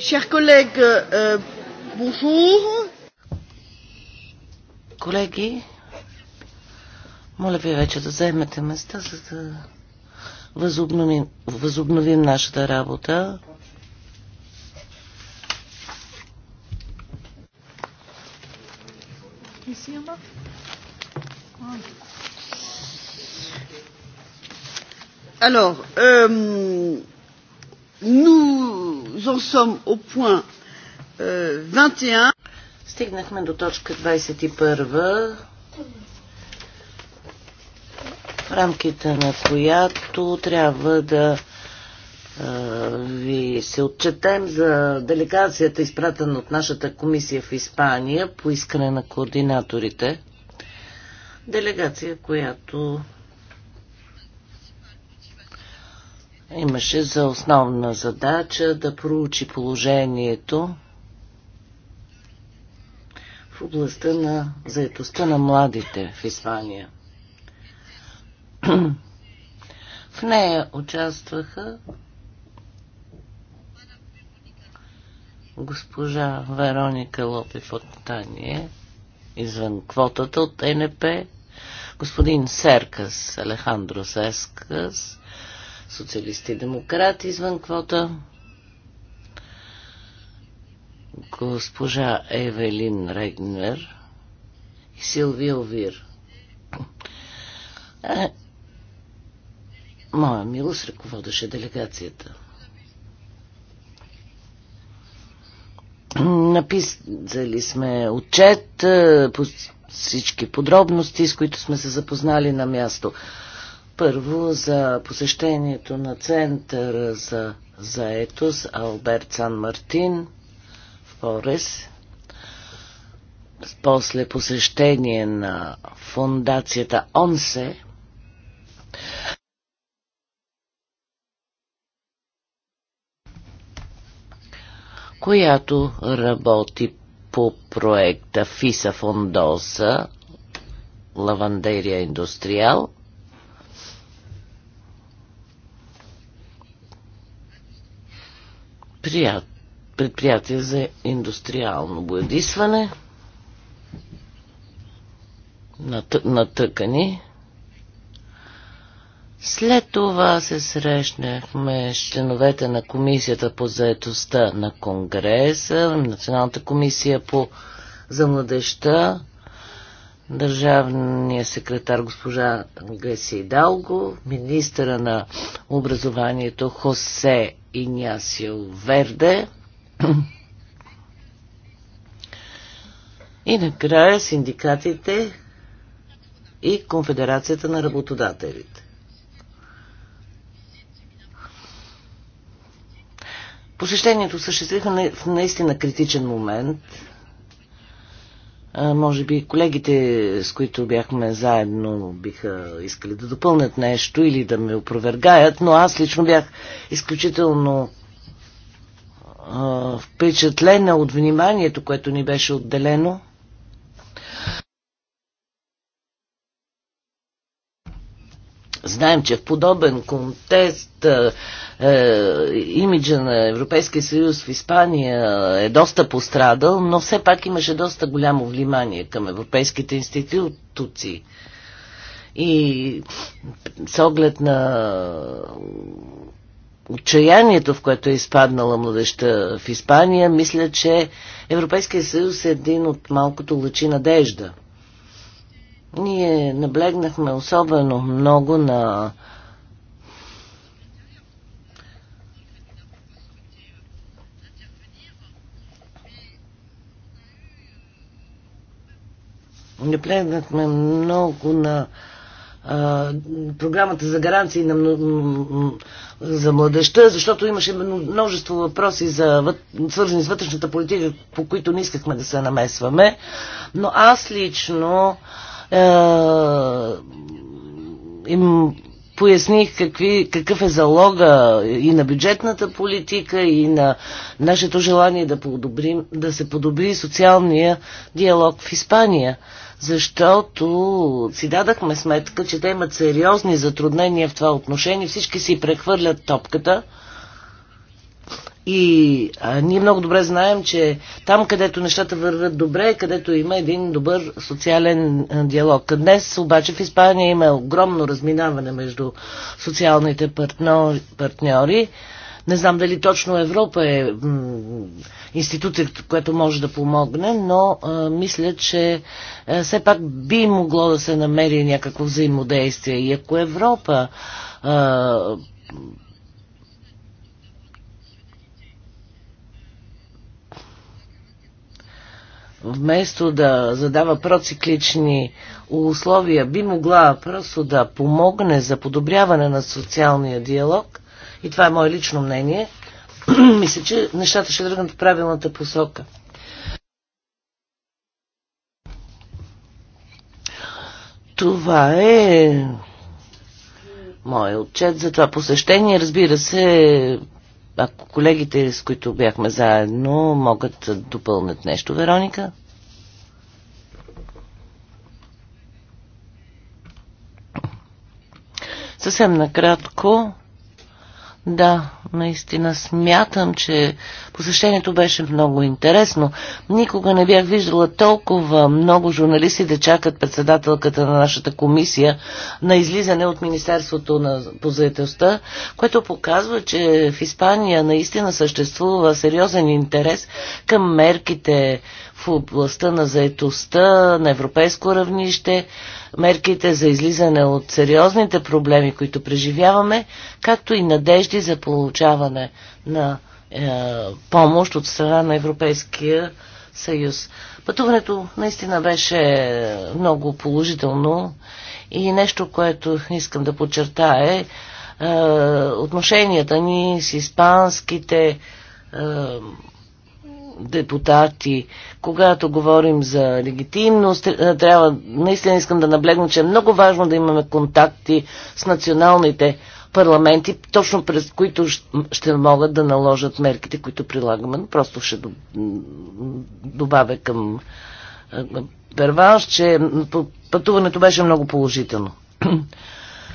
Chers collègues, euh, bonjour. Колеги, моля ви вече да заемете места, за да възобновим, възобновим нашата работа. Alors, euh, nous en sommes au point euh, 21. Стигнахме до точка 21, в рамките на която трябва да ви се отчетем за делегацията, изпратена от нашата комисия в Испания по искане на координаторите. Делегация, която имаше за основна задача да проучи положението в областта на заетостта на младите в Испания. В нея участваха госпожа Вероника Лопи Фонтание, извън квотата от НП, господин Серкас Алехандро Сескас, социалисти и демократи извън квота. Госпожа Евелин Регнер и Силвия Овир. Е, моя милост ръководеше делегацията. Написали сме отчет е, по всички подробности, с които сме се запознали на място. Първо за посещението на Центъра за заетост Алберт Сан Мартин в Порес. После посещение на фундацията ОНСЕ която работи по проекта ФИСА Фондоса Лавандерия Индустриал – предприятия за индустриално боядисване на, на тъкани. След това се срещнахме с членовете на Комисията по заедостта на Конгреса, Националната комисия по за младеща, държавния секретар госпожа Греси Далго, министра на образованието Хосе Инясио Верде. И накрая синдикатите и Конфедерацията на работодателите. Посещението съществиха в наистина критичен момент – може би колегите, с които бяхме заедно, биха искали да допълнят нещо или да ме опровергаят, но аз лично бях изключително впечатлена от вниманието, което ни беше отделено Знаем, че в подобен контест е, е, имиджа на Европейския съюз в Испания е доста пострадал, но все пак имаше доста голямо внимание към европейските институции. И с оглед на отчаянието, в което е изпаднала младеща в Испания, мисля, че Европейския съюз е един от малкото лъчи надежда – ние наблегнахме особено много на Наблегнахме много на а, програмата за гаранции на, за младеща, защото имаше множество въпроси за, свързани с вътрешната политика, по които не искахме да се намесваме. Но аз лично а, е, им поясних какви, какъв е залога и на бюджетната политика, и на нашето желание да, подобрим, да се подобри социалния диалог в Испания. Защото си дадахме сметка, че те имат сериозни затруднения в това отношение. Всички си прехвърлят топката. И а, ние много добре знаем, че там, където нещата върват добре, където има един добър социален диалог. Днес обаче в Испания има огромно разминаване между социалните партньори. партньори. Не знам дали точно Европа е институцията, която може да помогне, но а, мисля, че а, все пак би могло да се намери някакво взаимодействие. И ако Европа а, вместо да задава проциклични условия, би могла просто да помогне за подобряване на социалния диалог, и това е мое лично мнение, мисля, че нещата ще тръгнат в правилната посока. Това е моят отчет за това посещение. Разбира се, ако колегите, с които бяхме заедно, могат да допълнят нещо. Вероника? Съвсем накратко. Да, Наистина смятам, че посещението беше много интересно. Никога не бях виждала толкова много журналисти да чакат председателката на нашата комисия на излизане от Министерството на позаетостта, което показва, че в Испания наистина съществува сериозен интерес към мерките, в областта на заетостта на европейско равнище, мерките за излизане от сериозните проблеми, които преживяваме, както и надежди за получаване на е, помощ от страна на Европейския съюз. Пътуването наистина беше много положително и нещо, което искам да подчертая е, е отношенията ни с испанските е, депутати, когато говорим за легитимност, е, трябва, наистина искам да наблегна, че е много важно да имаме контакти с националните парламенти, точно през които ще могат да наложат мерките, които прилагаме. Просто ще добавя към Перванш, че пътуването беше много положително.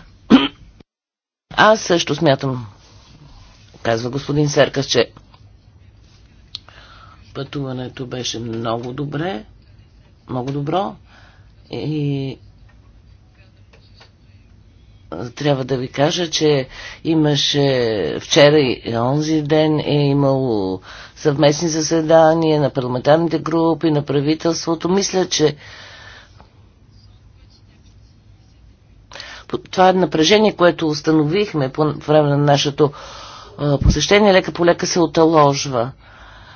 Аз също смятам, казва господин Серкас, че Пътуването беше много добре, много добро и трябва да ви кажа, че имаше вчера и онзи ден е имало съвместни заседания на парламентарните групи, на правителството. Мисля, че това е напрежение, което установихме по време на нашето посещение, лека по лека се оталожва.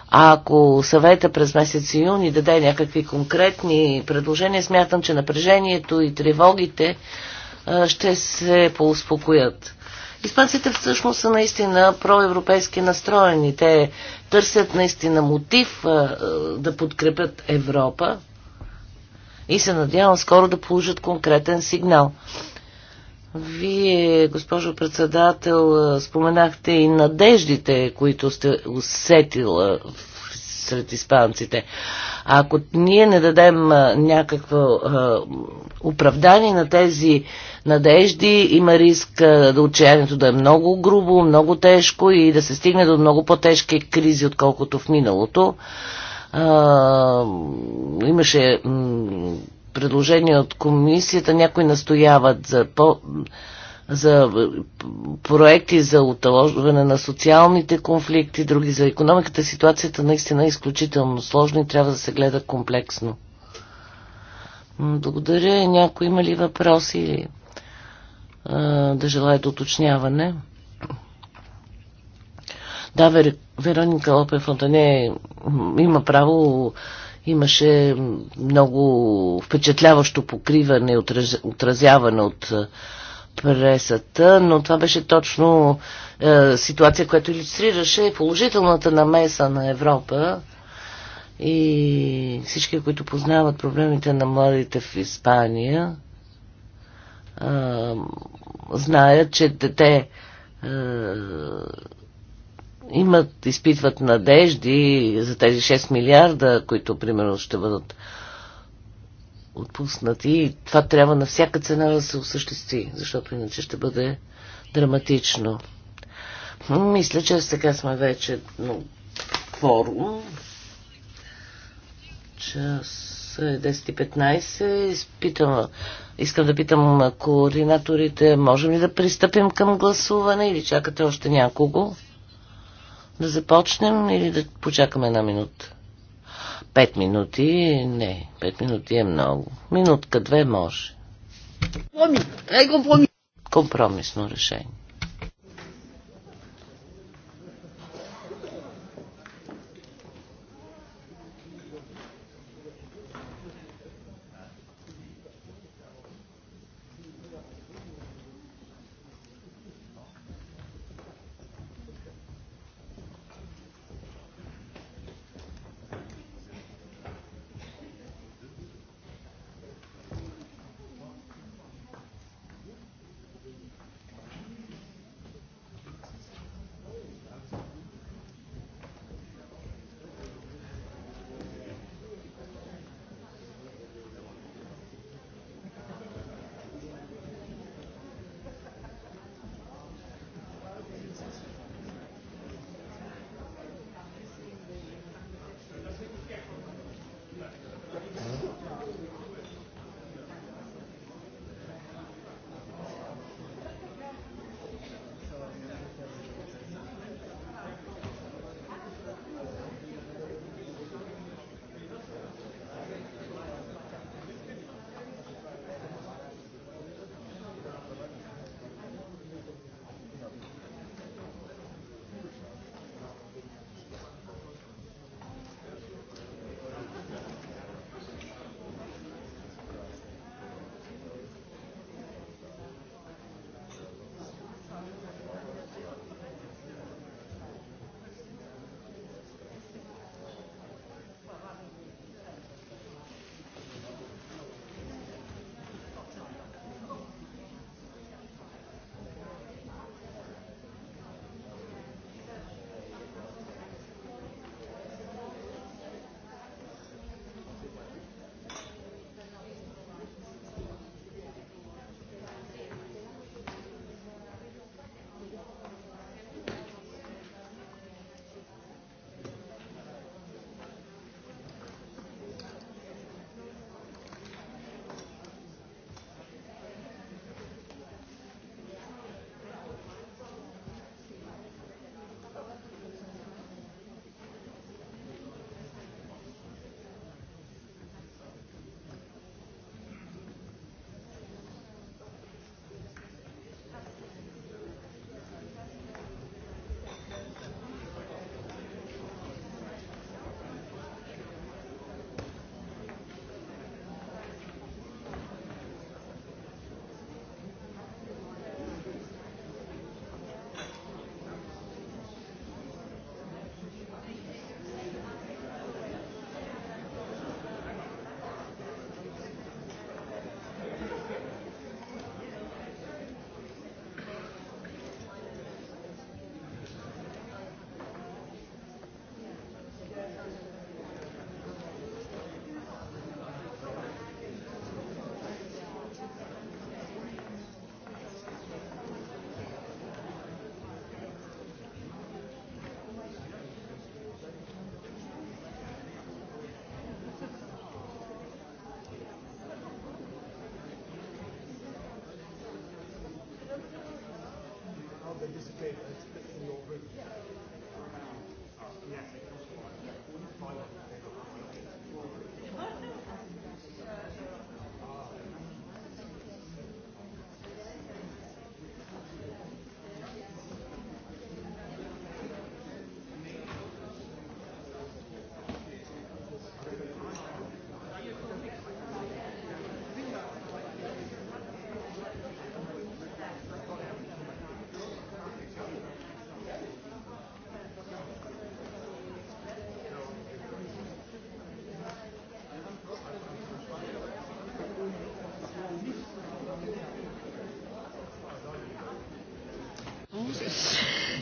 А ако съвета през месец юни даде някакви конкретни предложения, смятам, че напрежението и тревогите ще се поуспокоят. Испанците всъщност са наистина проевропейски настроени. Те търсят наистина мотив да подкрепят Европа и се надявам скоро да положат конкретен сигнал. Вие, госпожо председател, споменахте и надеждите, които сте усетила сред испанците. А ако ние не дадем някакво оправдание на тези надежди, има риск да отчаянието да е много грубо, много тежко и да се стигне до много по-тежки кризи, отколкото в миналото. А, имаше предложение от комисията. Някои настояват за, по, за проекти за отложване на социалните конфликти, други за економиката. Ситуацията наистина е изключително сложна и трябва да се гледа комплексно. Благодаря. Някой има ли въпроси или да желаят уточняване? Да, Вероника Лопе Фонтане има право Имаше много впечатляващо покриване, отразяване от е, пресата, но това беше точно е, ситуация, която иллюстрираше положителната намеса на Европа и всички, които познават проблемите на младите в Испания, е, знаят, че дете е, имат, изпитват надежди за тези 6 милиарда, които примерно ще бъдат отпуснати. И това трябва на всяка цена да се осъществи, защото иначе ще бъде драматично. Мисля, че сега сме вече ну, форум. Час е 10.15. Изпитам, искам да питам координаторите, можем ли да пристъпим към гласуване или чакате още някого? Да започнем или да почакаме една минута? Пет минути? Не, пет минути е много. Минутка, две може. Компромисно решение.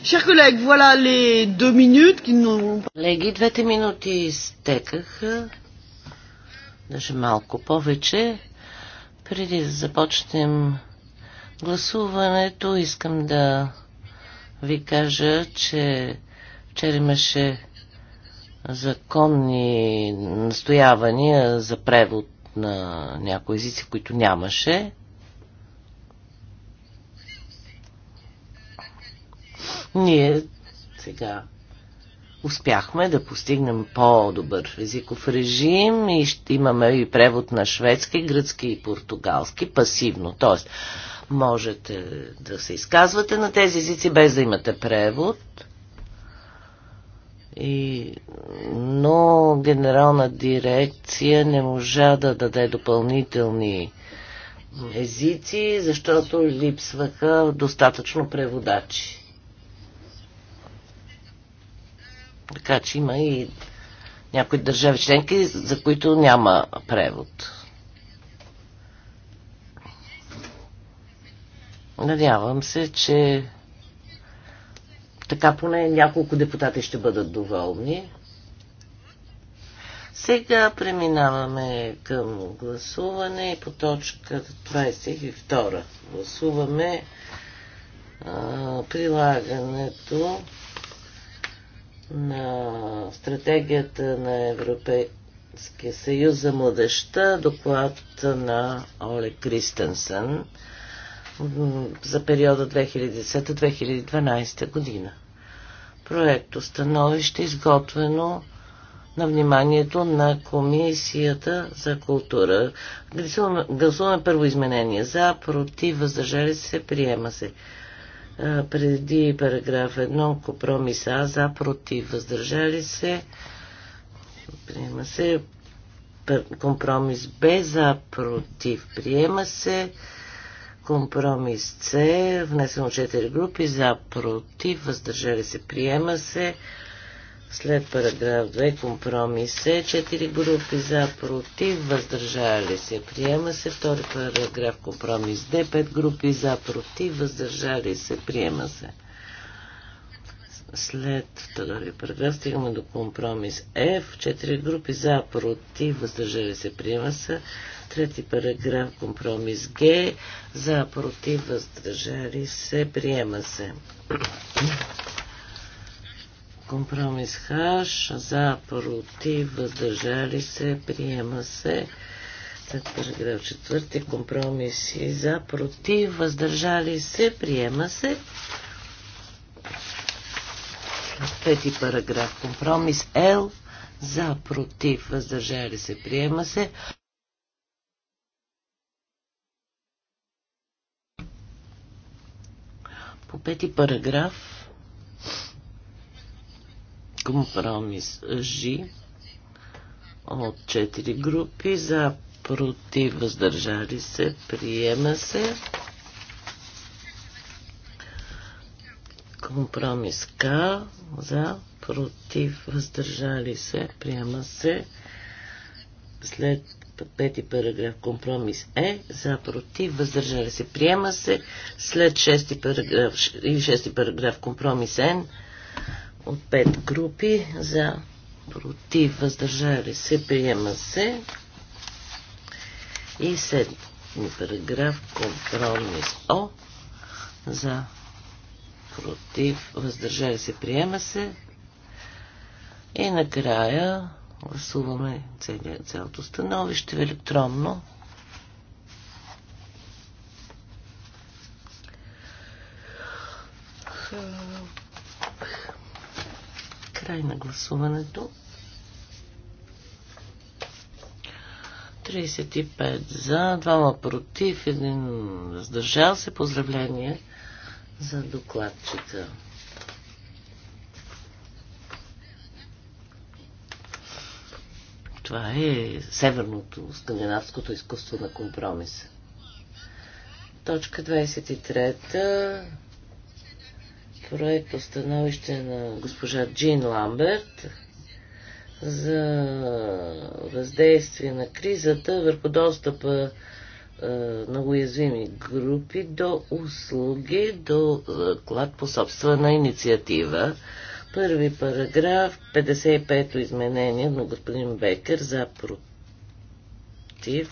Chers collègues, voilà les deux minutes qui nous... Колеги, двете минути изтекаха, даже малко повече. Преди да започнем гласуването, искам да ви кажа, че вчера имаше законни настоявания за превод на някои езици, които нямаше. Ние сега успяхме да постигнем по-добър езиков режим и ще имаме и превод на шведски, гръцки и португалски пасивно. Тоест, можете да се изказвате на тези езици без да имате превод. И, но генерална дирекция не можа да даде допълнителни езици, защото липсваха достатъчно преводачи. Така че има и някои държави членки, за които няма превод. Надявам се, че така поне няколко депутати ще бъдат доволни. Сега преминаваме към гласуване и по точка 22. Гласуваме а, прилагането на стратегията на Европейския съюз за младеща, доклад на Оле Кристенсен за периода 2010-2012 година. Проекто становище изготвено на вниманието на Комисията за култура. Гласуваме първо изменение. За, против, въздържали се, приема се преди параграф 1 компромис за против въздържали се приема се компромис Б за против приема се компромис С внесено 4 групи за против въздържали се приема се след параграф 2 компромис е 4 групи за против, въздържали се. Приема се втори параграф компромис Д, 5 групи за против, въздържали се. Приема се. След втори параграф стигаме до компромис F, 4 групи за против, въздържали се. Приема се. Трети параграф компромис Г, за против, въздържали се. Приема се. Компромис хаш за, против, въздържали се, приема се. След параграф 4 компромиси за, против, въздържали се, приема се. Пети параграф компромис Л за, против, въздържали се, приема се. По пети параграф Компромис Ж от четири групи за против въздържали се. Приема се. Компромис К за против въздържали се. Приема се. След пети параграф компромис е за против въздържали се. Приема се. След шести параграф и шести параграф компромис Н от пет групи за против, въздържали се, приема се. И седми параграф, компромис О, за против, въздържали се, приема се. И накрая гласуваме цялото становище електронно. Край на гласуването. 35 за, 2 против, 1 въздържал се. Поздравление за докладчика. Това е северното скандинавското изкуство на компромис. Точка 23 проекто становище на госпожа Джин Ламберт за въздействие на кризата върху достъпа е, на уязвими групи до услуги, до е, клад по собствена инициатива. Първи параграф, 55-то изменение на господин Бекер за против,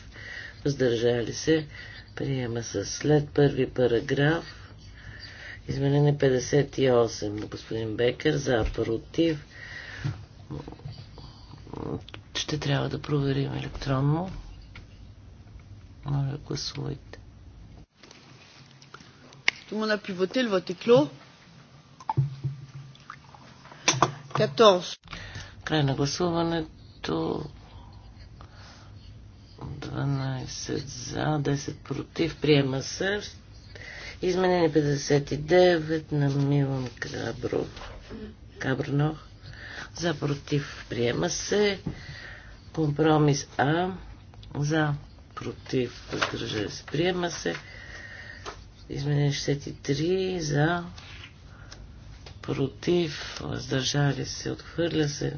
въздържали се, приема се след първи параграф, Изменение 58 на господин Бекер за против. Ще трябва да проверим електронно. Моля, гласувайте. Tout le monde a pu voter, le vote est clos. 14. Край на гласуването. 12 за, 10 против. Приема се. Изменение 59 на Милан Кабро. Кабрно. За против приема се. Компромис А. За против въздържали се приема се. Изменение 63 за против въздържали се отхвърля се.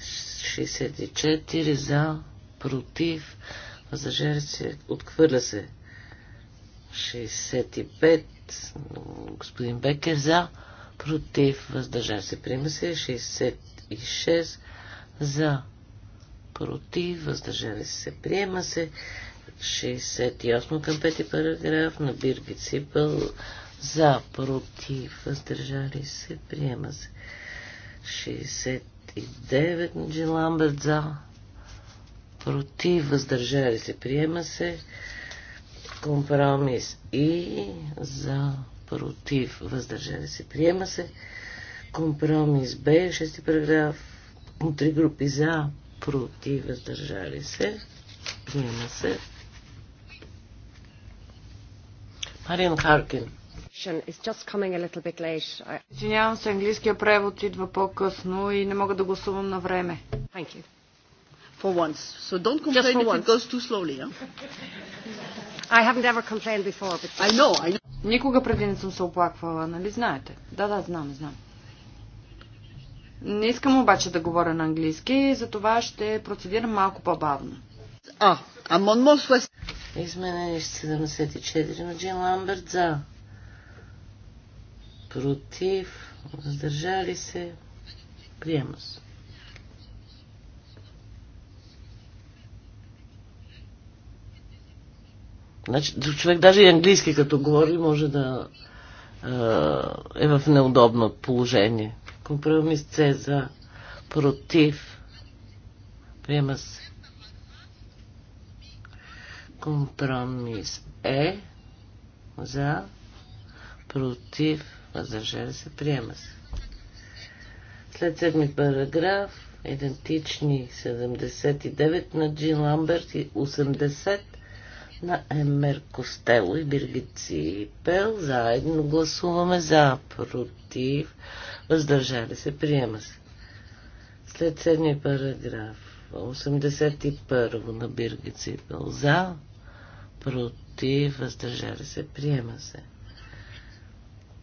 64 за против въздържали се отхвърля се. 65. Господин Бекер за. Против. Въздържа се. Приема се. 66. За. Против. Въздържали се. Приема се. 68 към 5 параграф на Бирги Ципъл, За. Против. Въздържали се. Приема се. 69 на Джиламбет за. Против. Въздържали се. Приема се. Компромис и за против въздържали се. Приема се. Компромис Б, 6 параграф, три групи за против въздържали се. Приема се. Марин Харкин. Извинявам се, английския превод идва по-късно и не мога да гласувам на време. Thank you. For once. So don't complain if it goes too slowly. Yeah? I haven't ever complained before, but... I know, I Никога преди не съм се оплаквала, нали знаете? Да, да, знам, знам. Не искам обаче да говоря на английски, затова ще процедирам малко по-бавно. А, амонмон свест. Изменение 74 на Джин Ламберт за. Против. Въздържали се. Приема се. Значи, човек даже и английски като говори може да е, е, в неудобно положение. Компромис С за против. Приема се. Компромис Е за против. Въздържали се. Приема се. След седми параграф идентични 79 на Джин Ламберт и 80 на Емер Костело и Биргици пел, Заедно гласуваме за, против, въздържали се, приема се. След седми параграф, 81 на Биргици Пел. За, против, въздържали се, приема се.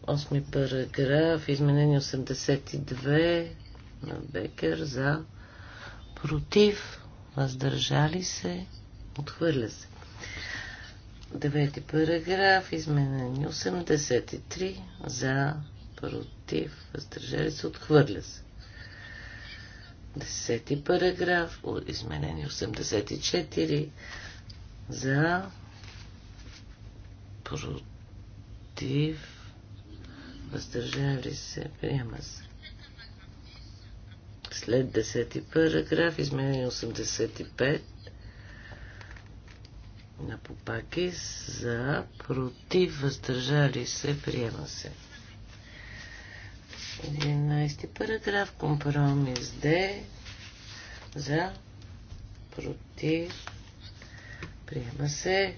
Осми параграф, изменение 82 на Бекер за, против, въздържали се, отхвърля се. Девети параграф, изменени 83 за, против, въздържали се, отхвърля се. Десети параграф, изменени 84 за, против, въздържали се, приема се. След десети параграф, изменени 85 на попаки за против въздържали се приема се. 11 параграф компромис Д за против приема се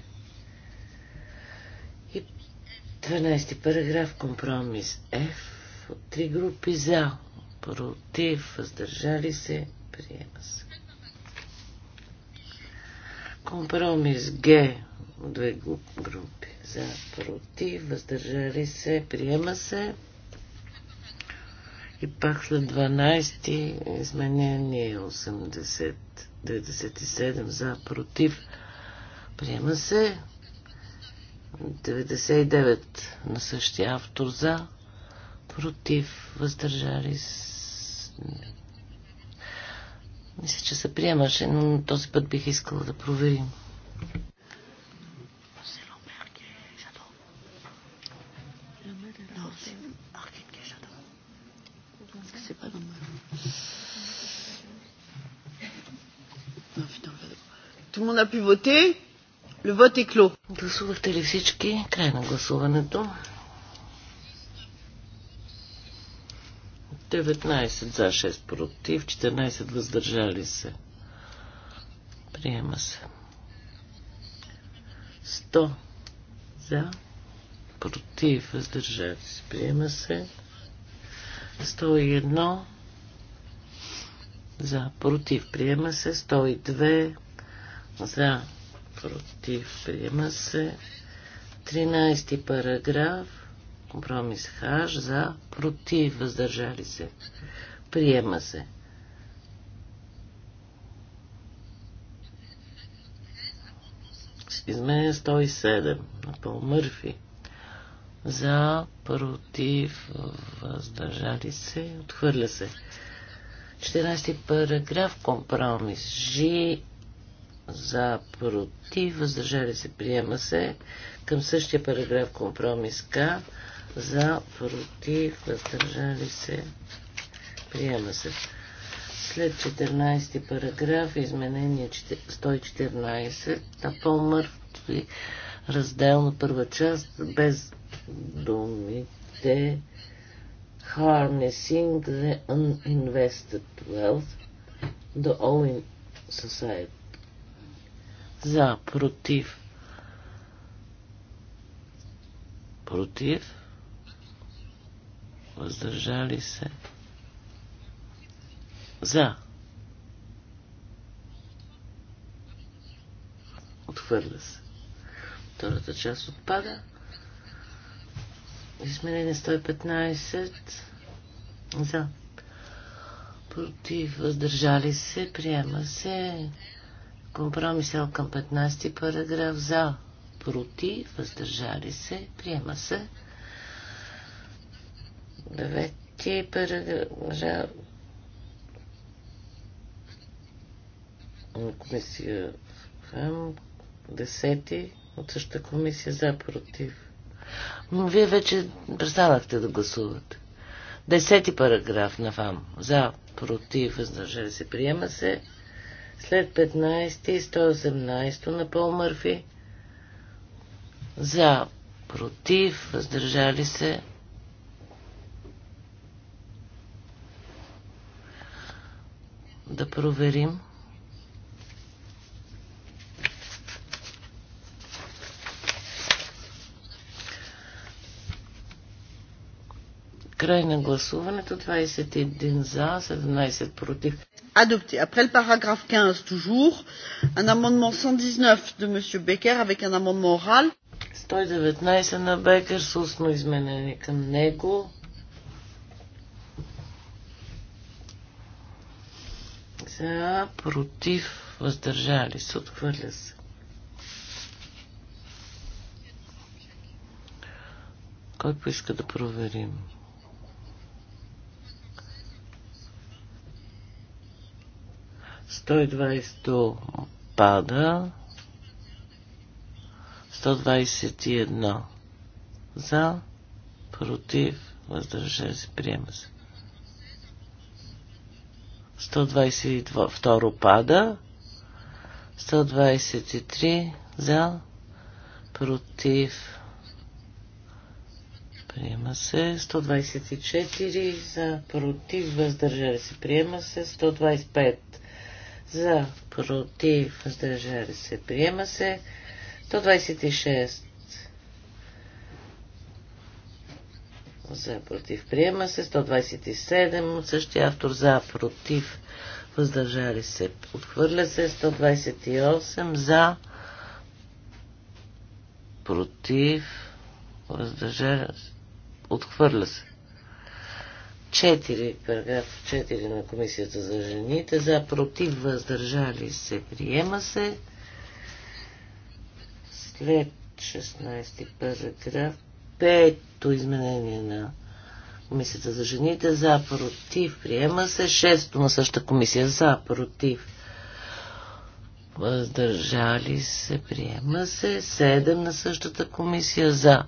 и 12 параграф компромис Ф от три групи за против въздържали се приема се. Компромис Г от две групи за против, въздържали се, приема се. И пак след 12 изменение 80, 97 за против, приема се. 99 на същия автор за против, въздържали се мисля, че се приемаше, но този път бих искала да проверим. Гласувахте ли всички? Край на гласуването. 19 за 6 против, 14 въздържали се. Приема се. 100 за против, въздържали се. Приема се. 101 за против, приема се. 102 за против, приема се. 13 параграф Компромис хаш за против въздържали се. Приема се. Измене 107 на Пол Мърфи. За против въздържали се. Отхвърля се. 14 параграф компромис. Жи за против, въздържали се, приема се. Към същия параграф компромис К за, против, въздържали се, приема се. След 14 параграф, изменение 114 на по-мъртви раздел на първа част, без думите harnessing the uninvested wealth, the in society. За, против. Против въздържали се. За. Отхвърля се. Втората част отпада. Изменение 115. За. Против. Въздържали се. Приема се. Компромис към 15 параграф. За. Против. Въздържали се. Приема се. Девети параграф. Комисия Десети от същата комисия за против. Но вие вече престанахте да гласувате. Десети параграф на ФАМ. За, против, въздържали се, приема се. След 15 и 118 на Пол Мърфи. За, против, въздържали се, да проверим. Край на гласуването. 21 за, 17 против. Adopté. Après le paragraphe 15, toujours, un amendement 119 de M. Becker avec un amendement oral. 119 на Бекер с устно изменение към него. за, против, въздържали се, отхвърля се. Кой поиска да проверим? Сто и пада. 121 за, против, Въздържа се, приема се. 122 пада. 123 за. Против. Приема се. 124 за. Против. Въздържали се. Приема се. 125 за. Против. Въздържали се. Приема се. 126 за против. Приема се 127 от същия автор за против. Въздържали се. Отхвърля се 128 за против. Въздържали се. Отхвърля се. 4, параграф 4 на Комисията за жените за против. Въздържали се. Приема се. След 16 параграф Пето изменение на Комисията за жените за против. Приема се. Шесто на същата комисия за против. Въздържали се. Приема се. Седем на същата комисия за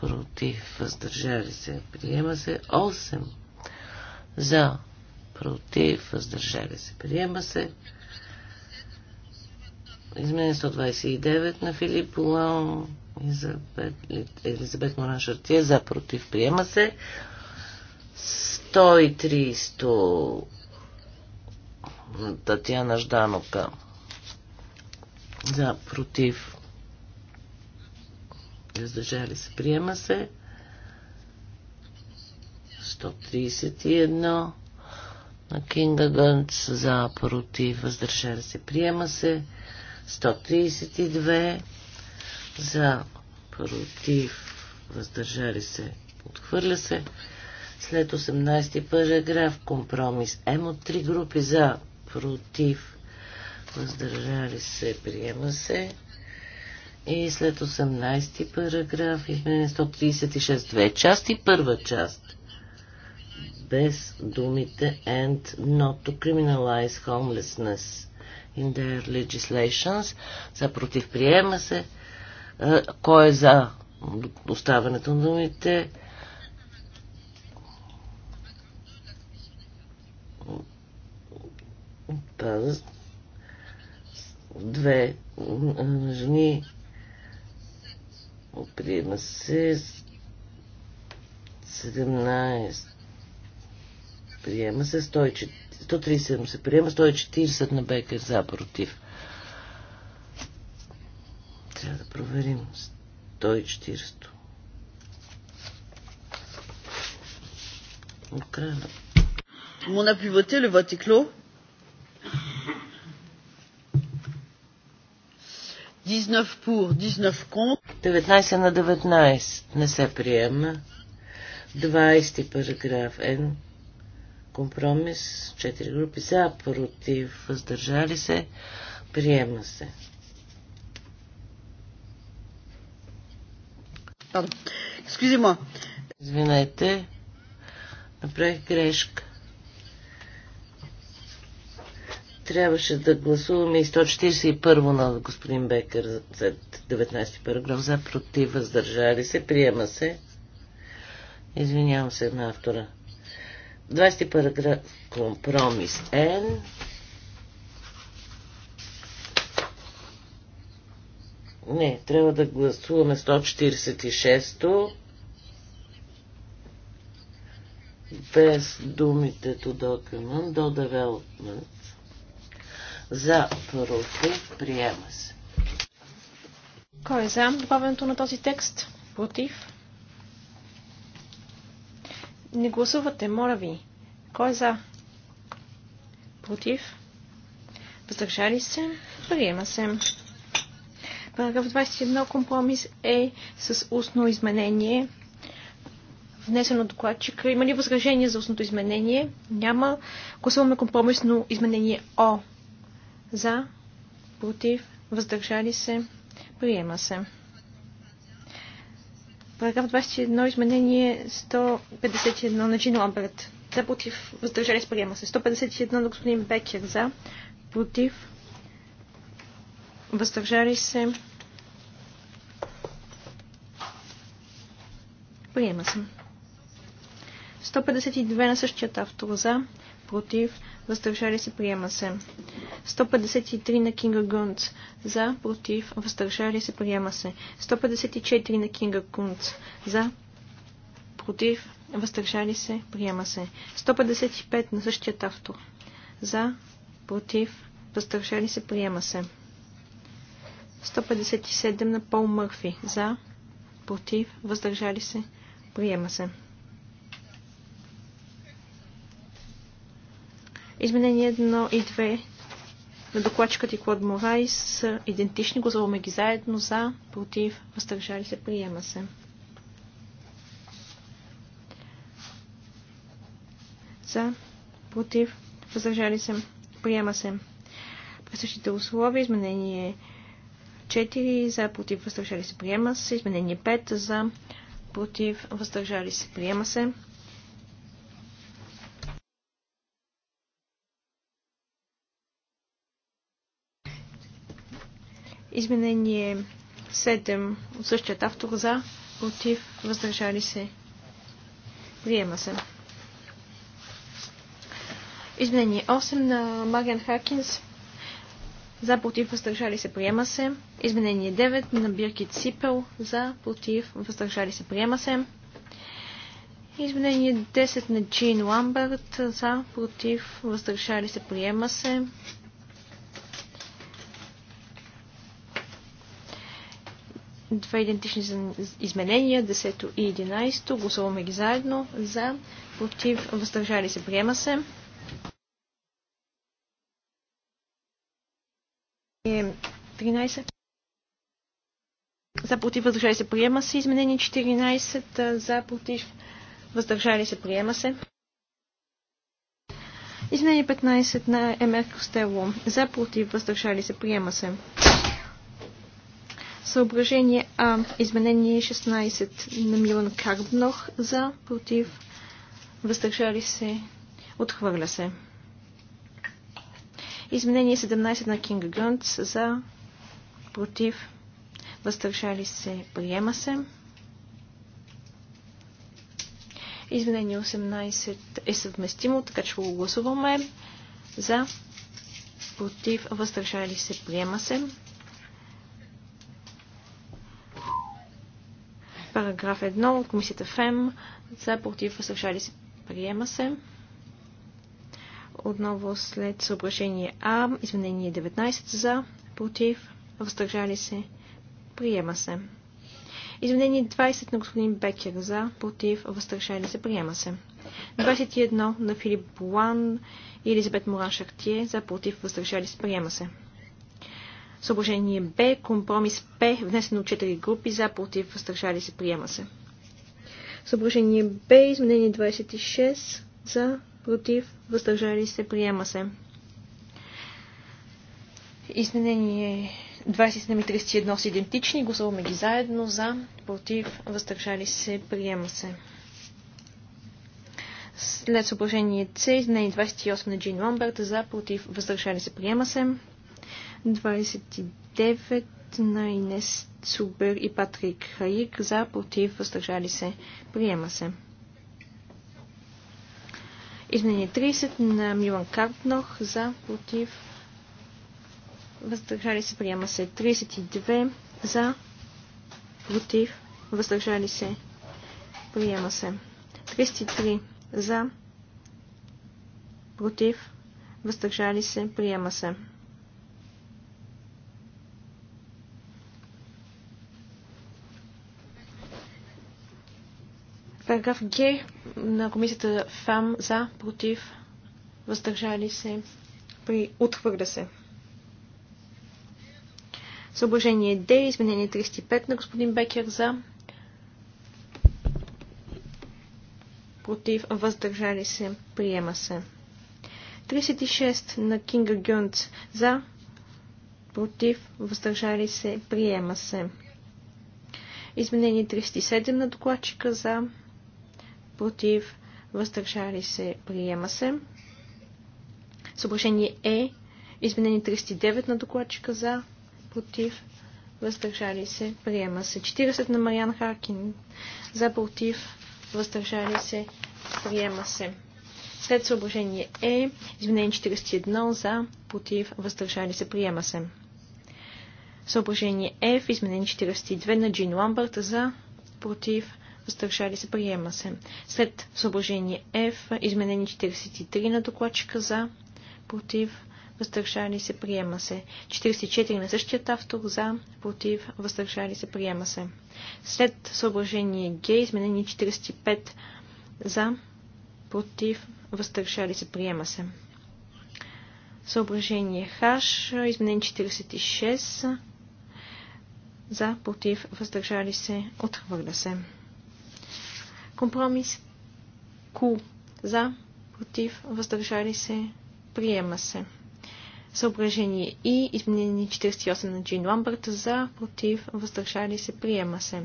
против. Въздържали се. Приема се. Осем за против. Въздържали се. Приема се. Измене 129 на Филип Лаун Елизабет Моран Шартия за против приема се. 130 Татьяна Жданока за против въздържали се приема се. 131 на Кинга Гънц за против въздържали се приема се. 132 за, против, въздържали се, отхвърля се. След 18 ти параграф компромис М от три групи за, против, въздържали се, приема се. И след 18 ти параграф измене 136 две части. Първа част без думите and not to criminalize homelessness in their legislations. За против приема се. Е, кой е за оставането на думите? Две е, жени. Приема се 17. Приема се 137 се приема, 140 на Бекер за против. Трябва да проверим 140. Украина. Mon a pu voter, le vote est clos. 19 pour, 19 contre. 19 на 19 не се приема. 20 параграф Н. Компромис. 4 групи за, против, въздържали се. Приема се. Пардон. Excusez-moi. Извинете. Направих грешка. Трябваше да гласуваме и 141 на господин Бекер, за 19 параграф за против, въздържали се, приема се. Извинявам се на автора. 20 параграф компромис Н Не, трябва да гласуваме 146-то. Без думите to document, до development. За, първото приема се. Кой е за добавянето на този текст? Против? Не гласувате, моля ви. Кой е за? Против? Въздържали се? Приема се. Параграф 21 компромис е с устно изменение. Внесено докладчик. докладчика. Има ли възражение за устното изменение? Няма. Гласуваме компромисно изменение О. За, против, въздържали се, приема се. Параграф 21, изменение 151 на Джин Ламберт. За, против, въздържали се, приема се. 151 на господин Бекер. За, против, въздържали се. Приема се. 152 на същият автор за, против, въздържали се, приема се. 153 на Кинга Гунц за, против, въздържали се, приема се. 154 на Кинга Гунц за, против, въздържали се, приема се. 155 на същият автор за, против, въздържали се, приема се. 157 на Пол Мърфи. За, против, въздържали се, приема се. Изменение 1 и 2 на докладчикът и Клод Морайс са идентични. Гласуваме ги заедно за, против, въздържали се, приема се. За, против, въздържали се, приема се. При същите условия изменение 1 4 за, против, въздържали се, приема се. Изменение 5 за, против, въздържали се, приема се. Изменение 7 от същият автор за, против, въздържали се, приема се. Изменение 8 на Маген Хакинс за против въздържали се приема се. Изменение 9 на Биркит Сипел за против въздържали се приема се. Изменение 10 на Джин Ламбърт за против въздържали се приема се. Два идентични изменения, 10 и 11. Гласуваме ги заедно. За, против, въздържали се, приема се. 13. За против въздържали се приема се. Изменение 14. За против въздържали се приема се. Изменение 15 на Емер Костело. За против въздържали се приема се. Съображение А. Изменение 16 на Милан Карбнох. За против въздържали се. Отхвърля се. Изменение 17 на Кинг Гънц за против, въздържали се, приема се. Изменение 18 е съвместимо, така че го гласуваме. За, против, въздържали се, приема се. Параграф 1 от комисията ФЕМ. За, против, въздържали се, приема се. Отново след съображение А, изменение 19 за, против, въздържали се, приема се. Изменение 20 на господин Бекер за, против, въздържали се, приема се. 21 на Филип Буан и Елизабет Моран Шартие за, против, въздържали се, приема се. Съображение Б, компромис П, внесено от 4 групи за, против, въздържали се, приема се. Съображение Б, изменение 26 за, против, въздържали се, приема се. Изменение 27 и са идентични. Гласуваме ги заедно. За, против, въздържали се, приема се. След съображение С, изменение 28 на Джин Ламберт. За, против, въздържали се, приема се. 29 на Инес Цубер и Патрик Хаик. За, против, въздържали се, приема се. Изменение 30 на Милан Карпнох. За, против, въздържали се, приема се. 32 за, против, въздържали се, приема се. 33 за, против, въздържали се, приема се. Параграф Г на комисията ФАМ за, против, въздържали се, при отхвърля се. Съображение Д, изменение 35 на господин Бекер за. Против, въздържали се, приема се. 36 на Кинга Гюнц за. Против, въздържали се, приема се. Изменение 37 на докладчика за. Против, въздържали се, приема се. Съображение Е, изменение 39 на докладчика за против, въздържали се, приема се. 40 на Мариан Харкин, за, против, въздържали се, приема се. След съображение Е, изменение 41, за, против, въздържали се, приема се. Съображение Е, изменение 42 на Джин Ламбърт, за, против, въздържали се, приема се. След съображение F, изменение 43 на докладчика за, против, въздържали се, приема се. 44 на същият автор за, против, въздържали се, приема се. След съображение Г, изменение 45 за, против, въздържали се, приема се. Съображение Х, изменение 46 за, против, въздържали се, отхвърля се. Компромис Q за, против, въздържали се, приема се. Съображение И, изменение 48 на Джин Ламбърт, за, против, въздържали се, приема се.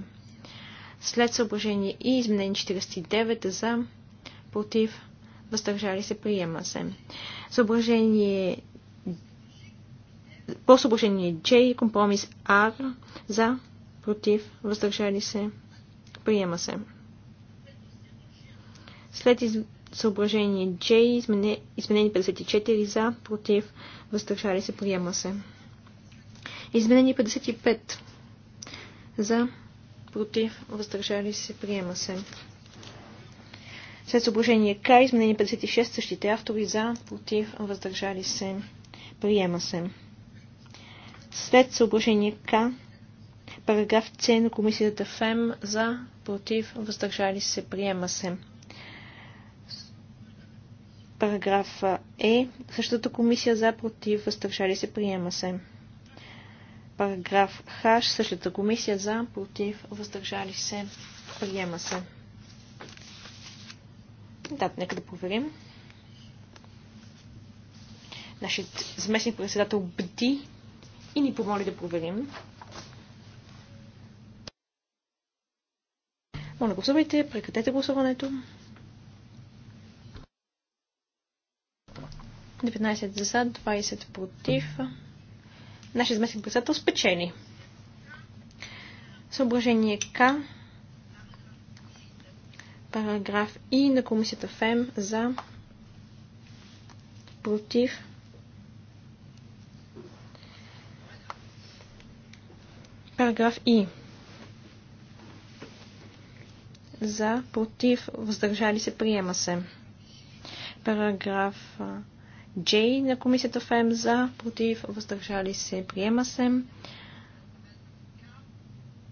След съображение И, изменение 49 за, против, въздържали се, приема се. Съображение по съображение J, компромис R, за, против, въздържали се, приема се. След из... Съображение J, изменени 54 за, против, въздържали се, приема се. Изменени 55 за, против, въздържали се, приема се. След съображение К, изменени 56, същите автори за, против, въздържали се, приема се. След съображение К, параграф С на комисията ФЕМ за, против, въздържали се, приема се. Параграф Е. Същата комисия за против, въздържали се, приема се. Параграф Х. Същата комисия за против, въздържали се, приема се. Да, нека да проверим. Нашият заместник председател бди и ни помоли да проверим. Моля, гласувайте, прекратете гласуването. 19 за, 20 против. Нашия заместник председател спечели. Съображение К. Параграф И на комисията ФЕМ за против. Параграф И. За, против, въздържали се, приема се. Параграф J на комисията ФМ за, против, въздържали се, приема се.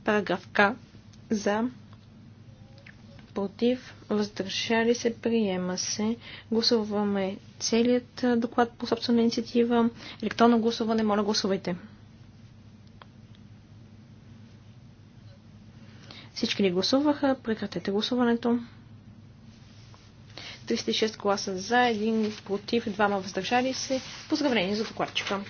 Параграф К за, против, въздържали се, приема се. Гласуваме целият доклад по собствена инициатива. Електронно гласуване, моля гласувайте. Всички ли гласуваха? Прекратете гласуването. 36 гласа за, 1 против, 2 въздържали се. Поздравление за докладчика.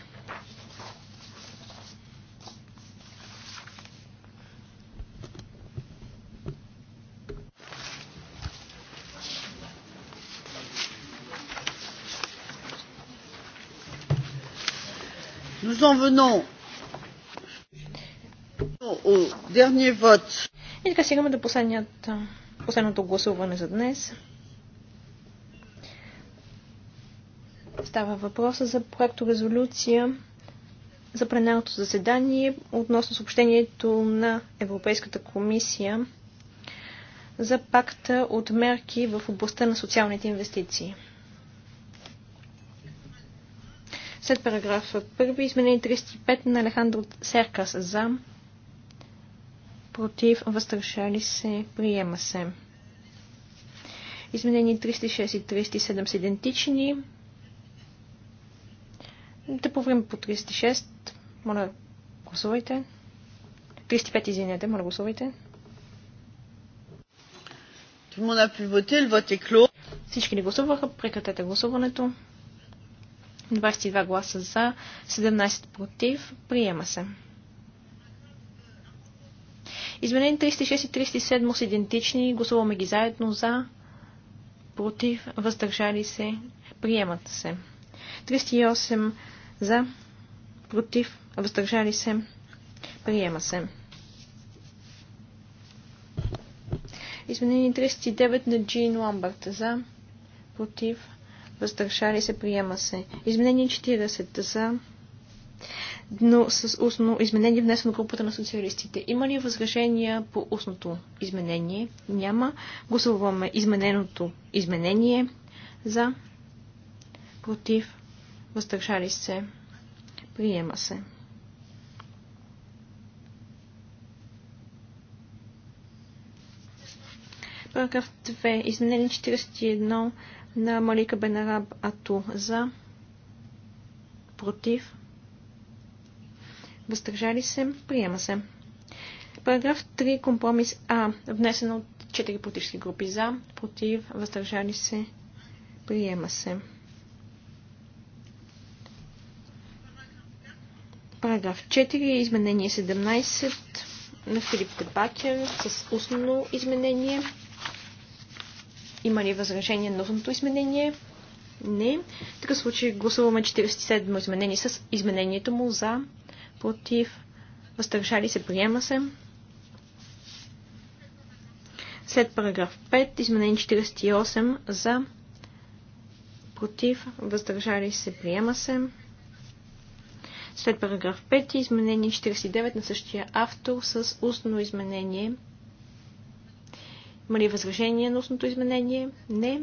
И така стигаме до последното гласуване за днес. Става въпроса за проекто резолюция за пленарното заседание относно съобщението на Европейската комисия за пакта от мерки в областта на социалните инвестиции. След параграф 1, изменение 35 на Алехандро Серкас за против, възтършали се, приема се. Изменени 36 и 37 са идентични. Да проверим по 36. Моля, гласувайте. 35, извинете, моля, гласувайте. Всички ли гласуваха? Прекратете гласуването. 22 гласа за, 17 против. Приема се. Изменени 36 и 37 са идентични. Гласуваме ги заедно за, против, въздържали се, приемат се. 38 за, против, въздържали се, приема се. Изменение 39 на Джин Ламбърт за, против, въздържали се, приема се. Изменение 40 за, но с устно изменение внесено групата на социалистите. Има ли възражения по устното изменение? Няма. Гласуваме измененото изменение за, против, въздържали се, приема се. Параграф 2. Изменени 41 на Малика Бенараб Ату за против въздържали се, приема се. Параграф 3. Компромис А. Внесен от 4 политически групи за, против, въздържали се, приема се. Параграф 4. Изменение 17 на Филип Дебакер с устно изменение. Има ли възражение на устното изменение? Не. В такъв случай гласуваме 47 изменение с изменението му за, против, въздържали се, приема се. След параграф 5, изменение 48 за, против, въздържали се, приема се. След параграф 5 изменение 49 на същия автор с устно изменение. Има ли възражение на устното изменение? Не.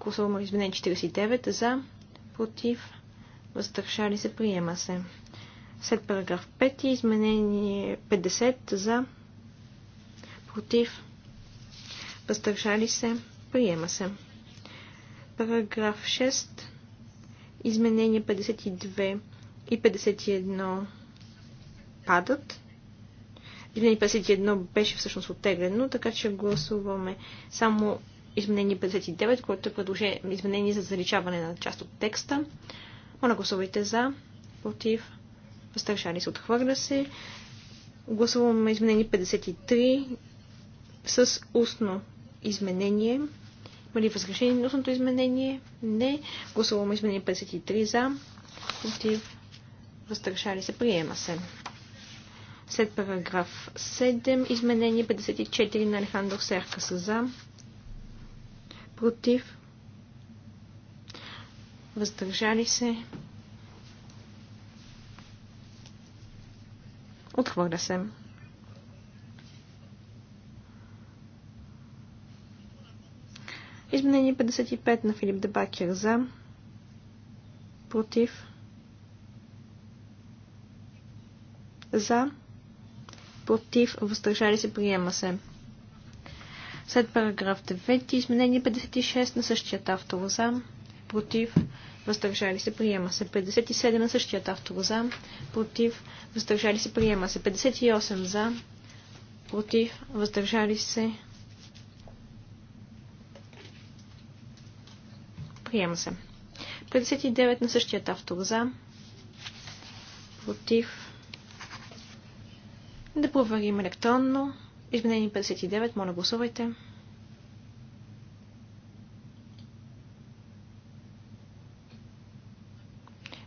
Гласуваме изменение 49 за, против, въздържали се, приема се. След параграф 5 изменение 50 за, против, въздържали се, приема се. Параграф 6 изменение 52 и 51 падат. Изменение 51 беше всъщност оттеглено, така че гласуваме само изменение 59, което е предложение, изменение за заличаване на част от текста. Моля гласувайте за, против, въздържали се, отхвърля се. Гласуваме изменение 53 с устно изменение. Има ли възражение на устното изменение? Не. Гласуваме изменение 53 за, против, въздържали се, приема се. След параграф 7, изменение 54 на Алехандър са за, против, въздържали се, отхвърля се. Изменение 55 на Филип Дебакер за, против, за, против, въздържали се, приема се. След параграф 9, изменение 56 на същият автор за, против, въздържали се, приема се. 57 на същият автор за, против, въздържали се, приема се. 58 за, против, въздържали се, приема се. 59 на същият автор за, против, да проверим електронно. Изменение 59, моля гласувайте.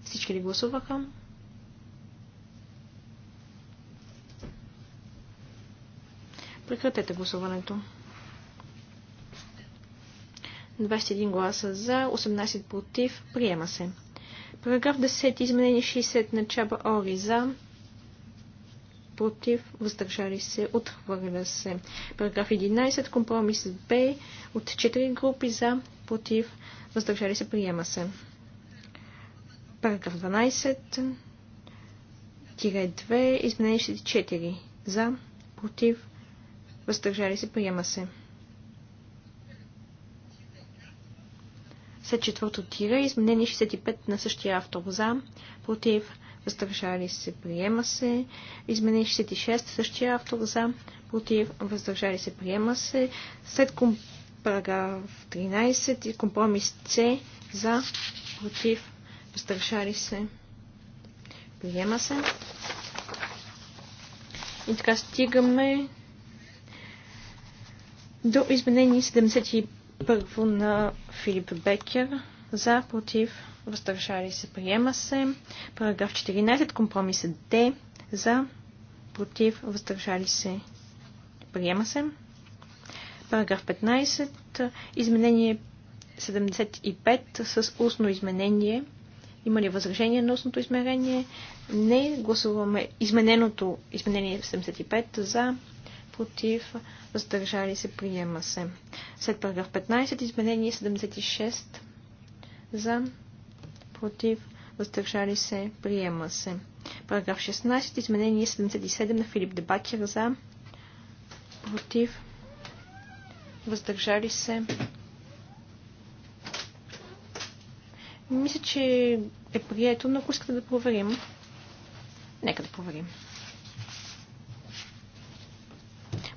Всички ли гласуваха? Прекратете гласуването. 21 гласа за, 18 против. Приема се. Параграф 10. Изменение 60 на Чаба Ори за против, въздържали се, отхвърля се. Параграф 11, компромис Б от 4 групи за, против, въздържали се, приема се. Параграф 12, тире 2, изменение 4 за, против, въздържали се, приема се. След четвърто тире, изменение 65 на същия автор за, против, въздържали се, приема се. Изменение 66, същия автор за, против, въздържали се, приема се. След ком... параграф 13, компромис С за, против, въздържали се, приема се. И така стигаме до изменение 71 на Филип Бекер за, против, въздържали се, приема се. Параграф 14, компромисът Д за, против, въздържали се, приема се. Параграф 15, изменение 75 с устно изменение. Има ли възражение на устното измерение? Не. Гласуваме измененото изменение 75 за, против, въздържали се, приема се. След параграф 15, изменение 76 за, против, въздържали се, приема се. Параграф 16, изменение 77 на Филип Дебакер за, против, въздържали се. Мисля, че е прието, но ако искате да проверим, нека да проверим.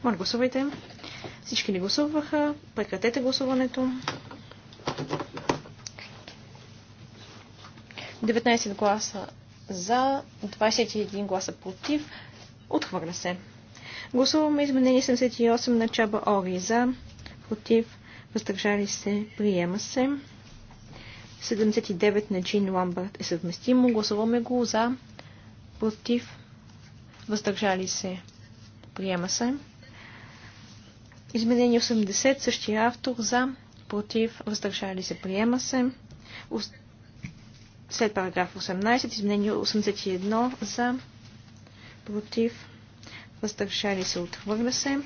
Моля, гласувайте. Всички ли гласуваха? Прекратете гласуването. 19 гласа за, 21 гласа против. Отхвърля се. Гласуваме изменение 78 на Чаба Ори за, против, въздържали се, приема се. 79 на Джин Ламбърт е съвместимо. Гласуваме го за, против, въздържали се, приема се. Изменение 80, същия автор за, против, въздържали се, приема се. След параграф 18, изменение 81 за против, въздържали се, отхвърля се.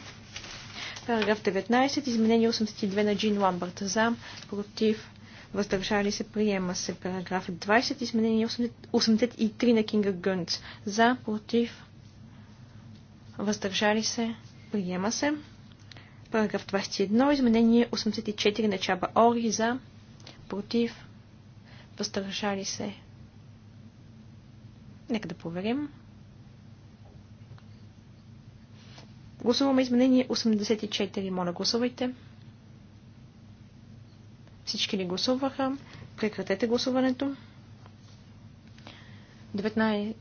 Параграф 19, изменение 82 на Джин Ламбърт за против, въздържали се, приема се. Параграф 20, изменение 83 на Кинга Гънц за против, въздържали се, приема се. Параграф 21, изменение 84 на Чаба Ори за против, Възстрашали се. Нека да проверим. Гласуваме изменение 84. Моля, гласувайте. Всички ли гласуваха? Прекратете гласуването. 19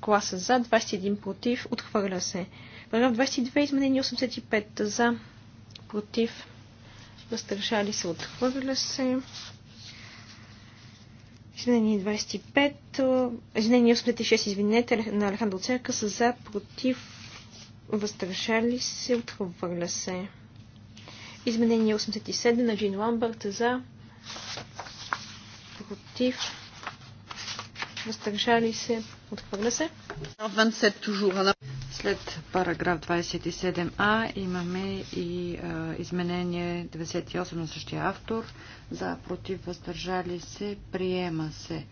гласа за, 21 против. Отхвърля се. Параграф 22. Изменение 85 за, против. Въздържали се. Отхвърля се. Изменение 25, изменение 86, извинете, на Алехандро Церка са за, против, въздържали се, отхвърля се. Изменение 87 на Джин Ламбърт е за, против, въздържали се, отхвърля се. След параграф 27а имаме и а, изменение 98 на същия автор. За против въздържали се, приема се.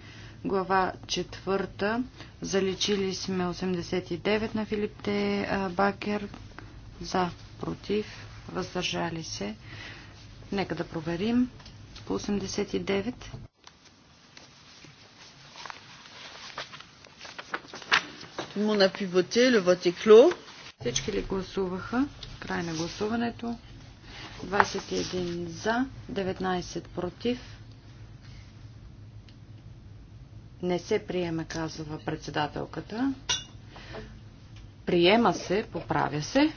Глава 4. Заличили сме 89 на Филипте Бакер. За против въздържали се. Нека да проверим по 89. Всички ли гласуваха? Край на гласуването. 21 за, 19 против. Не се приема, казва председателката. Приема се, поправя се.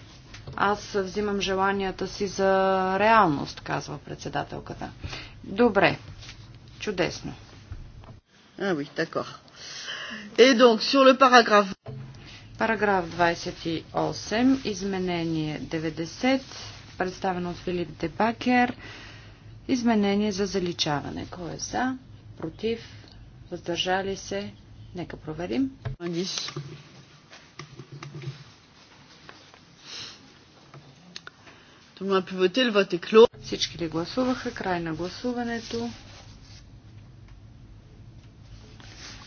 Аз взимам желанията си за реалност, казва председателката. Добре. Чудесно. А, така. Et е, donc, sur le paragraphe... Параграф 28, изменение 90, представено от Филип Дебакер. Изменение за заличаване. Кой е за? Против? Въздържали се? Нека проверим. Всички ли гласуваха? Край на гласуването.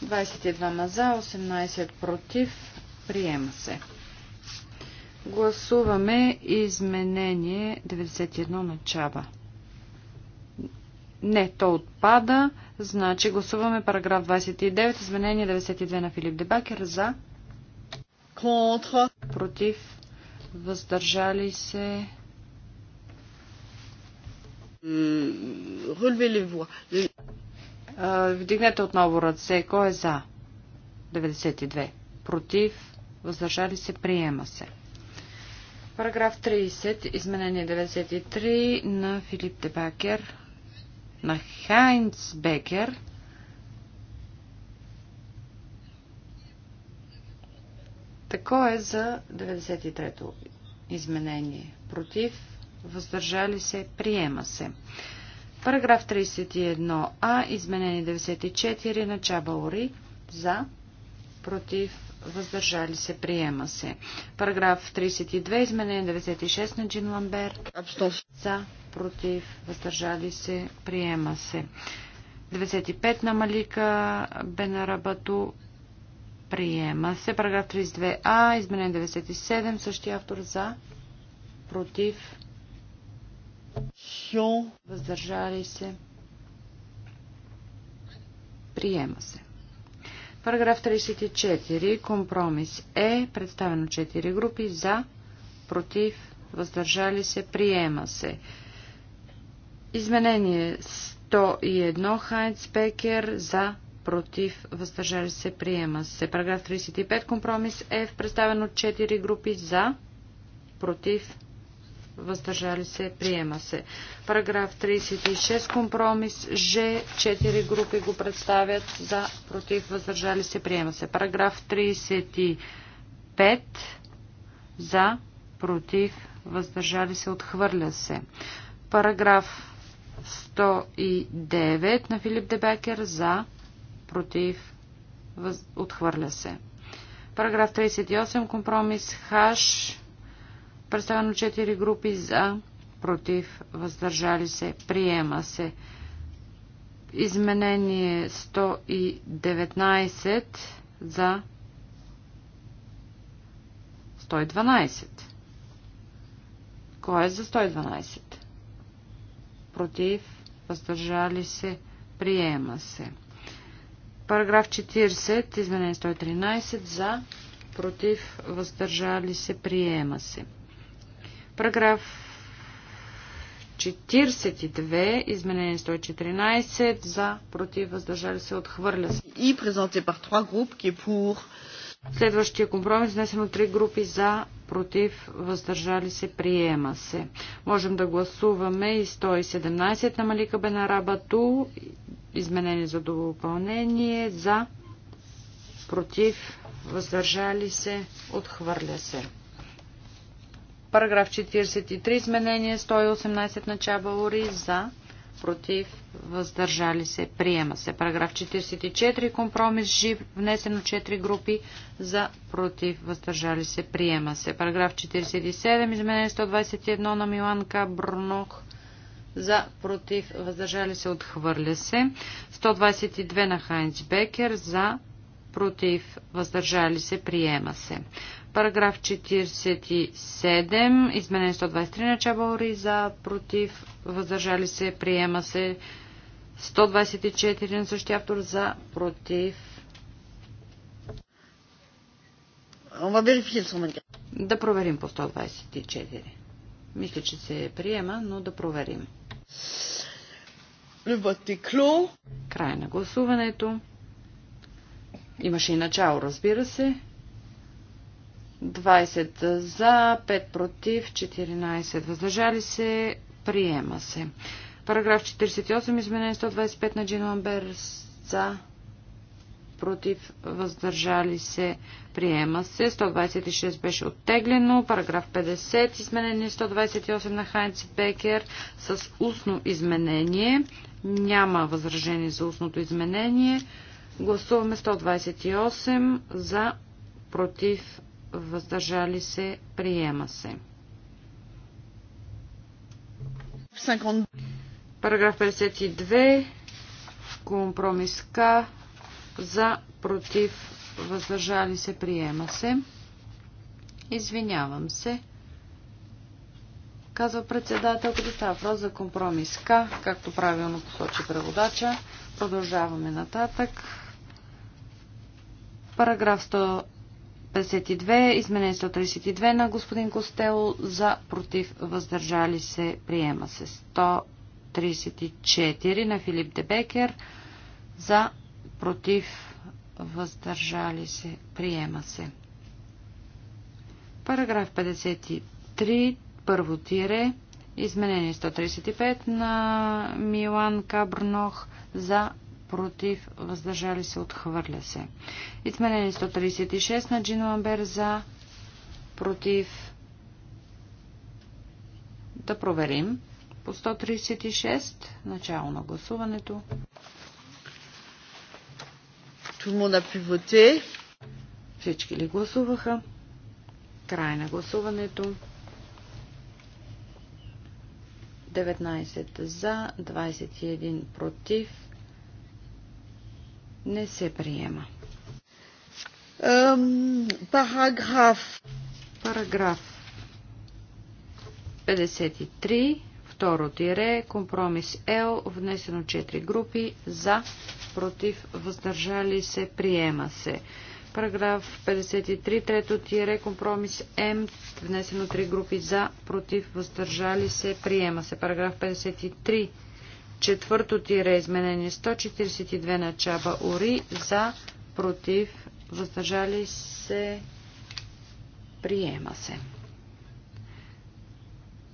22 за, 18 против. Приема се. Гласуваме изменение 91 на Чаба. Не, то отпада. Значи гласуваме параграф 29, изменение 92 на Филип Дебакер за. Контра. Против. Въздържали се. Релевez Вдигнете отново ръце. Кой е за? 92. Против. Въздържали се. Приема се. Параграф 30. Изменение 93 на Филип Дебакер. На Хайнц Бекер. Тако е за 93-то изменение. Против. Въздържали се. Приема се. Параграф 31а, изменени 94 на Чабаури. За, против, въздържали се, приема се. Параграф 32, изменение 96 на Джин Ламбер. За, против, въздържали се, приема се. 95 на Малика Бенарабату, приема се. Параграф 32а, изменение 97, същия автор за, против, Хю. Въздържали се. Приема се. Параграф 34. Компромис е представено 4 групи за, против, въздържали се, приема се. Изменение 101 Хайнц Пекер за, против, въздържали се, приема се. Параграф 35. Компромис е представено 4 групи за, против, въздържали се, приема се. Параграф 36, компромис, Ж, 4 групи го представят, за, против, въздържали се, приема се. Параграф 35, за, против, въздържали се, отхвърля се. Параграф 109 на Филип Дебекер, за, против, въз... отхвърля се. Параграф 38, компромис, Хаш, представено 4 групи за, против, въздържали се, приема се. Изменение 119 за 112. Кой е за 112? Против, въздържали се, приема се. Параграф 40, изменение 113 за, против, въздържали се, приема се. Параграф 42, изменение 114, за, против, въздържали се, отхвърля се. И презенте пар 3 групи, ки пур. Следващия компромис, внесен от три групи за, против, въздържали се, приема се. Можем да гласуваме и 117 на Малика Бенарабату, изменение за допълнение, за, против, въздържали се, отхвърля се. Параграф 43, изменение 118 на Чабалори за, против, въздържали се, приема се. Параграф 44, компромис жив, внесено 4 групи за, против, въздържали се, приема се. Параграф 47, изменение 121 на Миланка Брнох за, против, въздържали се, отхвърля се. 122 на Хайнц Бекер за, против, въздържали се, приема се. Параграф 47, изменен 123 на Чабаори за, против, въздържали се, приема се. 124 на същия автор за, против. Да проверим по 124. Мисля, че се приема, но да проверим. Край на гласуването. Имаше и начало, разбира се. 20 за, 5 против, 14 въздържали се. Приема се. Параграф 48, изменение 125 на Джин Ламбер за, против, въздържали се. Приема се. 126 беше оттеглено. Параграф 50, изменение 128 на Хайнц Бекер с устно изменение. Няма възражение за устното изменение. Гласуваме 128 за, против, въздържали се, приема се. Параграф 52, компромис К, за, против, въздържали се, приема се. Извинявам се. Казва председател, като става въпрос за компромис К, както правилно посочи преводача. Продължаваме нататък. Параграф 152, изменение 132 на господин Костело за против въздържали се приема се. 134 на Филип Дебекер за против въздържали се приема се. Параграф 53, първо тире, изменение 135 на Милан Кабрнох за против, въздържали се, отхвърля се. Изменени 136 на Джин Амбер за, против, да проверим. По 136, начало на гласуването. Всички ли гласуваха? Край на гласуването. 19 за, 21 против, не се приема. Ем, параграф. Параграф 53, второ тире, компромис Л, внесено 4 групи, за, против, въздържали се, приема се. Параграф 53, трето тире, компромис М, внесено 3 групи, за, против, въздържали се, приема се. Параграф 53, Четвърто тире изменение 142 на Чаба Ори, за, против, въздържали се, приема се.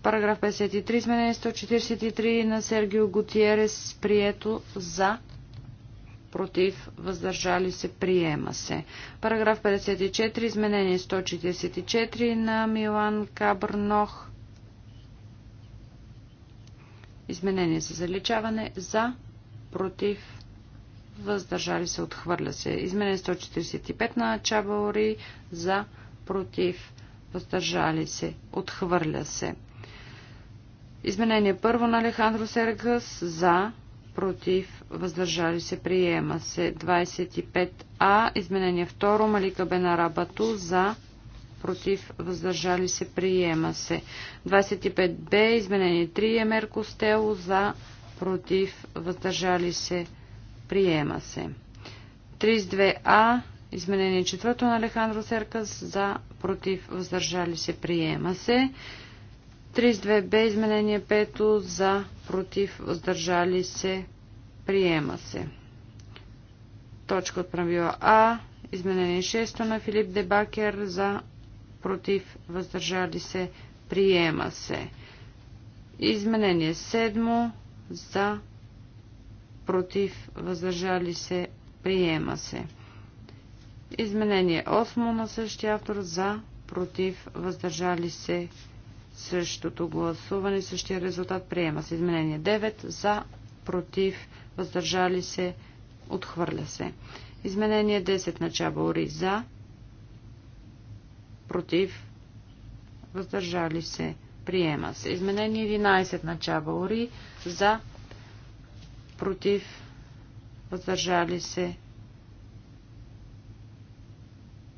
Параграф 53, изменение 143 на Сергио Гутиерес прието за, против, въздържали се, приема се. Параграф 54, изменение 144 на Милан Кабрнох, Изменение за заличаване. За. Против. Въздържали се. Отхвърля се. Изменение 145 на Чабаори. За. Против. Въздържали се. Отхвърля се. Изменение първо на Алехандро Сергас. За. Против. Въздържали се. Приема се. 25А. Изменение второ. Малика Бенарабату. За. Против против, въздържали се, приема се. 25Б, изменение 3, Емер Костело, за, против, въздържали се, приема се. 32А, изменение 4 на Алехандро Серкас, за, против, въздържали се, приема се. 32Б, изменение 5, за, против, въздържали се, приема се. Точка от правила А, изменение 6 на Филип Дебакер за против, въздържали се, приема се. Изменение 7 за, против, въздържали се, приема се. Изменение 8 на същия автор за, против, въздържали се, същото гласуване, същия резултат приема се. Изменение 9 за, против, въздържали се, отхвърля се. Изменение 10 на Чабаури за, против, въздържали се, приема се. Изменение 11 на Чабаури за, против, въздържали се.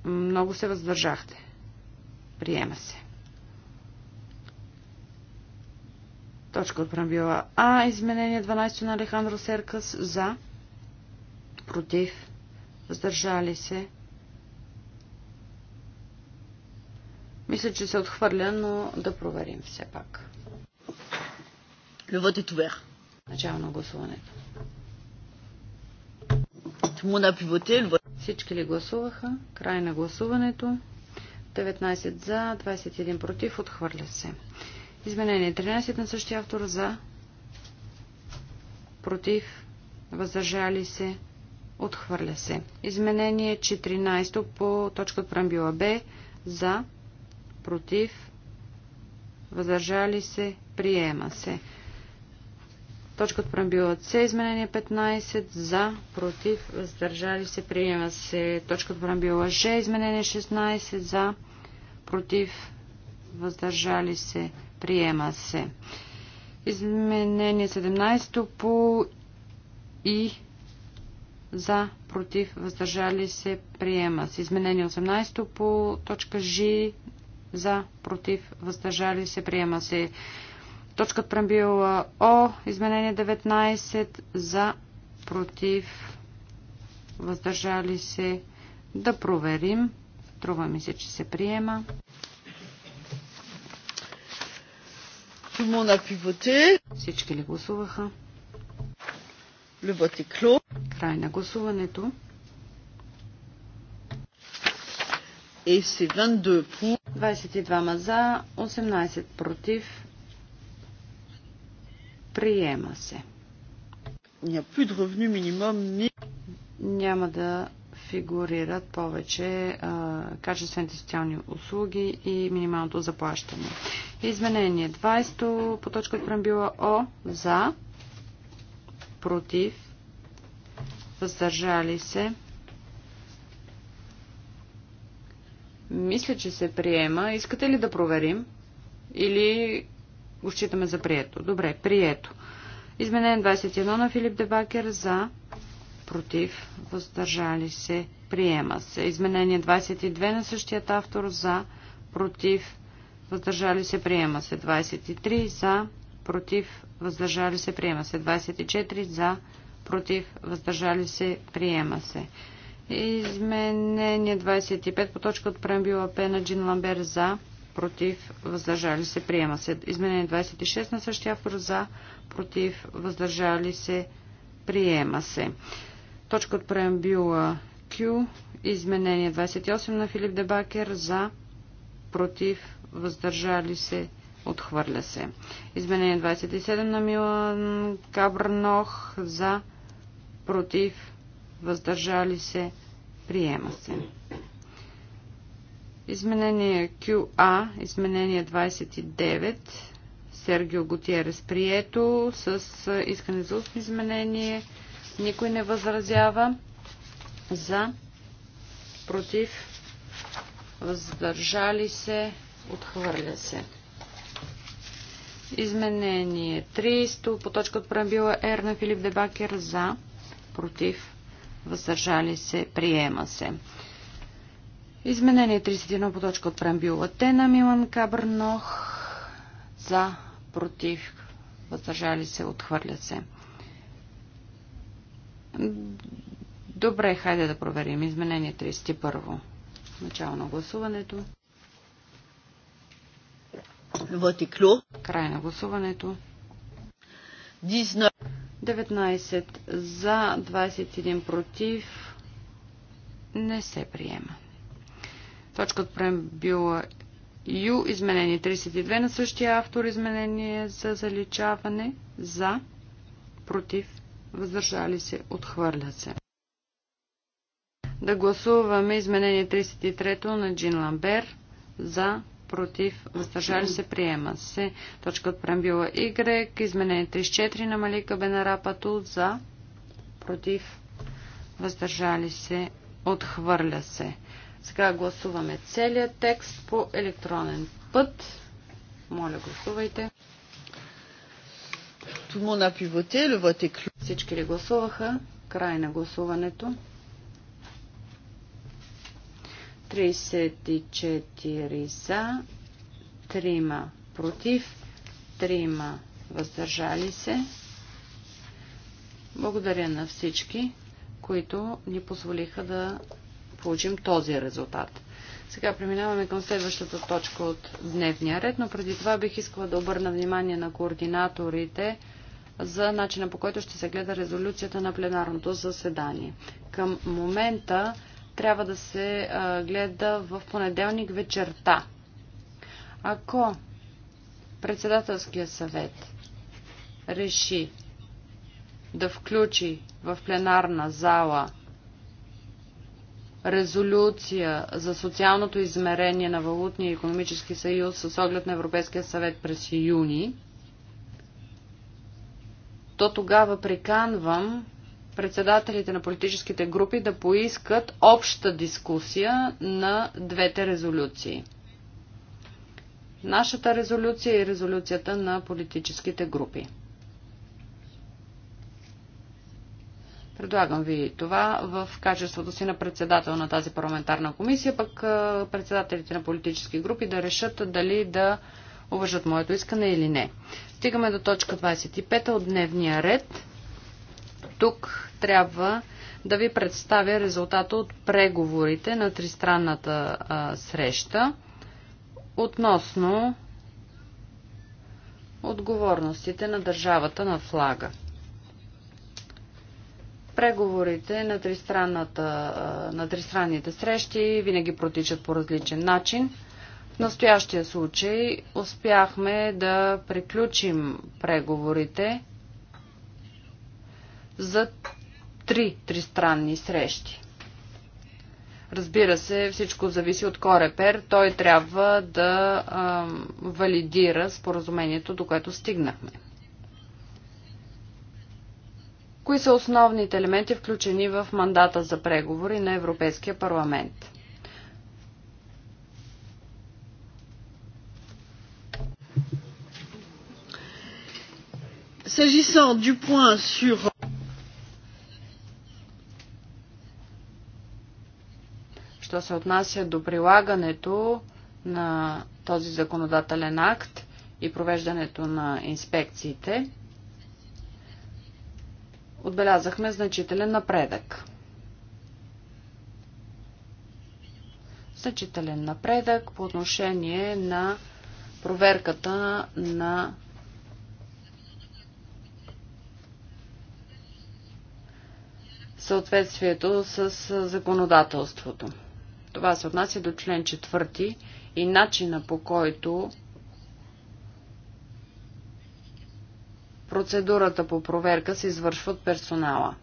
Много се въздържахте. Приема се. Точка от правила А. Изменение 12 на Алехандро Серкас за, против, въздържали се. Мисля, че се отхвърля, но да проверим все пак. Лъвът е тувер. Начало на гласуването. Всички ли гласуваха? Край на гласуването. 19 за, 21 против, отхвърля се. Изменение 13 на същия автор за, против, въздържали се, отхвърля се. Изменение 14 по точка от Б за, против, въздържали се, приема се. Точка от преамбюла С, изменение 15, за, против, въздържали се, приема се. Точка от преамбюла Ж, изменение 16, за, против, въздържали се, приема се. Изменение 17 по и за, против, въздържали се, приема се. Изменение 18 по точка Ж, за, против, въздържали се, приема се. Точка прембил О, изменение 19, за, против, въздържали се. Да проверим. Трува ми се, че се приема. Всички ли гласуваха? Край на гласуването. 22 е, 22 за, 18 против. Приема се. Няма да фигурират повече а, качествените социални услуги и минималното заплащане. Изменение 20 по точка от прембила О за, против, въздържали се, Мисля, че се приема. Искате ли да проверим? Или го считаме за прието? Добре, прието. Изменение 21 на Филип Дебакер за против, въздържали се, приема се. Изменение 22 на същият автор за против, въздържали се, приема се. 23 за против, въздържали се, приема се. 24 за против, въздържали се, приема се. Изменение 25 по точка от преамбила П на Джин Ламбер за, против, въздържали се, приема се. Изменение 26 на същия автор за, против, въздържали се, приема се. Точка от преамбила Q, изменение 28 на Филип Дебакер за, против, въздържали се, отхвърля се. Изменение 27 на Милан Кабрнох за, против, въздържали се, Приема се. Изменение QA, изменение 29, Сергио Готиерес прието с искане за устно изменение. Никой не възразява. За, против, въздържали се, отхвърля се. Изменение 30 по точка от правила Р на Филип Дебакер за, против, въздържали се, приема се. Изменение 31 по точка от преамбюла Тена Милан Кабърнох за, против, въздържали се, отхвърля се. Добре, хайде да проверим. Изменение 31. Начало на гласуването. Край на гласуването. 19 19 за, 21 против. Не се приема. Точка от преамбюла Ю, изменение 32 на същия автор, изменение за заличаване, за, против, въздържали се, отхвърля се. Да гласуваме изменение 33 на Джин Ламбер, за, против, въздържали се, приема се. Точка от преамбюла Y, изменение 34 на Малика Бенарапато за, против, въздържали се, отхвърля се. Сега гласуваме целият текст по електронен път. Моля, гласувайте. Всички ли гласуваха? Край на гласуването. 34 за, 3 против, 3 въздържали се. Благодаря на всички, които ни позволиха да получим този резултат. Сега преминаваме към следващата точка от дневния ред, но преди това бих искала да обърна внимание на координаторите за начина по който ще се гледа резолюцията на пленарното заседание. Към момента трябва да се гледа в понеделник вечерта. Ако председателския съвет реши да включи в пленарна зала резолюция за социалното измерение на Валутния и економически съюз с оглед на Европейския съвет през юни, то тогава приканвам председателите на политическите групи да поискат обща дискусия на двете резолюции. Нашата резолюция и резолюцията на политическите групи. Предлагам ви това в качеството си на председател на тази парламентарна комисия, пък председателите на политически групи да решат дали да уважат моето искане или не. Стигаме до точка 25 от дневния ред. Тук трябва да ви представя резултата от преговорите на тристранната а, среща относно отговорностите на държавата на флага. Преговорите на, тристранната, на тристранните срещи винаги протичат по различен начин. В настоящия случай успяхме да приключим преговорите за три тристранни срещи. Разбира се, всичко зависи от Корепер. Той трябва да а, валидира споразумението, до което стигнахме. Кои са основните елементи, включени в мандата за преговори на Европейския парламент? S'agissant du point sur Що се отнася до прилагането на този законодателен акт и провеждането на инспекциите, отбелязахме значителен напредък. Значителен напредък по отношение на проверката на съответствието с законодателството. Това се отнася до член 4 и начина по който процедурата по проверка се извършва от персонала.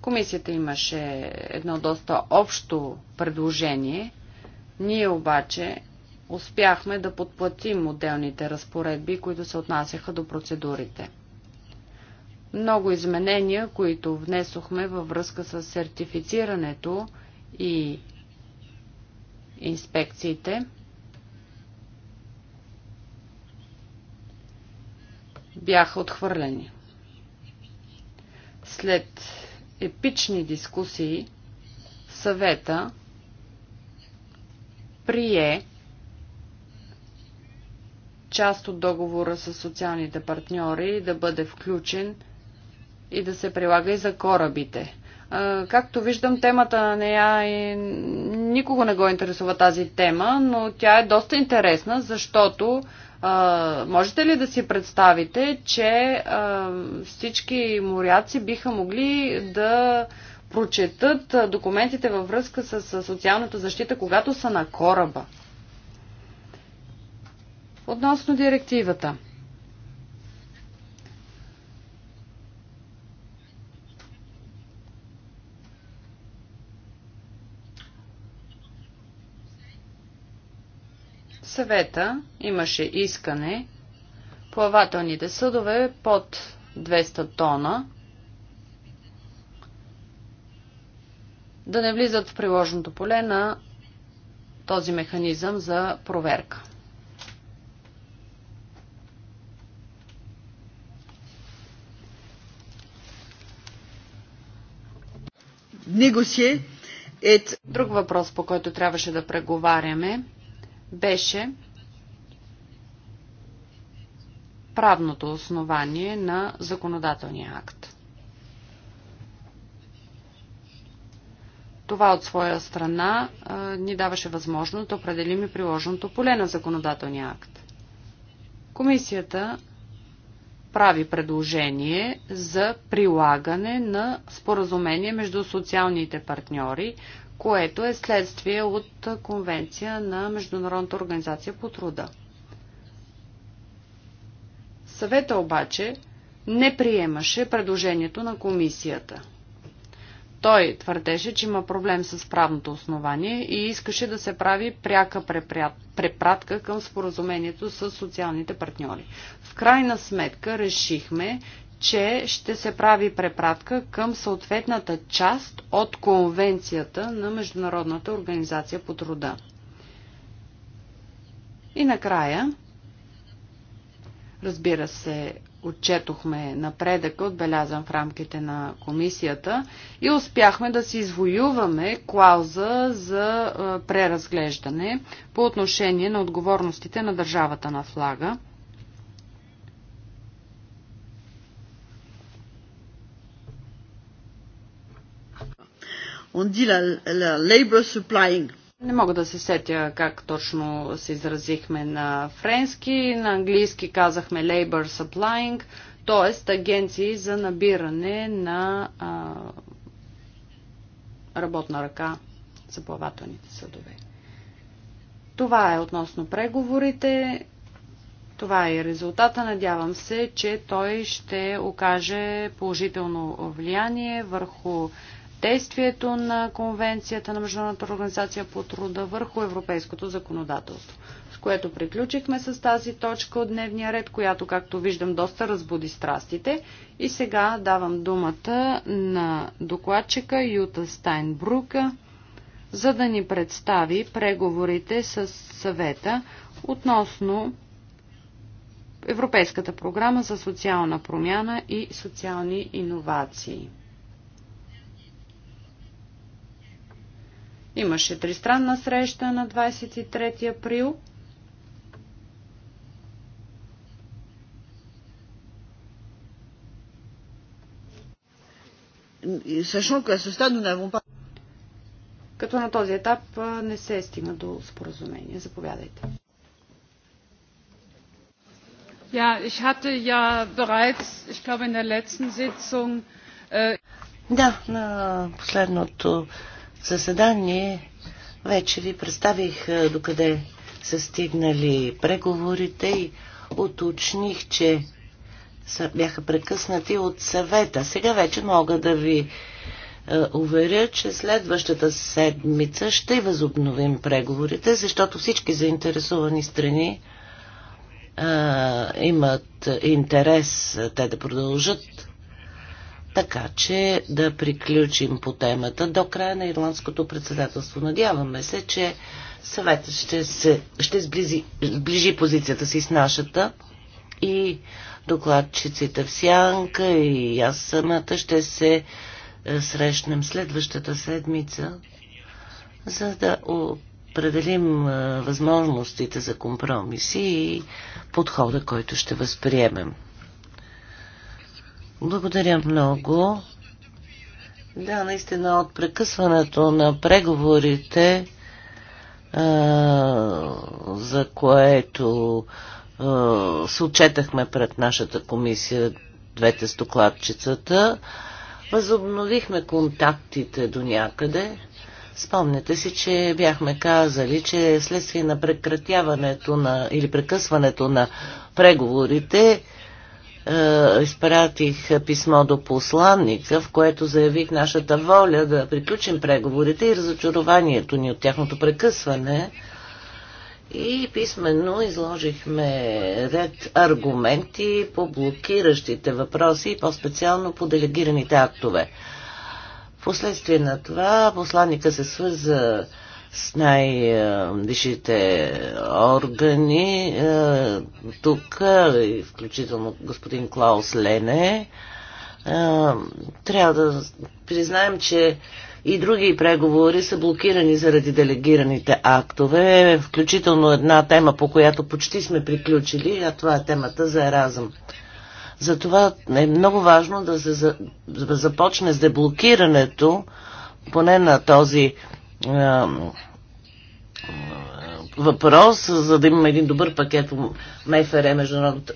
Комисията имаше едно доста общо предложение. Ние обаче успяхме да подплатим отделните разпоредби, които се отнасяха до процедурите. Много изменения, които внесохме във връзка с сертифицирането и инспекциите. бяха отхвърлени. След епични дискусии съвета прие част от договора с социалните партньори да бъде включен и да се прилага и за корабите. Както виждам, темата на нея и никого не го интересува тази тема, но тя е доста интересна, защото можете ли да си представите, че всички моряци биха могли да прочетат документите във връзка с социалната защита, когато са на кораба? Относно директивата. съвета имаше искане плавателните съдове под 200 тона да не влизат в приложното поле на този механизъм за проверка. Друг въпрос, по който трябваше да преговаряме, беше правното основание на законодателния акт. Това от своя страна ни даваше възможност да определим и приложеното поле на законодателния акт. Комисията прави предложение за прилагане на споразумение между социалните партньори, което е следствие от конвенция на Международната организация по труда. Съвета обаче не приемаше предложението на комисията. Той твърдеше, че има проблем с правното основание и искаше да се прави пряка препратка към споразумението с социалните партньори. В крайна сметка решихме, че ще се прави препратка към съответната част от Конвенцията на Международната организация по труда. И накрая, разбира се, отчетохме напредъка, отбелязан в рамките на комисията и успяхме да си извоюваме клауза за преразглеждане по отношение на отговорностите на държавата на флага on dit la, la labor supplying. Не мога да се сетя как точно се изразихме на френски. На английски казахме labor supplying, т.е. агенции за набиране на а, работна ръка за плавателните съдове. Това е относно преговорите. Това е резултата. Надявам се, че той ще окаже положително влияние върху Действието на Конвенцията на Международната организация по труда върху европейското законодателство, с което приключихме с тази точка от дневния ред, която, както виждам, доста разбуди страстите. И сега давам думата на докладчика Юта Стайнбрука, за да ни представи преговорите с съвета относно Европейската програма за социална промяна и социални иновации. Имаше тристранна среща на 23 април. Като на този етап не се е стигна до споразумение. Заповядайте. Ja, ich hatte ja bereits, ich glaube in der letzten Sitzung. Äh... Да, на последното заседание вече ви представих е, докъде са стигнали преговорите и уточних, че бяха прекъснати от съвета. Сега вече мога да ви е, уверя, че следващата седмица ще възобновим преговорите, защото всички заинтересовани страни е, имат интерес те да продължат така че да приключим по темата до края на ирландското председателство. Надяваме се, че съветът ще, се, ще сблизи, сближи позицията си с нашата и докладчиците в Сянка и аз самата ще се е, срещнем следващата седмица, за да определим е, възможностите за компромиси и подхода, който ще възприемем. Благодаря много. Да, наистина от прекъсването на преговорите, а, за което а, се отчетахме пред нашата комисия, двете стокладчицата, възобновихме контактите до някъде. Спомняте си, че бяхме казали, че следствие на прекратяването на, или прекъсването на преговорите, е, изпратих писмо до посланника, в което заявих нашата воля да приключим преговорите и разочарованието ни от тяхното прекъсване. И писменно изложихме ред аргументи по блокиращите въпроси и по-специално по делегираните актове. Впоследствие на това посланника се свърза с най-висшите органи. Е, тук, е, включително господин Клаус Лене, е, трябва да признаем, че и други преговори са блокирани заради делегираните актове, включително една тема, по която почти сме приключили, а това е темата за еразъм. Затова е много важно да се започне с деблокирането поне на този въпрос, за да имаме един добър пакет МФР,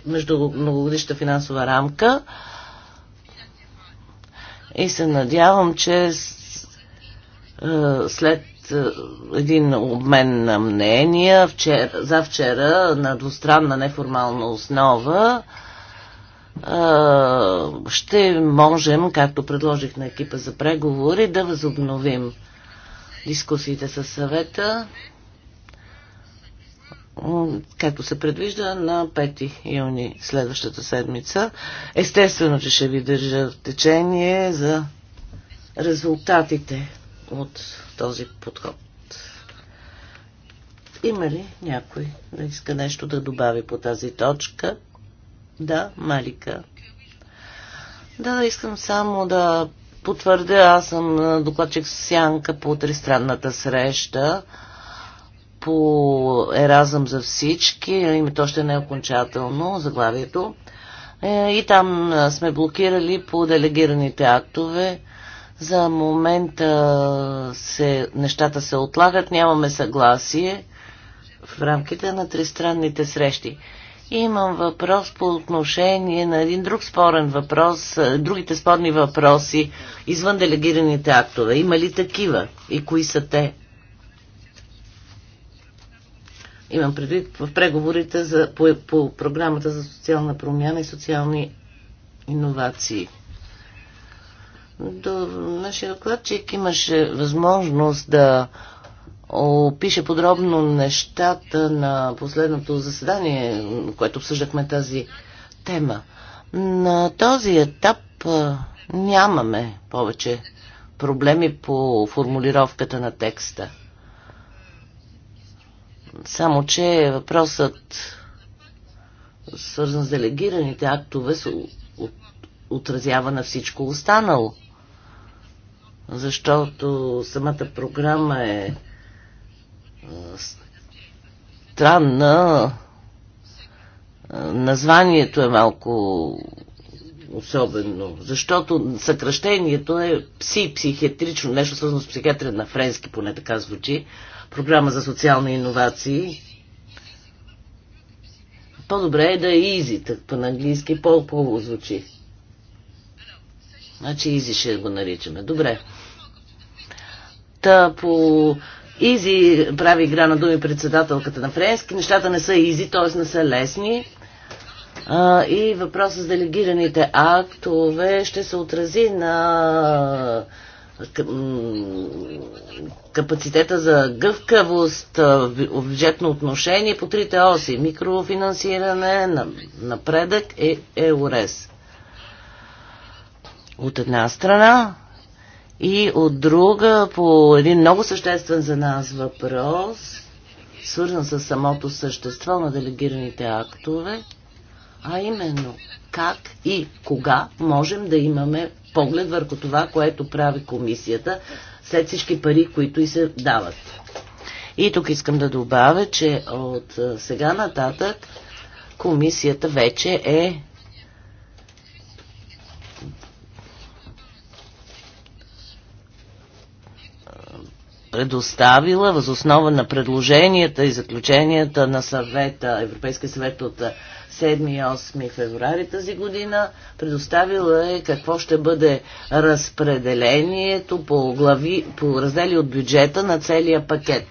между многогодишната финансова рамка. И се надявам, че след един обмен на мнения вчера, за вчера на двустранна неформална основа ще можем, както предложих на екипа за преговори, да възобновим дискусиите с съвета, както се предвижда, на 5 юни следващата седмица. Естествено, че ще ви държа в течение за резултатите от този подход. Има ли някой да иска нещо да добави по тази точка? Да, Малика. Да, искам само да потвърдя, аз съм докладчик с Сянка по тристранната среща по Еразъм за всички, името още не е окончателно, заглавието. Е, и там сме блокирали по делегираните актове. За момента се, нещата се отлагат, нямаме съгласие в рамките на тристранните срещи. Имам въпрос по отношение на един друг спорен въпрос, другите спорни въпроси извън делегираните актове. Има ли такива и кои са те? Имам предвид в преговорите за, по, по програмата за социална промяна и социални иновации. До нашия докладчик имаше възможност да опише подробно нещата на последното заседание, което обсъждахме тази тема. На този етап нямаме повече проблеми по формулировката на текста. Само, че въпросът свързан с делегираните актове се отразява на всичко останало. Защото самата програма е странна. Названието е малко особено, защото съкръщението е пси, психиатрично, нещо свързано с психиатрия на френски, поне така звучи, програма за социални иновации. По-добре е да е изи. так по-английски по-хубаво звучи. Значи изи ще го наричаме. Добре. Та по Изи прави игра на думи председателката на Френски. Нещата не са изи, т.е. не са лесни. А, и въпросът с делегираните актове ще се отрази на капацитета за гъвкавост в бюджетно отношение по трите оси. Микрофинансиране, напредък е ЕОРЕС. От една страна, и от друга, по един много съществен за нас въпрос, свързан с самото същество на делегираните актове, а именно как и кога можем да имаме поглед върху това, което прави комисията след всички пари, които и се дават. И тук искам да добавя, че от сега нататък комисията вече е предоставила възоснова на предложенията и заключенията на съвета, Европейския съвет от 7 и 8 феврари тази година, предоставила е какво ще бъде разпределението по, глави, по раздели от бюджета на целия пакет.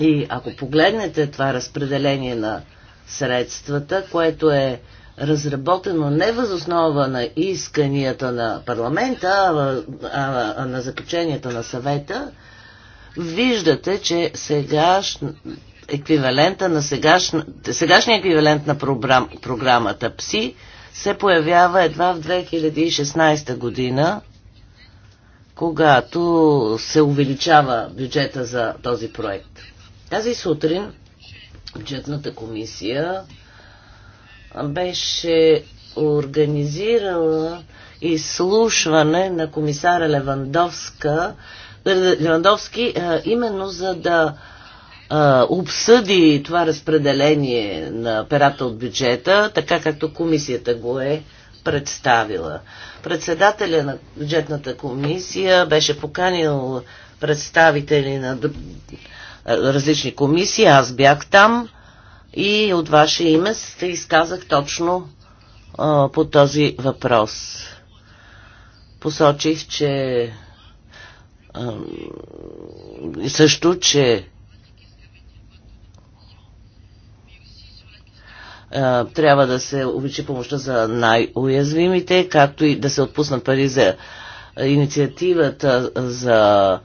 И ако погледнете това разпределение на средствата, което е разработено не възоснова на исканията на парламента, а, а, а на заключенията на съвета, виждате, че сегаш, еквивалента на сегаш, сегашния еквивалент на програм, програмата ПСИ се появява едва в 2016 година, когато се увеличава бюджета за този проект. Тази сутрин бюджетната комисия беше организирала изслушване на комисара Левандовска, Левандовски именно за да обсъди това разпределение на перата от бюджета, така както комисията го е представила. Председателя на бюджетната комисия беше поканил представители на различни комисии, аз бях там и от ваше име сте изказах точно а, по този въпрос. Посочих, че а, също, че а, трябва да се увеличи помощта за най-уязвимите, както и да се отпуснат пари за инициативата за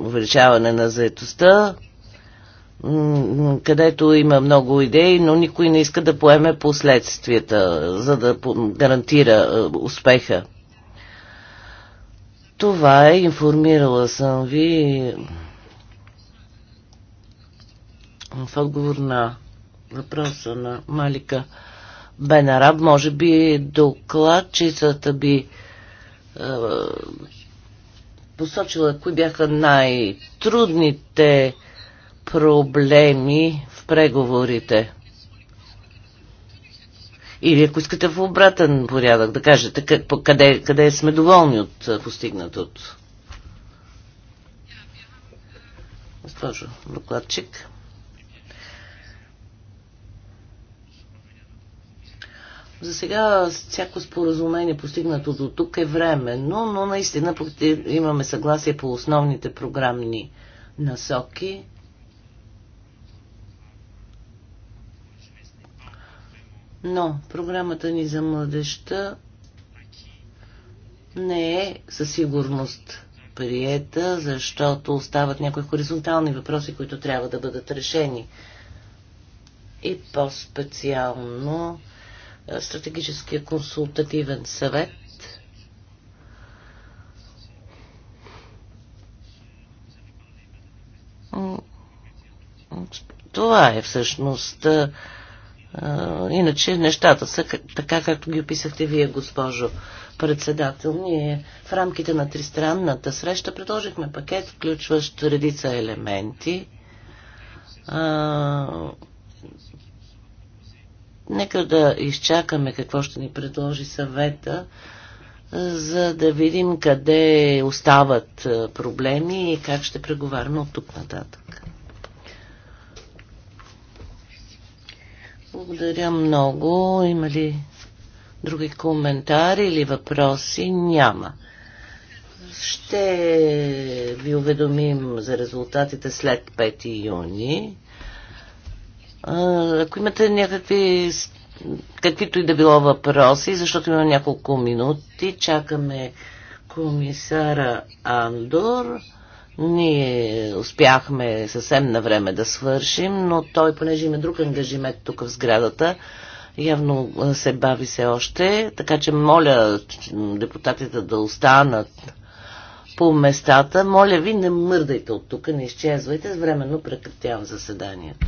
увеличаване на заетостта където има много идеи, но никой не иска да поеме последствията, за да гарантира е, успеха. Това е, информирала съм ви в отговор на въпроса на Малика Бенараб, може би докладчицата би е, посочила кои бяха най-трудните проблеми в преговорите. Или ако искате в обратен порядък да кажете къде, къде сме доволни от постигнатото. Госпожо докладчик. За сега всяко споразумение, постигнато до тук, е временно, но наистина имаме съгласие по основните програмни насоки. Но програмата ни за младеща не е със сигурност приета, защото остават някои хоризонтални въпроси, които трябва да бъдат решени. И по-специално стратегическия консултативен съвет Това е всъщност иначе нещата са така, както ги описахте вие, госпожо председател. Ние в рамките на тристранната среща предложихме пакет, включващ редица елементи. А, нека да изчакаме какво ще ни предложи съвета, за да видим къде остават проблеми и как ще преговаряме от тук нататък. Благодаря много. Има ли други коментари или въпроси? Няма. Ще ви уведомим за резултатите след 5 юни. Ако имате някакви каквито и да било въпроси, защото имам няколко минути, чакаме комисара Андор. Ние успяхме съвсем на време да свършим, но той, понеже има друг ангажимент тук в сградата, явно се бави се още, така че моля депутатите да останат по местата. Моля ви, не мърдайте от тук, не изчезвайте. Временно прекратявам заседанието.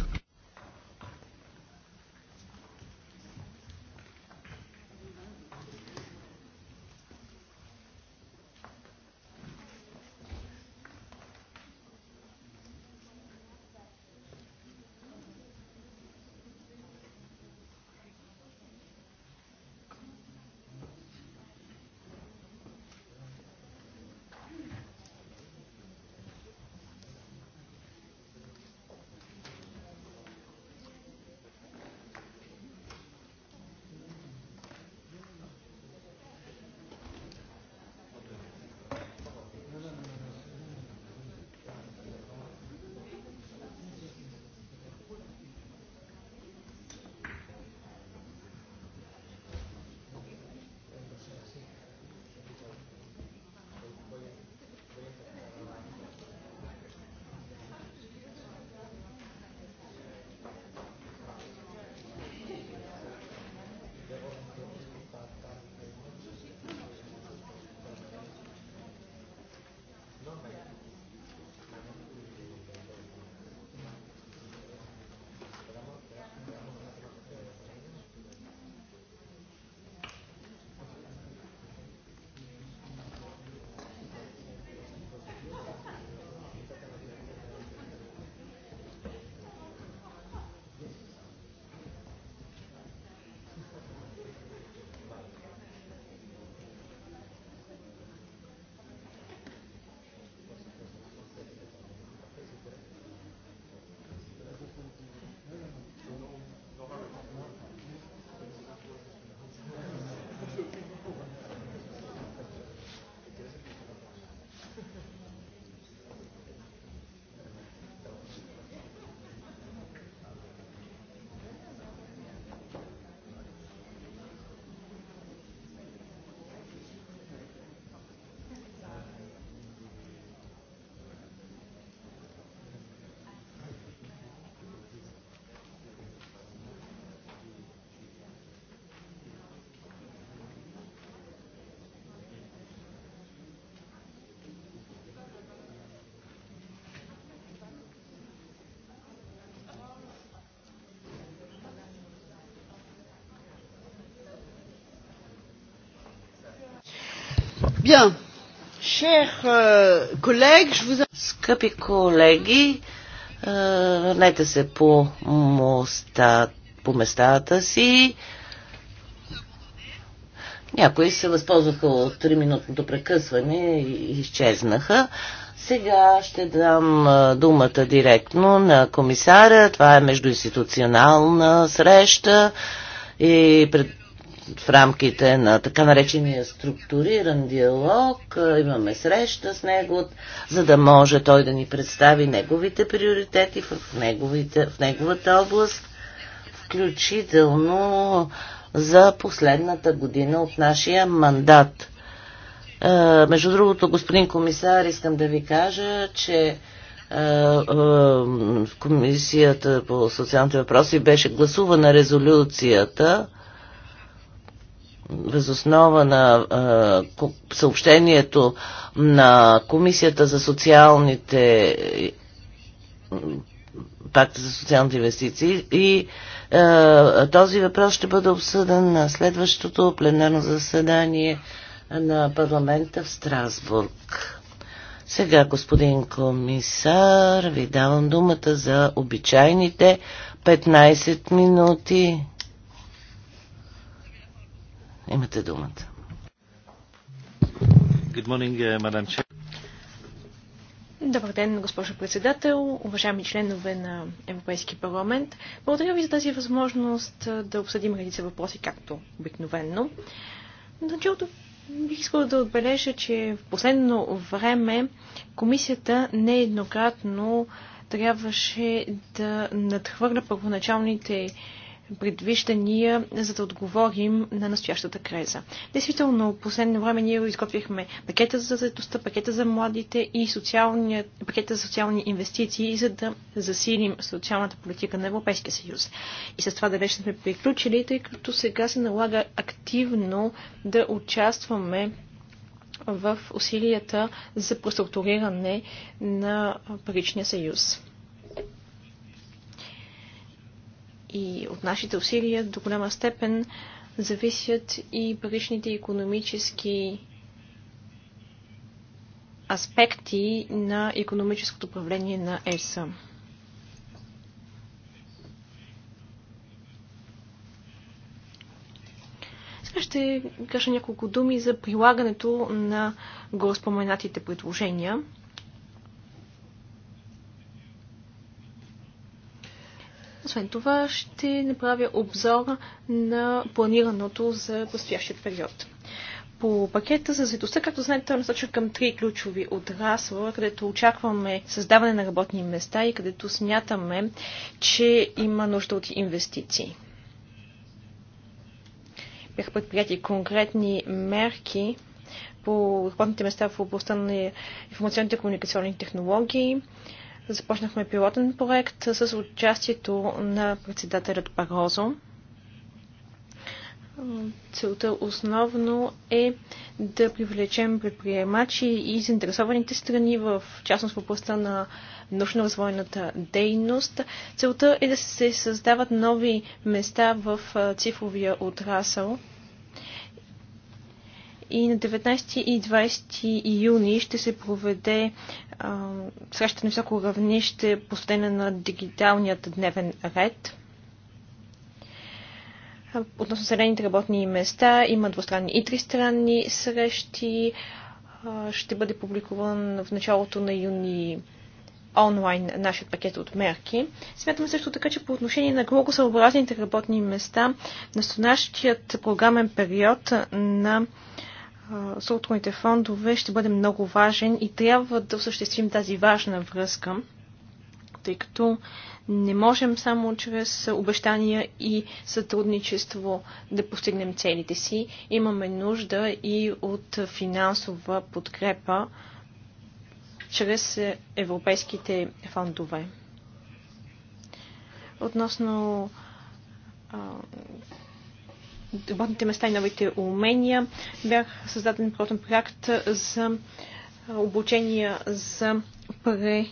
Bien. Chers euh, collègues, je vous... Скъпи колеги, върнете е, се по, моста, по местата си. Някои се възползваха от 3-минутното прекъсване и изчезнаха. Сега ще дам е, думата директно на комисаря. Това е междуинституционална среща и пред в рамките на така наречения структуриран диалог, имаме среща с него, за да може той да ни представи неговите приоритети в, неговите, в неговата област, включително за последната година от нашия мандат. Между другото, господин комисар, искам да ви кажа, че в Комисията по социалните въпроси беше гласувана резолюцията възоснова на е, съобщението на Комисията за социалните пакта за социалните инвестиции и е, този въпрос ще бъде обсъден на следващото пленарно заседание на парламента в Страсбург. Сега, господин комисар, ви давам думата за обичайните 15 минути. Имате думата. Good morning, uh, madam Добър ден, госпожо председател, уважаеми членове на Европейски парламент. Благодаря ви за тази възможност да обсъдим редица въпроси, както обикновенно. началото бих искала да отбележа, че в последно време комисията нееднократно трябваше да надхвърля първоначалните предвиждания, за да отговорим на настоящата криза. Действително, последно време ние изготвихме пакета за заедостта, пакета за младите и пакета за социални инвестиции, за да засилим социалната политика на Европейския съюз. И с това да вече сме приключили, тъй като сега се налага активно да участваме в усилията за преструктуриране на паричния съюз. и от нашите усилия до голяма степен зависят и паричните економически аспекти на економическото управление на ЕСА. Сега ще кажа няколко думи за прилагането на гореспоменатите предложения. Освен това ще направя обзор на планираното за предстоящия период. По пакета за заедостта, както знаете, той е насочен към три ключови отрасла, където очакваме създаване на работни места и където смятаме, че има нужда от инвестиции. Бяха предприяти конкретни мерки по работните места в областта на информационните и комуникационни технологии, Започнахме пилотен проект с участието на председателят Барозо. Целта основно е да привлечем предприемачи и заинтересованите страни в частност в областта на научно-развойната дейност. Целта е да се създават нови места в цифровия отрасъл и на 19 и 20 юни ще се проведе а, среща на високо равнище, посветена на дигиталният дневен ред. Относно зелените работни места има двустранни и тристранни срещи. ще бъде публикуван в началото на юни онлайн нашия пакет от мерки. Смятаме също така, че по отношение на съобразните работни места, настоящият програмен период на структурните фондове ще бъде много важен и трябва да осъществим тази важна връзка, тъй като не можем само чрез обещания и сътрудничество да постигнем целите си. Имаме нужда и от финансова подкрепа чрез европейските фондове. Относно работните места и новите умения. Бях създаден протен проект за обучение за пре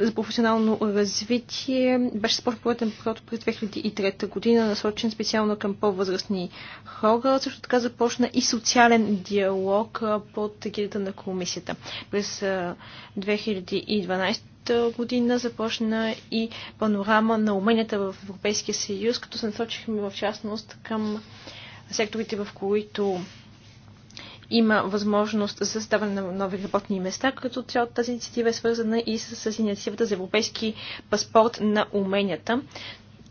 за професионално развитие. Беше спортен проект през 2003 година, насочен специално към по-възрастни хора. Също така започна и социален диалог под егидата на комисията. През 2012 година започна и панорама на уменията в Европейския съюз, като се насочихме в частност към секторите, в които има възможност за създаване на нови работни места, като цялата тази инициатива е свързана и с, с инициативата за европейски паспорт на уменията.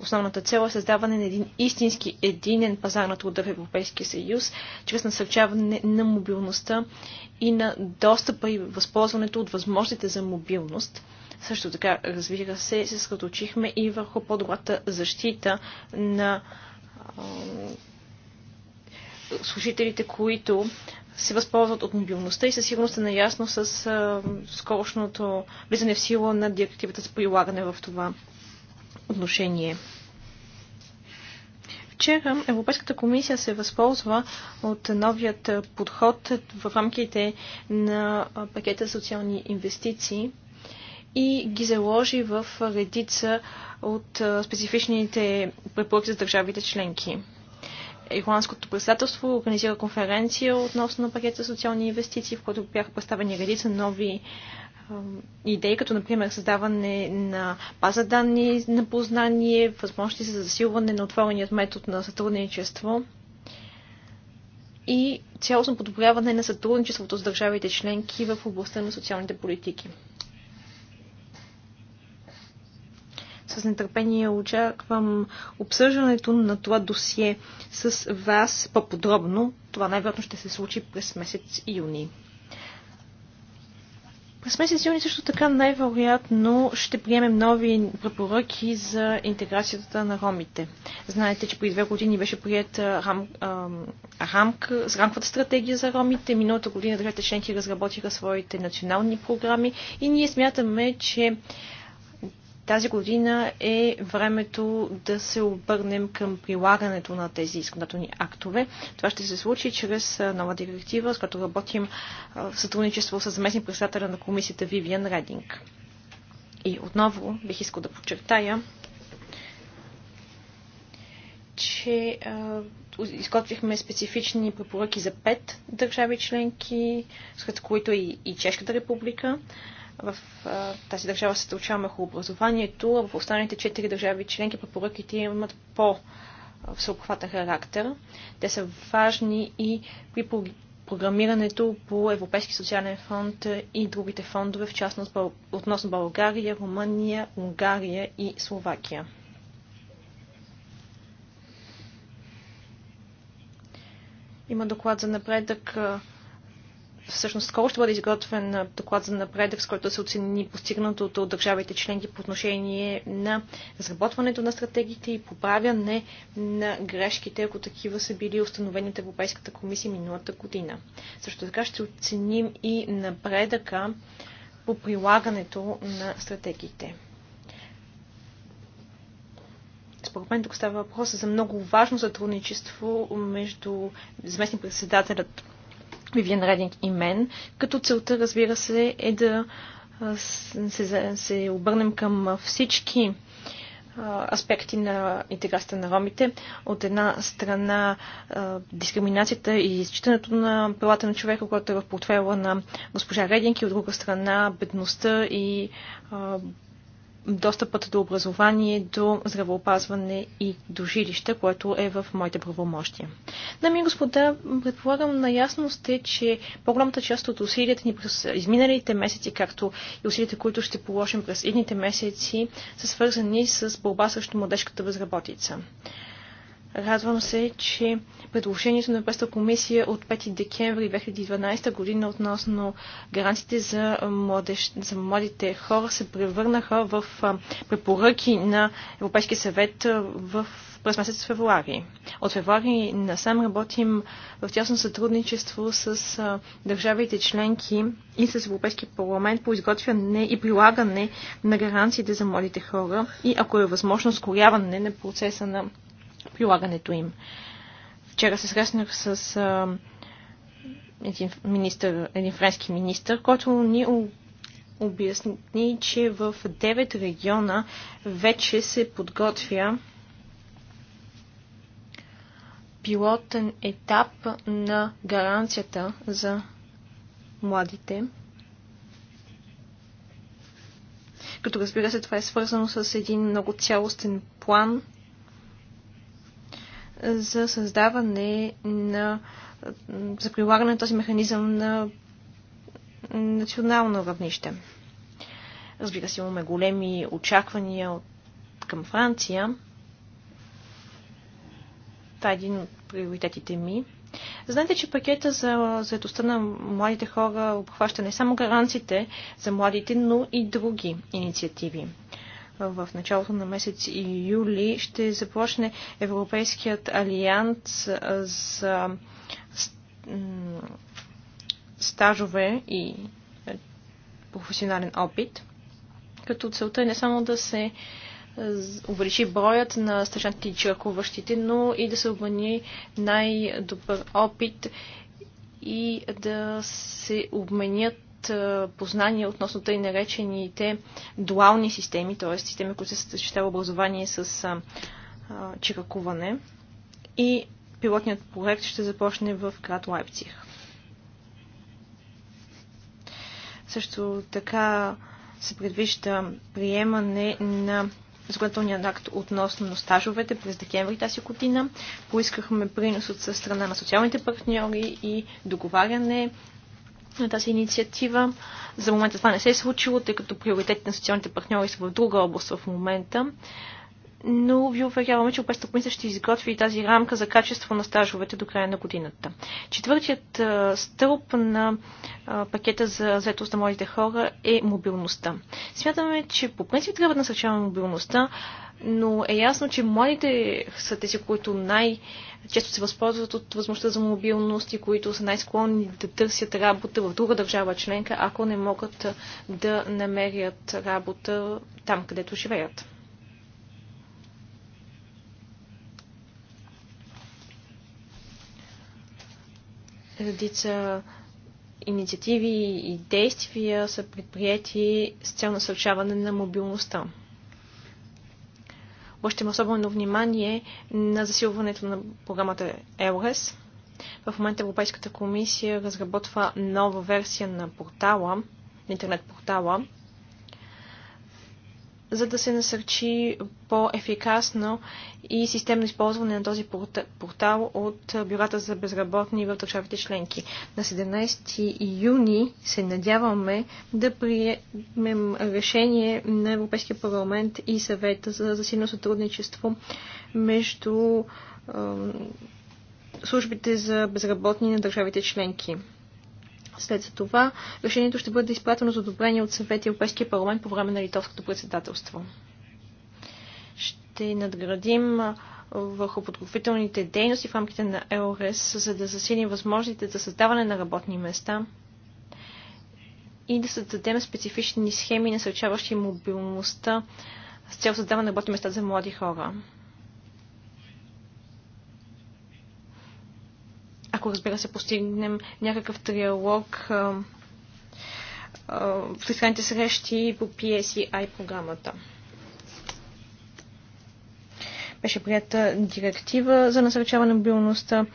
Основната цел е създаване на един истински единен пазар на труда в Европейския съюз, чрез насърчаване на мобилността и на достъпа и възползването от възможностите за мобилност. Също така, разбира се, се съсредоточихме и върху по-добрата защита на служителите, които се възползват от мобилността и със сигурност е наясно с скорошното влизане в сила на директивата за прилагане в това отношение. Вчера Европейската комисия се възползва от новият подход в рамките на пакета социални инвестиции и ги заложи в редица от специфичните препоръки за държавите членки. Ирландското председателство организира конференция относно пакета за социални инвестиции, в който бяха представени редица нови идеи, като например създаване на база данни на познание, възможности за засилване на отвореният метод на сътрудничество и цялостно подобряване на сътрудничеството с държавите членки в областта на социалните политики. с нетърпение очаквам обсъждането на това досие с вас по-подробно. Това най-вероятно ще се случи през месец юни. През месец юни също така най-вероятно ще приемем нови препоръки за интеграцията на ромите. Знаете, че преди две години беше прият рам, рамк, рамковата стратегия за ромите. Миналата година държавите членки разработиха своите национални програми и ние смятаме, че тази година е времето да се обърнем към прилагането на тези изконателни актове. Това ще се случи чрез нова директива, с която работим в сътрудничество с заместник председателя на комисията Вивиан Рединг. И отново бих искал да подчертая, че изготвихме специфични препоръки за пет държави членки, сред които и, и Чешката република. В а, тази държава се научаваме хубаво образованието, а в останалите четири държави членки препоръките имат по всеобхватен характер. Те са важни и при програмирането по Европейски социален фонд и другите фондове, в частност относно България, Румъния, Унгария и Словакия. Има доклад за напредък всъщност скоро ще бъде изготвен доклад за напредък, с който се оцени постигнатото от държавите членки по отношение на разработването на стратегиите и поправяне на грешките, ако такива са били установени от Европейската комисия миналата година. Също така ще оценим и напредъка по прилагането на стратегиите. Според мен тук става въпрос за много важно сътрудничество между заместник председателят Вивиан Рединг и мен, като целта, разбира се, е да се, се обърнем към всички аспекти на интеграцията на ромите. От една страна дискриминацията и изчитането на правата на човека, което е в портфела на госпожа Рединг и от друга страна бедността и достъпът до образование, до здравеопазване и до жилище, което е в моите правомощия. Нами господа, предполагам наясно сте, че по-голямата част от усилията ни през изминалите месеци, както и усилията, които ще положим през едните месеци, са свързани с борба срещу младежката безработица. Радвам се, че предложението на Европейската комисия от 5 декември 2012 година относно гаранциите за, младеж, за младите хора се превърнаха в препоръки на Европейския съвет в през месец февруари. От февруари насам работим в тясно сътрудничество с а, държавите членки и с Европейския парламент по изготвяне и прилагане на гаранциите за младите хора и, ако е възможно, скоряване на процеса на прилагането им. Вчера се срещнах с а, един, министр, един френски министр, който ни обясни, че в 9 региона вече се подготвя пилотен етап на гаранцията за младите. Като разбира се, това е свързано с един много цялостен план за създаване на за прилагане на този механизъм на национално равнище. Разбира се, имаме големи очаквания от, към Франция. Това е един от приоритетите ми. Знаете, че пакета за заедостта на младите хора обхваща не само гаранциите за младите, но и други инициативи в началото на месец и юли ще започне Европейският алианс за стажове и професионален опит, като целта е не само да се увеличи броят на стъжантите и чиракуващите, но и да се обмени най-добър опит и да се обменят познания относно тъй наречените дуални системи, т.е. системи, които се съществява образование с чиракуване. И пилотният проект ще започне в град Лайпциг. Също така се предвижда приемане на законодателният акт относно стажовете през декември тази година. Поискахме принос от страна на социалните партньори и договаряне на тази инициатива. За момента това не се е случило, тъй като приоритетите на социалните партньори са в друга област в момента но ви уверяваме, че Европейската комисия ще изготви тази рамка за качество на стажовете до края на годината. Четвъртият стълб на пакета за заетост на младите хора е мобилността. Смятаме, че по принцип трябва да насърчаваме мобилността, но е ясно, че младите са тези, които най-често се възползват от възможността за мобилност и които са най-склонни да търсят работа в друга държава членка, ако не могат да намерят работа там, където живеят. Редица инициативи и действия са предприяти с цел насърчаване на мобилността. Обръщаме особено внимание на засилването на програмата ЕЛРЕС. В момента Европейската комисия разработва нова версия на портала, на интернет портала, за да се насърчи по-ефикасно и системно използване на този портал от бюрата за безработни в държавите членки. На 17 юни се надяваме да приемем решение на Европейския парламент и съвета за засилено сътрудничество между службите за безработни на държавите членки. След това решението ще бъде изпратено за одобрение от съвет и Европейския парламент по време на литовското председателство. Ще надградим върху подготвителните дейности в рамките на ЕОРЕС, за да засилим възможностите за създаване на работни места и да създадем специфични схеми, насърчаващи мобилността с цел създаване на работни места за млади хора. ако разбира се постигнем някакъв триалог в тристранните срещи по PSEI програмата. Беше прията директива за насърчаване на мобилността,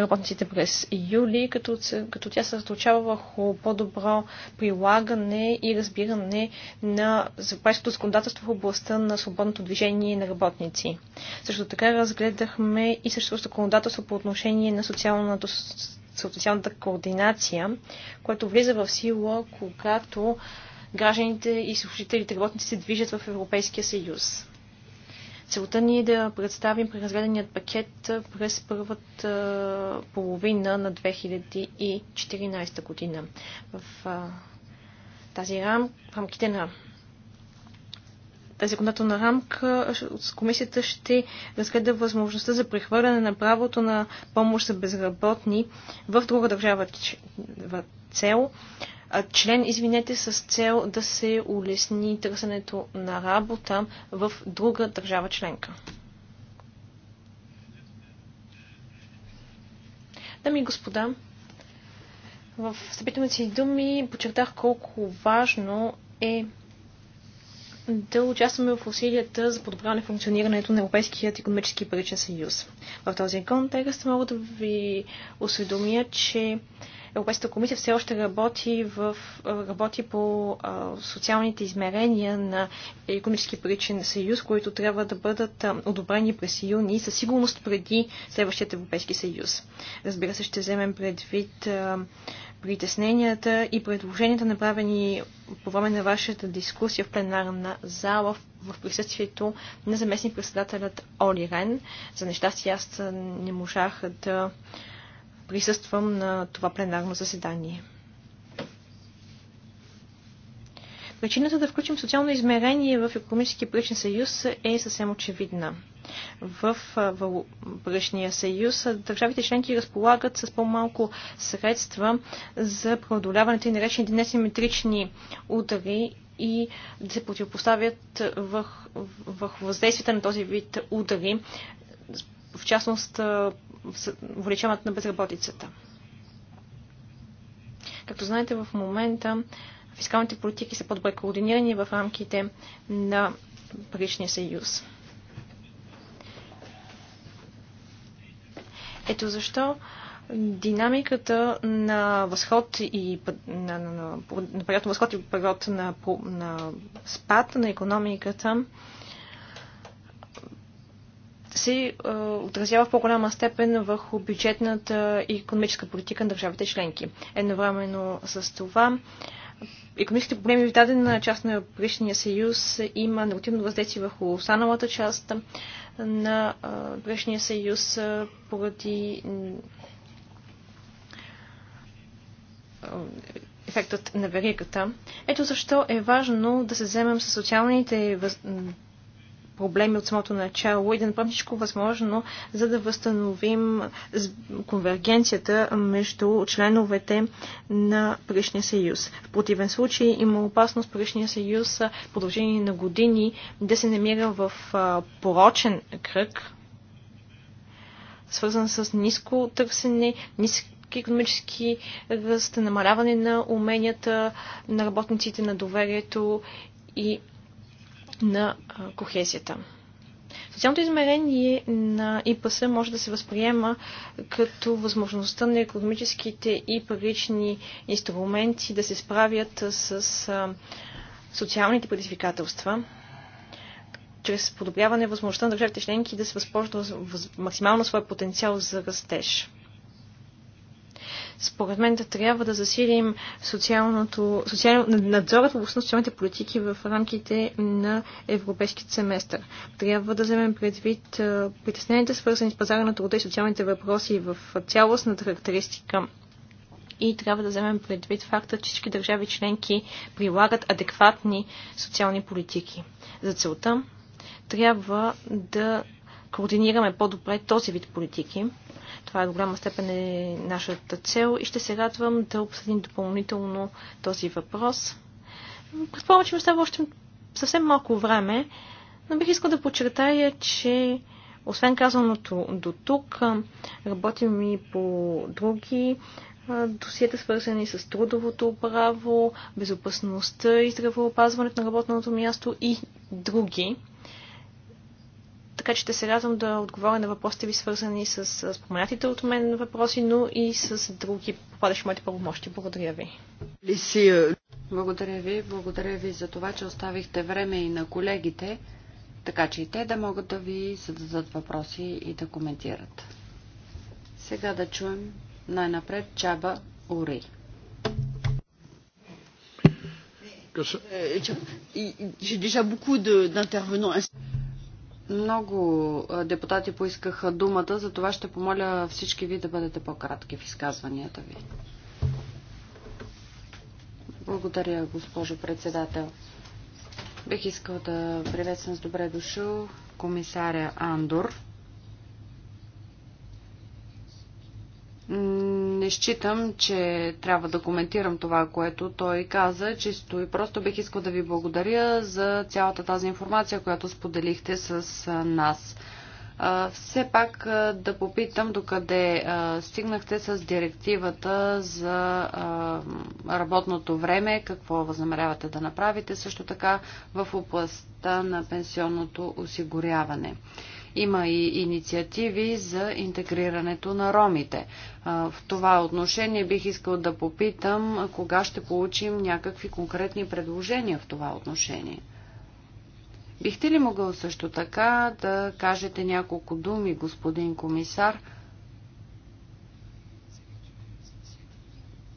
работниците през юли, като, като тя се разточава върху по-добро прилагане и разбиране на европейското законодателство в областта на свободното движение на работници. Също така разгледахме и също законодателство по отношение на социалното социалната координация, което влиза в сила, когато гражданите и служителите работници се движат в Европейския съюз. Целта ни е да представим преразгледаният пакет през първата половина на 2014 година. В тази рам, в рамките на тази законодателна рамка с комисията ще разгледа възможността за прехвърляне на правото на помощ за безработни в друга държава цел член, извинете, с цел да се улесни търсенето на работа в друга държава членка. Дами и господа, в събитването си думи подчертах колко важно е да участваме в усилията за подобряване функционирането на Европейският економически паричен съюз. В този контекст мога да ви осведомя, че Европейската комисия все още работи, в, работи по социалните измерения на економически паричен съюз, които трябва да бъдат одобрени през юни, със сигурност преди следващият Европейски съюз. Разбира се, ще вземем предвид притесненията и предложенията, направени по време на вашата дискусия в пленарна зала в присъствието на заместник председателят Оли Рен. За нещастие аз не можах да присъствам на това пленарно заседание. Причината да включим социално измерение в економически пръчен съюз е съвсем очевидна. В пръчния съюз държавите членки разполагат с по-малко средства за преодоляването и наречените несиметрични удари и да се противопоставят върху въздействията на този вид удари в частност увеличаването на безработицата. Както знаете, в момента фискалните политики са по-добре координирани в рамките на Паричния съюз. Ето защо динамиката на възход и на, на, на, на на възход и на, на, на спад на економиката се е, отразява в по-голяма степен върху бюджетната и економическа политика на държавите членки. Едновременно с това економическите проблеми в дадена част на Европейския съюз има негативно въздействие върху останалата част на е, Европейския съюз е, поради ефектът на веригата. Ето защо е важно да се вземем с социалните въз проблеми от самото начало и да направим всичко възможно, за да възстановим конвергенцията между членовете на Паричния съюз. В противен случай има опасност Паричния съюз в продължение на години да се намира в порочен кръг, свързан с ниско търсене, ниско економически ръст, намаляване на уменията на работниците, на доверието и на кохезията. Социалното измерение на ИПС може да се възприема като възможността на економическите и парични инструменти да се справят с социалните предизвикателства, чрез подобряване възможността на държавите членки да се възползват максимално своя потенциал за растеж. Според мен да трябва да засилим социалното, социал, надзорът в областта на социалните политики в рамките на европейския семестър. Трябва да вземем предвид притесненията, свързани с пазара на труда и социалните въпроси в цялостната характеристика и трябва да вземем предвид факта, че всички държави членки прилагат адекватни социални политики. За целта трябва да координираме по-добре този вид политики, това е до голяма степен е нашата цел и ще се радвам да обсъдим допълнително този въпрос. Предполагам, че ми остава още съвсем малко време, но бих искал да подчертая, че освен казаното до тук, работим и по други досиета, свързани с трудовото право, безопасността и здравеопазването на работното място и други. Така че ще се радвам да отговоря на въпросите ви, свързани с споменатите от мен въпроси, но и с други попадащи моите правомощи. Благодаря ви. Благодаря ви. Благодаря ви за това, че оставихте време и на колегите, така че и те да могат да ви зададат въпроси и да коментират. Сега да чуем най-напред Чаба Ури. J'ai е, е déjà beaucoup d'intervenants. Много депутати поискаха думата, за това ще помоля всички ви да бъдете по-кратки в изказванията ви. Благодаря, госпожо председател. Бих искал да приветствам с добре дошъл комисаря Андор. считам, че трябва да коментирам това, което той каза. Чисто и просто бих искал да ви благодаря за цялата тази информация, която споделихте с нас. Все пак да попитам докъде стигнахте с директивата за работното време, какво възнамерявате да направите също така в областта на пенсионното осигуряване. Има и инициативи за интегрирането на ромите. В това отношение бих искал да попитам кога ще получим някакви конкретни предложения в това отношение. Бихте ли могъл също така да кажете няколко думи, господин комисар,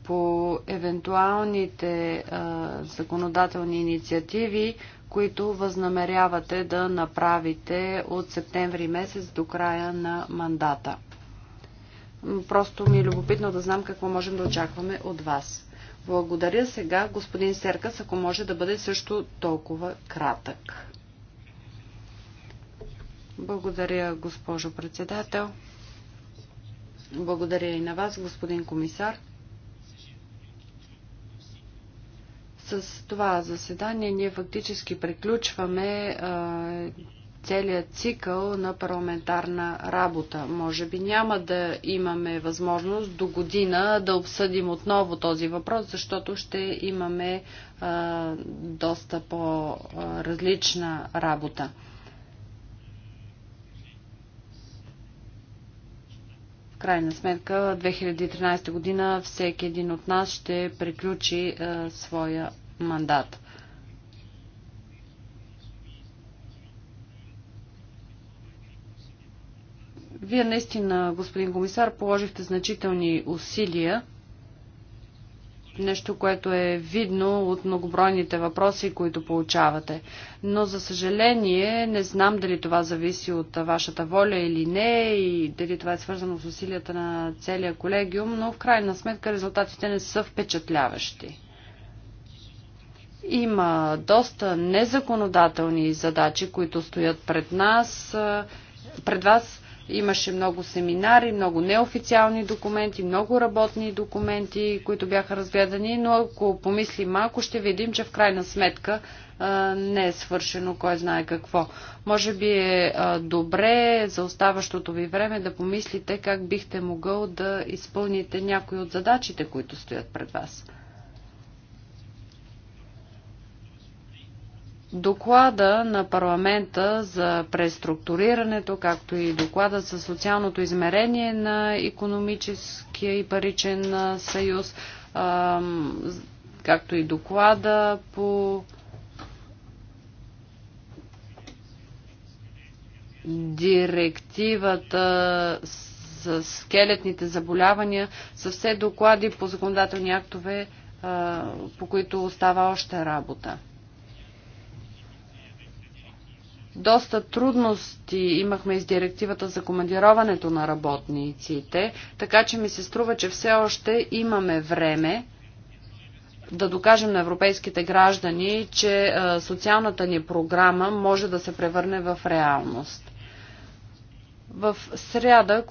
по евентуалните а, законодателни инициативи, които възнамерявате да направите от септември месец до края на мандата. Просто ми е любопитно да знам какво можем да очакваме от вас. Благодаря сега, господин Серкас, ако може да бъде също толкова кратък. Благодаря, госпожо председател. Благодаря и на вас, господин комисар. С това заседание ние фактически приключваме целият цикъл на парламентарна работа. Може би няма да имаме възможност до година да обсъдим отново този въпрос, защото ще имаме а, доста по-различна работа. крайна сметка, 2013 година всеки един от нас ще приключи а, е, своя мандат. Вие наистина, господин комисар, положихте значителни усилия нещо, което е видно от многобройните въпроси, които получавате. Но, за съжаление, не знам дали това зависи от вашата воля или не и дали това е свързано с усилията на целия колегиум, но в крайна сметка резултатите не са впечатляващи. Има доста незаконодателни задачи, които стоят пред нас, пред вас Имаше много семинари, много неофициални документи, много работни документи, които бяха разгледани, но ако помислим малко, ще видим, че в крайна сметка не е свършено кой знае какво. Може би е добре за оставащото ви време да помислите как бихте могъл да изпълните някои от задачите, които стоят пред вас. Доклада на парламента за преструктурирането, както и доклада за социалното измерение на економическия и паричен съюз, както и доклада по директивата за скелетните заболявания, са все доклади по законодателни актове, по които остава още работа. Доста трудности имахме из директивата за командироването на работниците, така че ми се струва, че все още имаме време да докажем на европейските граждани, че социалната ни програма може да се превърне в реалност. В сряда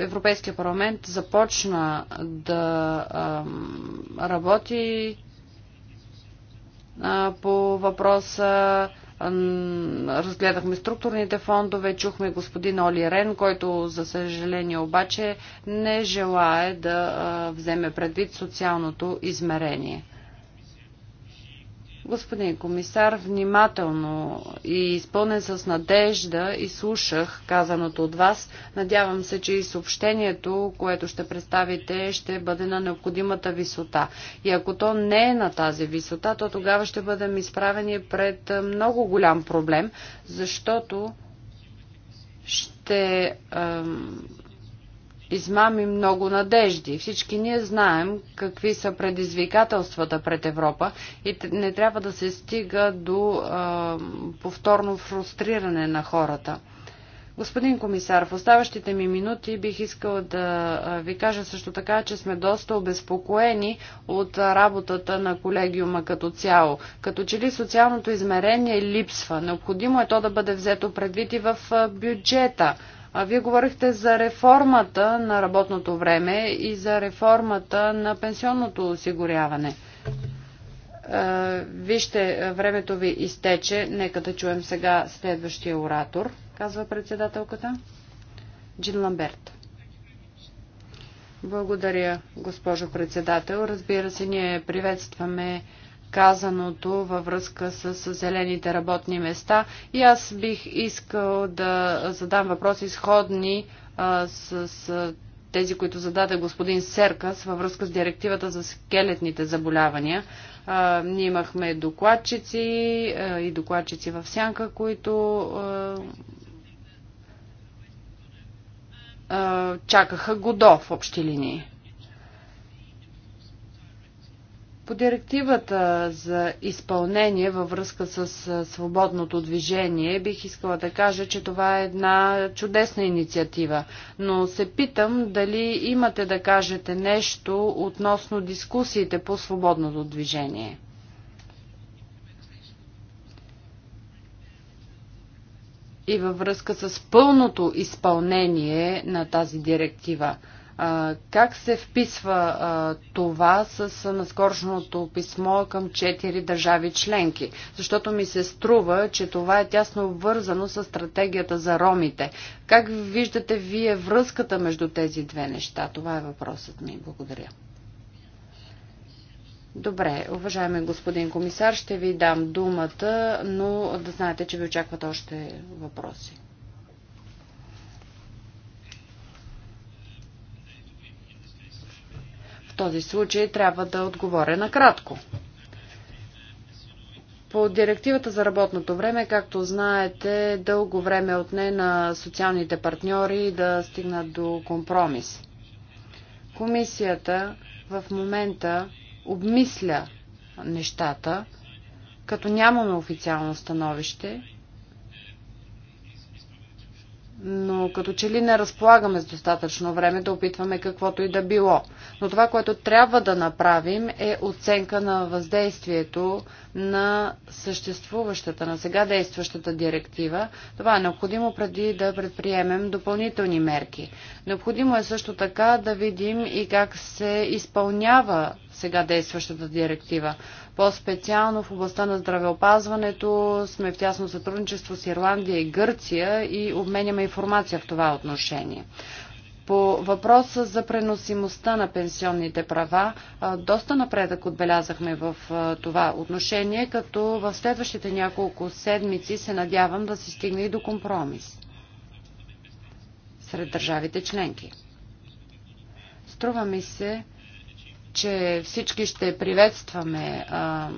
Европейския парламент започна да работи по въпроса разгледахме структурните фондове, чухме господин Оли Рен, който за съжаление обаче не желае да вземе предвид социалното измерение. Господин комисар, внимателно и изпълнен с надежда и слушах казаното от вас. Надявам се, че и съобщението, което ще представите, ще бъде на необходимата висота. И ако то не е на тази висота, то тогава ще бъдем изправени пред много голям проблем, защото ще. Ам измами много надежди. Всички ние знаем какви са предизвикателствата пред Европа и не трябва да се стига до а, повторно фрустриране на хората. Господин комисар, в оставащите ми минути бих искала да ви кажа също така, че сме доста обезпокоени от работата на колегиума като цяло. Като че ли социалното измерение липсва. Необходимо е то да бъде взето предвид и в бюджета а Вие говорихте за реформата на работното време и за реформата на пенсионното осигуряване. Вижте, времето ви изтече. Нека да чуем сега следващия оратор, казва председателката. Джин Ламберт. Благодаря, госпожо председател. Разбира се, ние приветстваме казаното във връзка с зелените работни места и аз бих искал да задам въпроси сходни а, с, с тези, които зададе господин Серкас във връзка с директивата за скелетните заболявания. А, ние имахме докладчици а, и докладчици в сянка, които а, а, чакаха Годо в общи линии. По директивата за изпълнение във връзка с свободното движение бих искала да кажа, че това е една чудесна инициатива, но се питам дали имате да кажете нещо относно дискусиите по свободното движение. И във връзка с пълното изпълнение на тази директива – как се вписва това с наскорошното писмо към четири държави членки? Защото ми се струва, че това е тясно вързано с стратегията за ромите. Как виждате вие връзката между тези две неща? Това е въпросът ми. Благодаря. Добре, уважаеми господин комисар, ще ви дам думата, но да знаете, че ви очакват още въпроси. В този случай трябва да отговоря накратко. По директивата за работното време, както знаете, дълго време е отне на социалните партньори да стигнат до компромис. Комисията в момента обмисля нещата, като нямаме официално становище, но като че ли не разполагаме с достатъчно време да опитваме каквото и да било. Но това, което трябва да направим е оценка на въздействието на съществуващата, на сега действащата директива. Това е необходимо преди да предприемем допълнителни мерки. Необходимо е също така да видим и как се изпълнява сега действащата директива. По-специално в областта на здравеопазването сме в тясно сътрудничество с Ирландия и Гърция и обменяме информация в това отношение. По въпроса за преносимостта на пенсионните права, доста напредък отбелязахме в това отношение, като в следващите няколко седмици се надявам да се стигне и до компромис сред държавите членки. Струва ми се, че всички ще приветстваме а,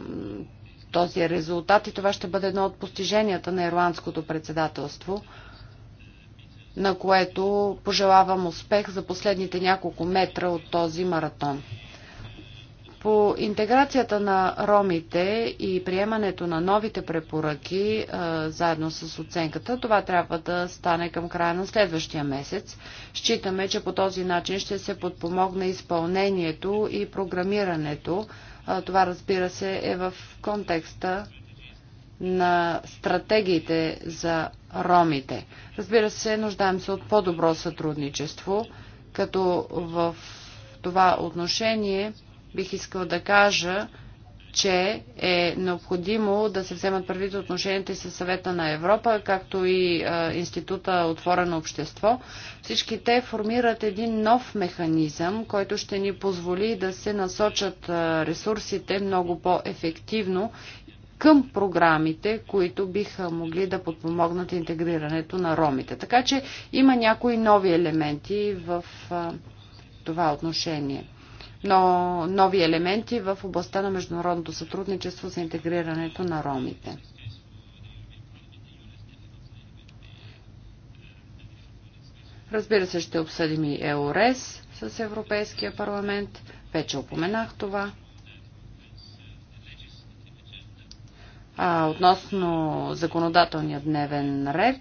този резултат и това ще бъде едно от постиженията на ирландското председателство, на което пожелавам успех за последните няколко метра от този маратон. По интеграцията на ромите и приемането на новите препоръки заедно с оценката, това трябва да стане към края на следващия месец. Считаме, че по този начин ще се подпомогне изпълнението и програмирането. Това разбира се е в контекста на стратегиите за ромите. Разбира се, нуждаем се от по-добро сътрудничество, като в това отношение бих искал да кажа, че е необходимо да се вземат предвид отношенията с съвета на Европа, както и а, Института Отворено общество. Всички те формират един нов механизъм, който ще ни позволи да се насочат а, ресурсите много по-ефективно към програмите, които биха могли да подпомогнат интегрирането на ромите. Така че има някои нови елементи в а, това отношение но нови елементи в областта на международното сътрудничество за интегрирането на ромите. Разбира се, ще обсъдим и ЕОРЕС с Европейския парламент. Вече опоменах това. А, относно законодателния дневен ред,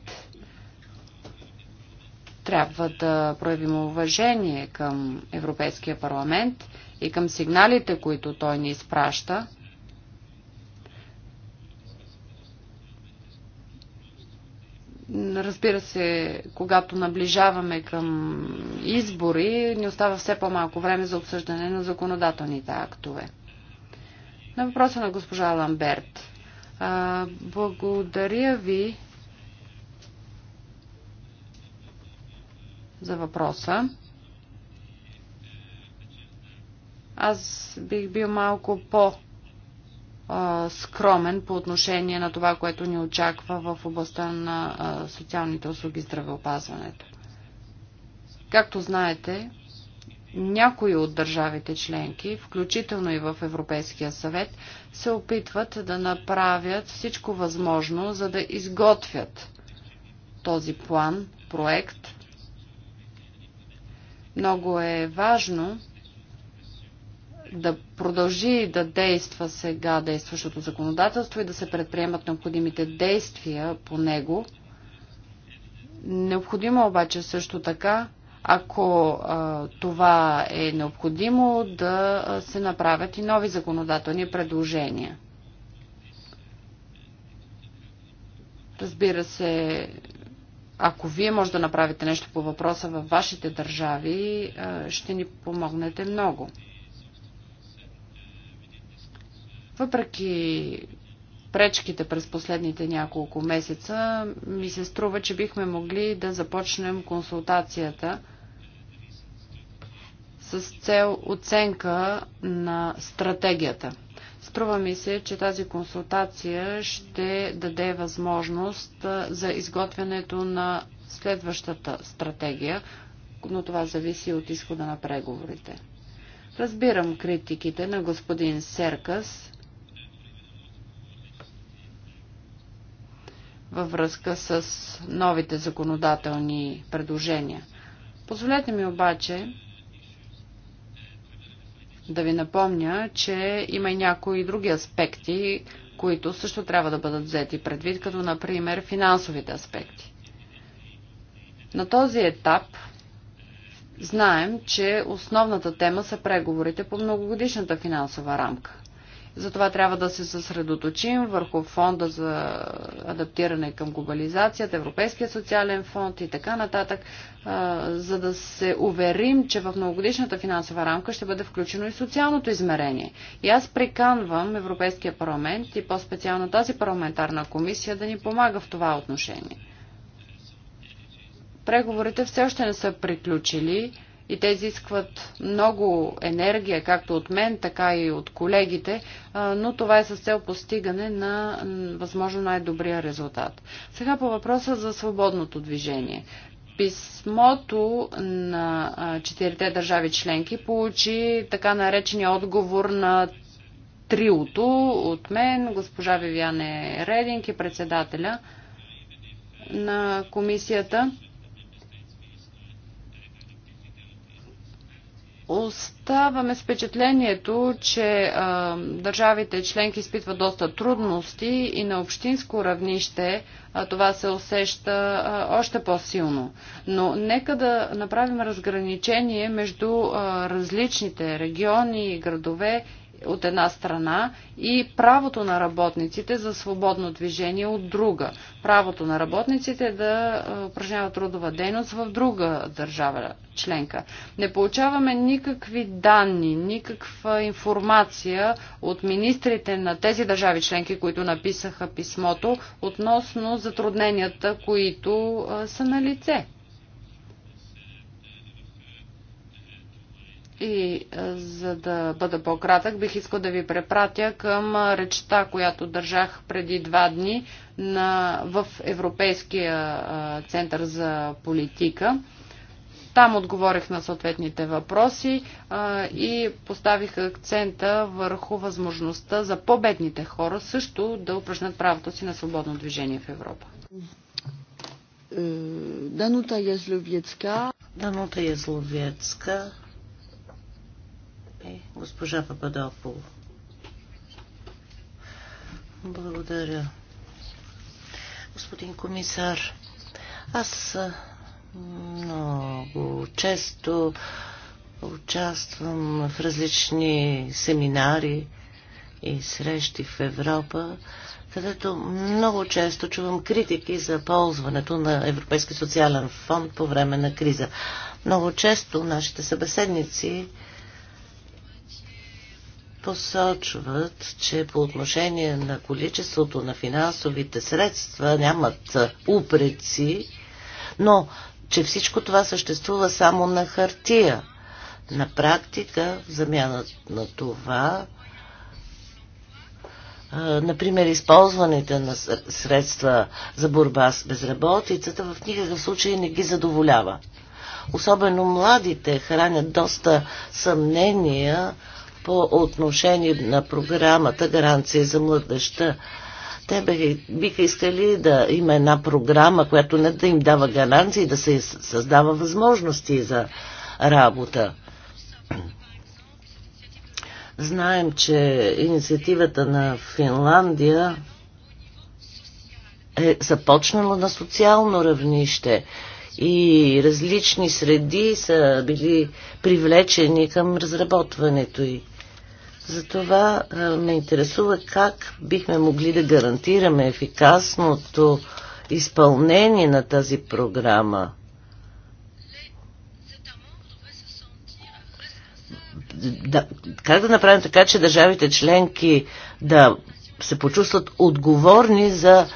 трябва да проявим уважение към Европейския парламент и към сигналите, които той ни изпраща. Разбира се, когато наближаваме към избори, ни остава все по-малко време за обсъждане на законодателните актове. На въпроса на госпожа Ламберт. благодаря ви за въпроса. Аз бих бил малко по- скромен по отношение на това, което ни очаква в областта на социалните услуги и здравеопазването. Както знаете, някои от държавите членки, включително и в Европейския съвет, се опитват да направят всичко възможно, за да изготвят този план, проект много е важно да продължи да действа сега действащото законодателство и да се предприемат необходимите действия по него. Необходимо обаче също така, ако а, това е необходимо, да се направят и нови законодателни предложения. Разбира се, ако вие може да направите нещо по въпроса във вашите държави, ще ни помогнете много. Въпреки пречките през последните няколко месеца, ми се струва, че бихме могли да започнем консултацията с цел оценка на стратегията. Струва ми се, че тази консултация ще даде възможност за изготвянето на следващата стратегия, но това зависи от изхода на преговорите. Разбирам критиките на господин Серкас във връзка с новите законодателни предложения. Позволете ми обаче да ви напомня, че има и някои други аспекти, които също трябва да бъдат взети предвид, като например финансовите аспекти. На този етап знаем, че основната тема са преговорите по многогодишната финансова рамка – затова трябва да се съсредоточим върху фонда за адаптиране към глобализацията, Европейския социален фонд и така нататък, за да се уверим, че в многогодишната финансова рамка ще бъде включено и социалното измерение. И аз приканвам Европейския парламент и по-специално тази парламентарна комисия да ни помага в това отношение. Преговорите все още не са приключили и те изискват много енергия, както от мен, така и от колегите, но това е с цел постигане на възможно най-добрия резултат. Сега по въпроса за свободното движение. Писмото на четирите държави членки получи така наречения отговор на триото от мен, госпожа Вивиане Рединг и председателя на комисията. Оставаме с впечатлението, че а, държавите членки изпитват доста трудности и на общинско равнище а, това се усеща а, още по-силно. Но нека да направим разграничение между а, различните региони и градове от една страна и правото на работниците за свободно движение от друга. Правото на работниците да упражняват трудова дейност в друга държава членка. Не получаваме никакви данни, никаква информация от министрите на тези държави членки, които написаха писмото, относно затрудненията, които са на лице. И е, за да бъда по-кратък, бих искал да ви препратя към речта, която държах преди два дни на, в Европейския е, център за политика. Там отговорих на съответните въпроси а, е, и поставих акцента върху възможността за победните хора също да упражнят правото си на свободно движение в Европа. Данута Язловецка. Данута Язловецка е госпожа Пападопол. Благодаря. Господин комисар, аз много често участвам в различни семинари и срещи в Европа, където много често чувам критики за ползването на Европейски социален фонд по време на криза. Много често нашите събеседници посочват, че по отношение на количеството на финансовите средства нямат упреци, но че всичко това съществува само на хартия. На практика, в замяна на това, например, използваните на средства за борба с безработицата в никакъв случай не ги задоволява. Особено младите хранят доста съмнения по отношение на програмата Гаранция за младеща. Те биха, искали да има една програма, която не да им дава гаранции, да се създава възможности за работа. Знаем, че инициативата на Финландия е започнала на социално равнище и различни среди са били привлечени към разработването й. Затова ме интересува как бихме могли да гарантираме ефикасното изпълнение на тази програма. Да, как да направим така, че държавите членки да се почувстват отговорни за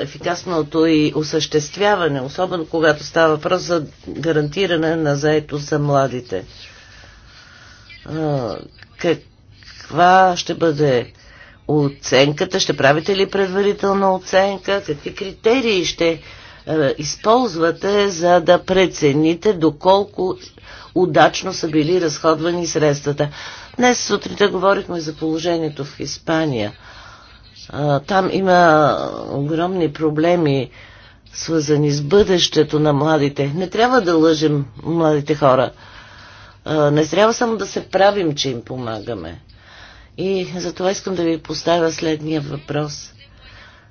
ефикасното и осъществяване, особено когато става въпрос за гарантиране на заето за младите. Каква ще бъде оценката? Ще правите ли предварителна оценка? Какви критерии ще е, използвате, за да прецените доколко удачно са били разходвани средствата? Днес сутринта говорихме за положението в Испания. Е, там има огромни проблеми, свързани с бъдещето на младите. Не трябва да лъжим младите хора. Не трябва само да се правим, че им помагаме. И за това искам да ви поставя следния въпрос.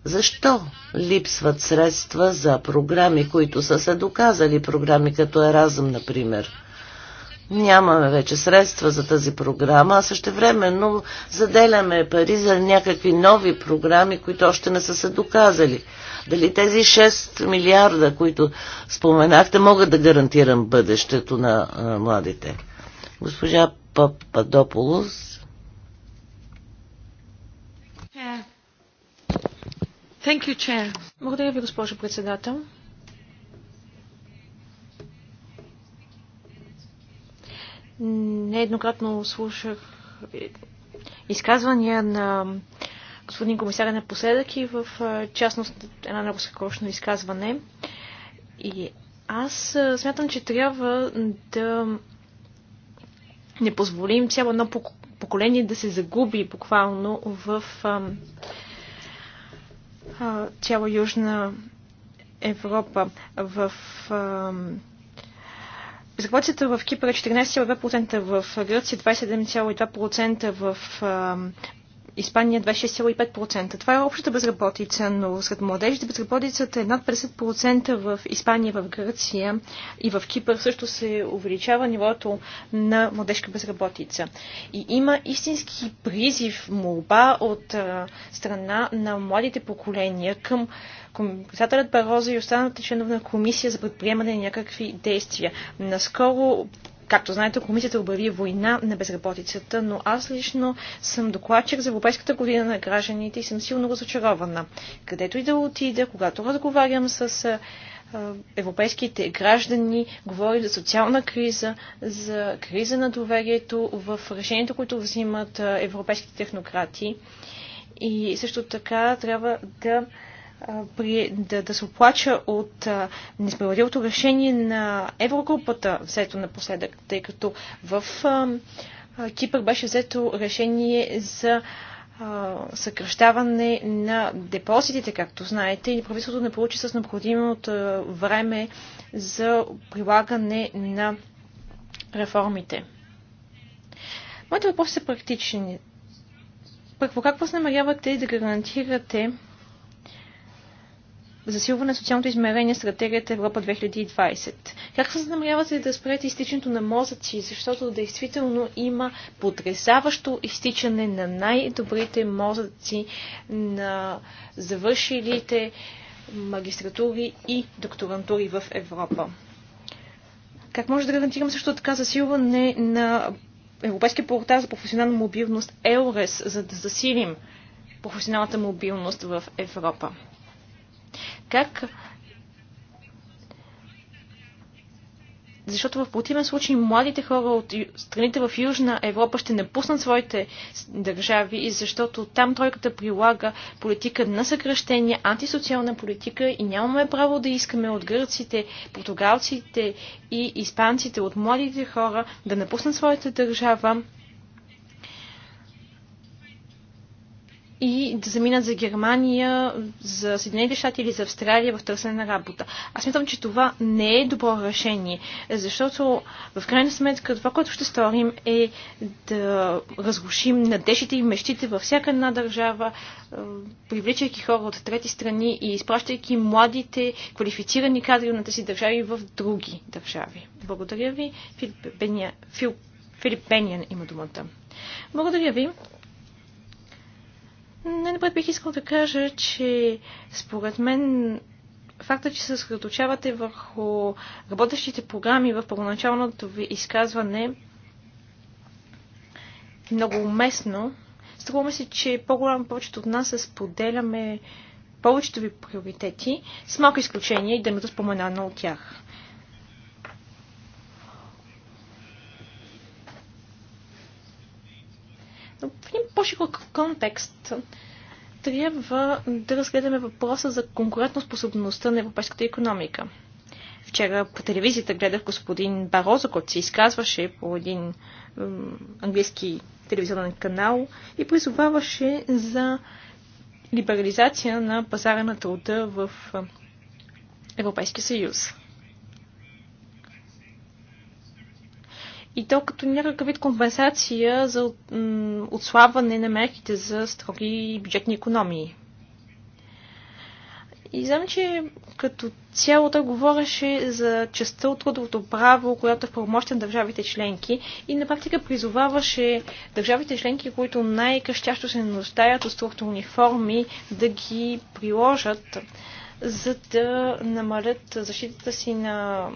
Защо липсват средства за програми, които са се доказали, програми като Еразъм, например? Нямаме вече средства за тази програма, а също времено заделяме пари за някакви нови програми, които още не са се доказали. Дали тези 6 милиарда, които споменахте, могат да гарантирам бъдещето на а, младите? Госпожа Пападополос. You, Благодаря ви, госпожо председател. Нееднократно слушах изказвания на господин комисаря напоследък и в частност една много скорошно изказване. И аз смятам, че трябва да не позволим цяло едно поколение да се загуби буквално в а, а, цяла Южна Европа. В а, Безработицата в Кипър е 14,2%, в Гръция, 27,2%, в Испания 26,5%. Това е общата безработица, но сред младежите безработицата е над 50% в Испания, в Гърция и в Кипър също се увеличава нивото на младежка безработица. И има истински призив, молба от а, страна на младите поколения към председателят Бароза и останалите членове на комисия за предприемане на някакви действия. Наскоро Както знаете, комисията обяви война на безработицата, но аз лично съм докладчик за Европейската година на гражданите и съм силно разочарована. Където и да отида, когато разговарям с европейските граждани говори за социална криза, за криза на доверието в решението, които взимат европейските технократи. И също така трябва да да, да се оплача от несправедливото решение на Еврогрупата, взето напоследък, тъй като в Кипър беше взето решение за съкръщаване на депозитите, както знаете, и правителството не получи с необходимото време за прилагане на реформите. Моите въпроси са практични. Първо, как възнамерявате да гарантирате засилване на социалното измерение стратегията Европа 2020. Как се намерявате да спрете изтичането на мозъци, защото действително има потрясаващо изтичане на най-добрите мозъци на завършилите магистратури и докторантури в Европа? Как може да гарантирам също така засилване на Европейския портал за професионална мобилност ЕОРЕС, за да засилим професионалната мобилност в Европа? Как? Защото в противен случай младите хора от страните в Южна Европа ще напуснат своите държави, защото там тройката прилага политика на съкръщение, антисоциална политика и нямаме право да искаме от гърците, португалците и испанците, от младите хора да напуснат своята държава и да заминат за Германия, за Съединените щати или за Австралия в търсене на работа. Аз мятам, че това не е добро решение, защото в крайна сметка това, което ще сторим е да разрушим надеждите и мечтите във всяка една държава, е, привличайки хора от трети страни и изпращайки младите квалифицирани кадри на тези държави в други държави. Благодаря ви. Филип Пениан Фил, има думата. Благодаря ви. Най-напред бих искал да кажа, че според мен факта, че се съсредоточавате върху работещите програми в първоначалното ви изказване е много уместно. Струва се, че по-голямо повечето от нас се споделяме повечето ви приоритети, с малко изключение и да не да споменано от тях. един по-широк контекст трябва да разгледаме въпроса за конкурентоспособността на европейската економика. Вчера по телевизията гледах господин Барозо, който се изказваше по един английски телевизионен канал и призоваваше за либерализация на пазара на труда в Европейския съюз. и то като някакъв вид компенсация за отслабване на мерките за строги бюджетни економии. И знам, че като цяло той говореше за частта от трудовото право, която е в правомощие на държавите членки и на практика призоваваше държавите членки, които най-къщящо се нуждаят от структурни форми, да ги приложат, за да намалят защитата си на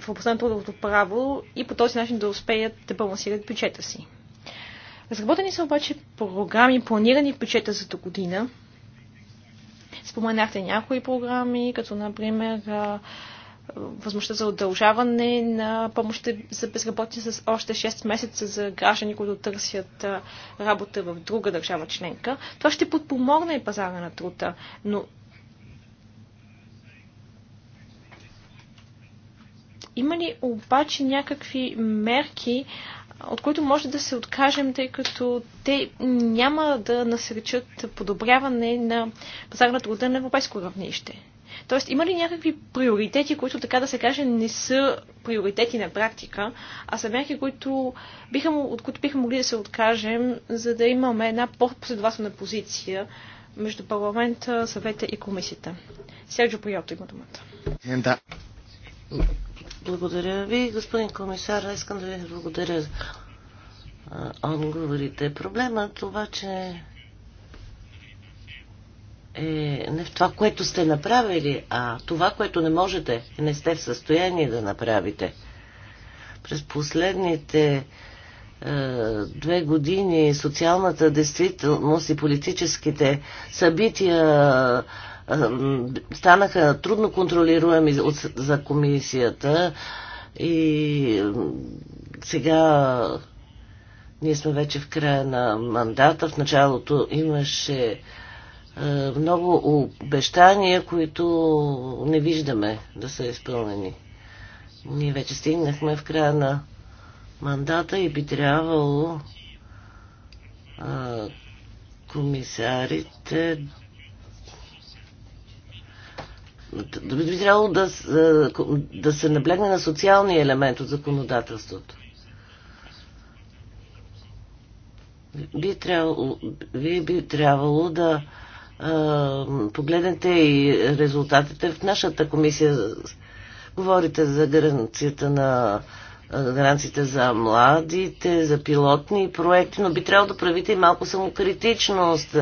в областта на трудовото право и по този начин да успеят да балансират бюджета си. Разработени са обаче програми, планирани в бюджета за до година. Споменахте някои програми, като например възможността за удължаване на помощта за безработни с още 6 месеца за граждани, които търсят работа в друга държава членка. Това ще подпомогне пазара на труда, но Има ли обаче някакви мерки, от които може да се откажем, тъй като те няма да насречат подобряване на пазарната на труда на европейско равнище? Тоест, има ли някакви приоритети, които, така да се каже, не са приоритети на практика, а са мерки, които биха, от които биха могли да се откажем, за да имаме една по-последователна позиция между парламента, съвета и комисията? Серджо Приото има думата. Благодаря ви, господин комисар. Искам да ви благодаря за отговорите. Проблемът е обаче е не в това, което сте направили, а това, което не можете и не сте в състояние да направите. През последните е, две години социалната действителност и политическите събития станаха трудно контролируеми за комисията и сега ние сме вече в края на мандата. В началото имаше много обещания, които не виждаме да са изпълнени. Ние вече стигнахме в края на мандата и би трябвало комисарите би трябвало да, да се наблегне на социалния елемент от законодателството. Би трябвало, вие би трябвало да а, погледнете и резултатите в нашата комисия. Говорите за гаранцията на гаранциите за младите, за пилотни проекти, но би трябвало да правите и малко самокритичност.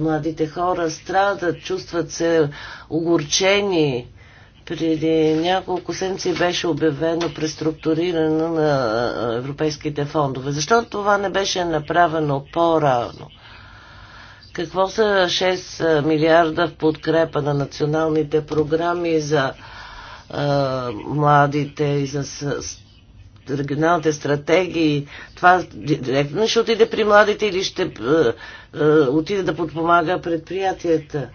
Младите хора страдат, чувстват се огорчени. Преди няколко седмици беше обявено преструктуриране на европейските фондове. Защо това не беше направено по-рано? Какво са 6 милиарда в подкрепа на националните програми за а, младите и за регионалните стратегии, това директно ще отиде при младите или ще е, е, отиде да подпомага предприятията?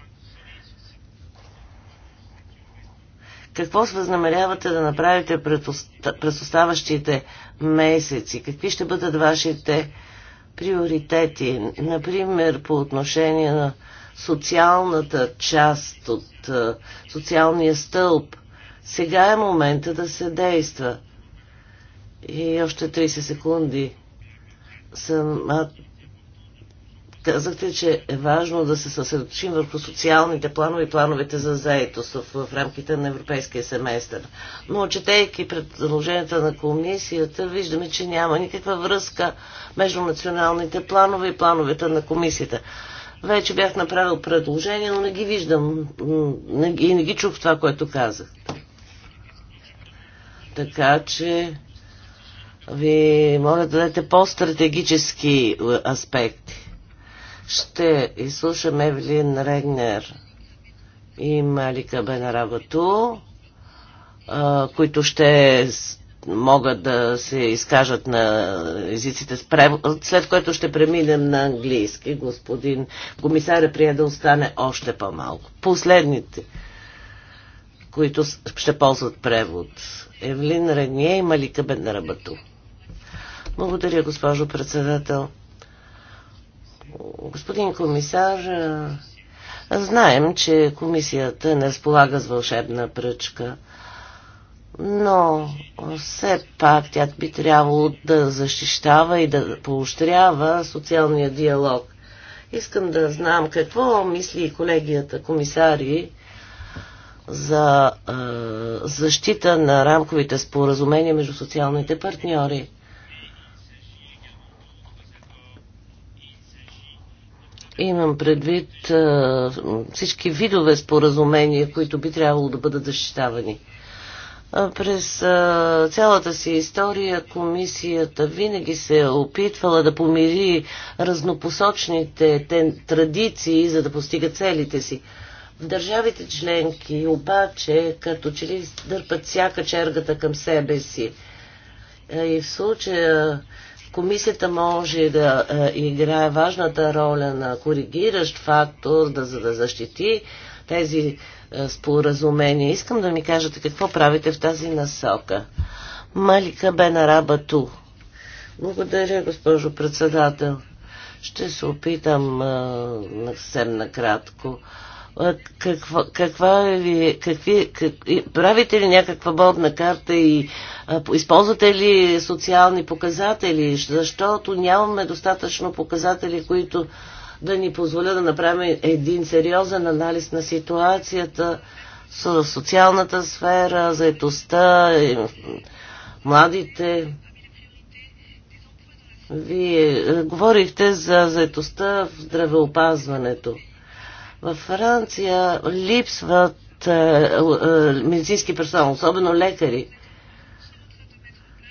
Какво възнамерявате да направите през оставащите месеци? Какви ще бъдат вашите приоритети? Например, по отношение на социалната част от е, социалния стълб. Сега е момента да се действа – и още 30 секунди съм... А, казахте, че е важно да се съсредоточим върху социалните планове и плановете за заетост в, в рамките на европейския семестър. Но четейки предложенията на комисията, виждаме, че няма никаква връзка между националните планове и плановете на комисията. Вече бях направил предложение, но не ги виждам и не ги чух това, което казах. Така че ви моля да дадете по-стратегически е, аспекти. Ще изслушам Евелин Регнер и Малика Бенарагото, които ще могат да се изкажат на езиците с превод, след което ще преминем на английски. Господин комисаря прия да остане още по-малко. Последните, които ще ползват превод. Евлин Рение и Малика Бенарабату. Благодаря, госпожо председател. Господин комисар, знаем, че комисията не разполага с вълшебна пръчка, но все пак тя би трябвало да защищава и да поощрява социалния диалог. Искам да знам какво мисли колегията комисари за е, защита на рамковите споразумения между социалните партньори. Имам предвид а, всички видове споразумения, които би трябвало да бъдат защитавани. А, през а, цялата си история комисията винаги се е опитвала да помири разнопосочните тен, традиции, за да постига целите си. В държавите членки обаче като че ли дърпат всяка чергата към себе си. И в случая Комисията може да е, играе важната роля на коригиращ фактор, да, за да защити тези е, споразумения. Искам да ми кажете какво правите в тази насока. Малика на ту. Благодаря, госпожо председател. Ще се опитам е, съвсем накратко каква, каква ви, какви, как, правите ли някаква бодна карта и а, използвате ли социални показатели, защото нямаме достатъчно показатели, които да ни позволя да направим един сериозен анализ на ситуацията в социалната сфера, заетостта, младите. Вие говорихте за заетостта в здравеопазването. Във Франция липсват е, е, медицински персонал, особено лекари.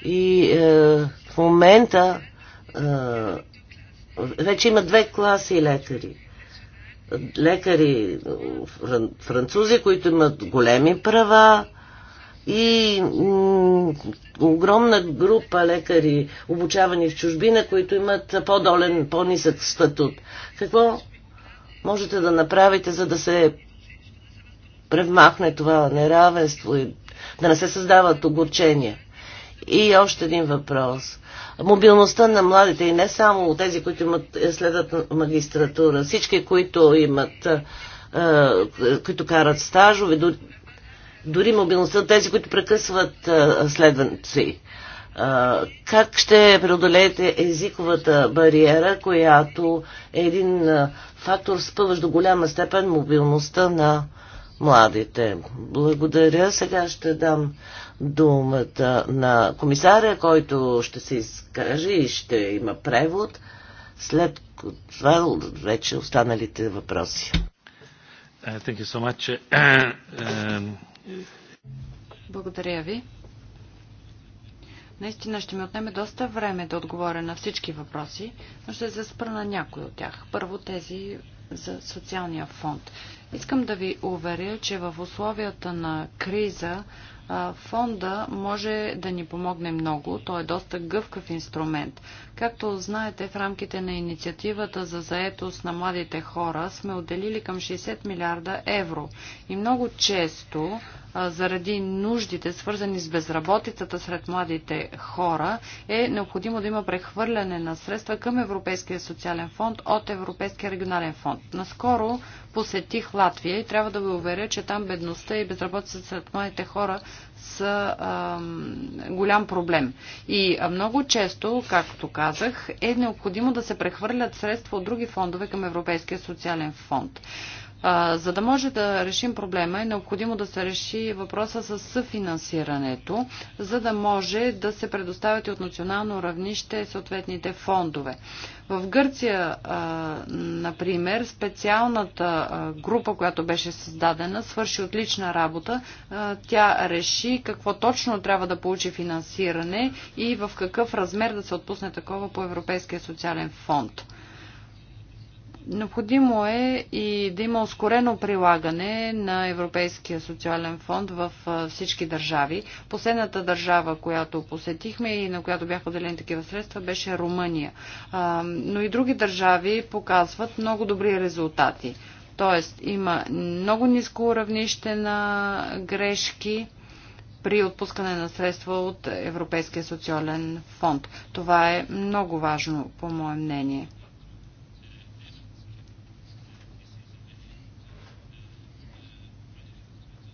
И е, в момента е, вече има две класи лекари. Лекари французи, които имат големи права и огромна група лекари, обучавани в чужбина, които имат по-долен, по-нисък статут. Какво можете да направите, за да се превмахне това неравенство и да не се създават огорчения? И още един въпрос. Мобилността на младите и не само тези, които имат, е, следват магистратура, всички, които имат, е, е, които карат стажове, дори мобилността на тези, които прекъсват следването си как ще преодолеете езиковата бариера, която е един фактор, спъващ до голяма степен мобилността на младите. Благодаря. Сега ще дам думата на комисаря, който ще се изкаже и ще има превод. След това вече останалите въпроси. Е, е, е, Благодаря ви. Наистина ще ми отнеме доста време да отговоря на всички въпроси, но ще заспра на някои от тях. Първо тези за социалния фонд. Искам да ви уверя, че в условията на криза фонда може да ни помогне много. Той е доста гъвкав инструмент. Както знаете, в рамките на инициативата за заетост на младите хора сме отделили към 60 милиарда евро. И много често, заради нуждите, свързани с безработицата сред младите хора, е необходимо да има прехвърляне на средства към Европейския социален фонд от Европейския регионален фонд. Наскоро посетих Латвия и трябва да ви уверя, че там бедността и безработицата сред младите хора са а, голям проблем. И много често, както казах, е необходимо да се прехвърлят средства от други фондове към Европейския социален фонд. За да може да решим проблема е необходимо да се реши въпроса с съфинансирането, за да може да се предоставят и от национално равнище съответните фондове. В Гърция, например, специалната група, която беше създадена, свърши отлична работа. Тя реши какво точно трябва да получи финансиране и в какъв размер да се отпусне такова по Европейския социален фонд. Необходимо е и да има ускорено прилагане на Европейския социален фонд в всички държави. Последната държава, която посетихме и на която бяха отделени такива средства, беше Румъния. Но и други държави показват много добри резултати. Тоест има много ниско уравнище на грешки при отпускане на средства от Европейския социален фонд. Това е много важно, по мое мнение.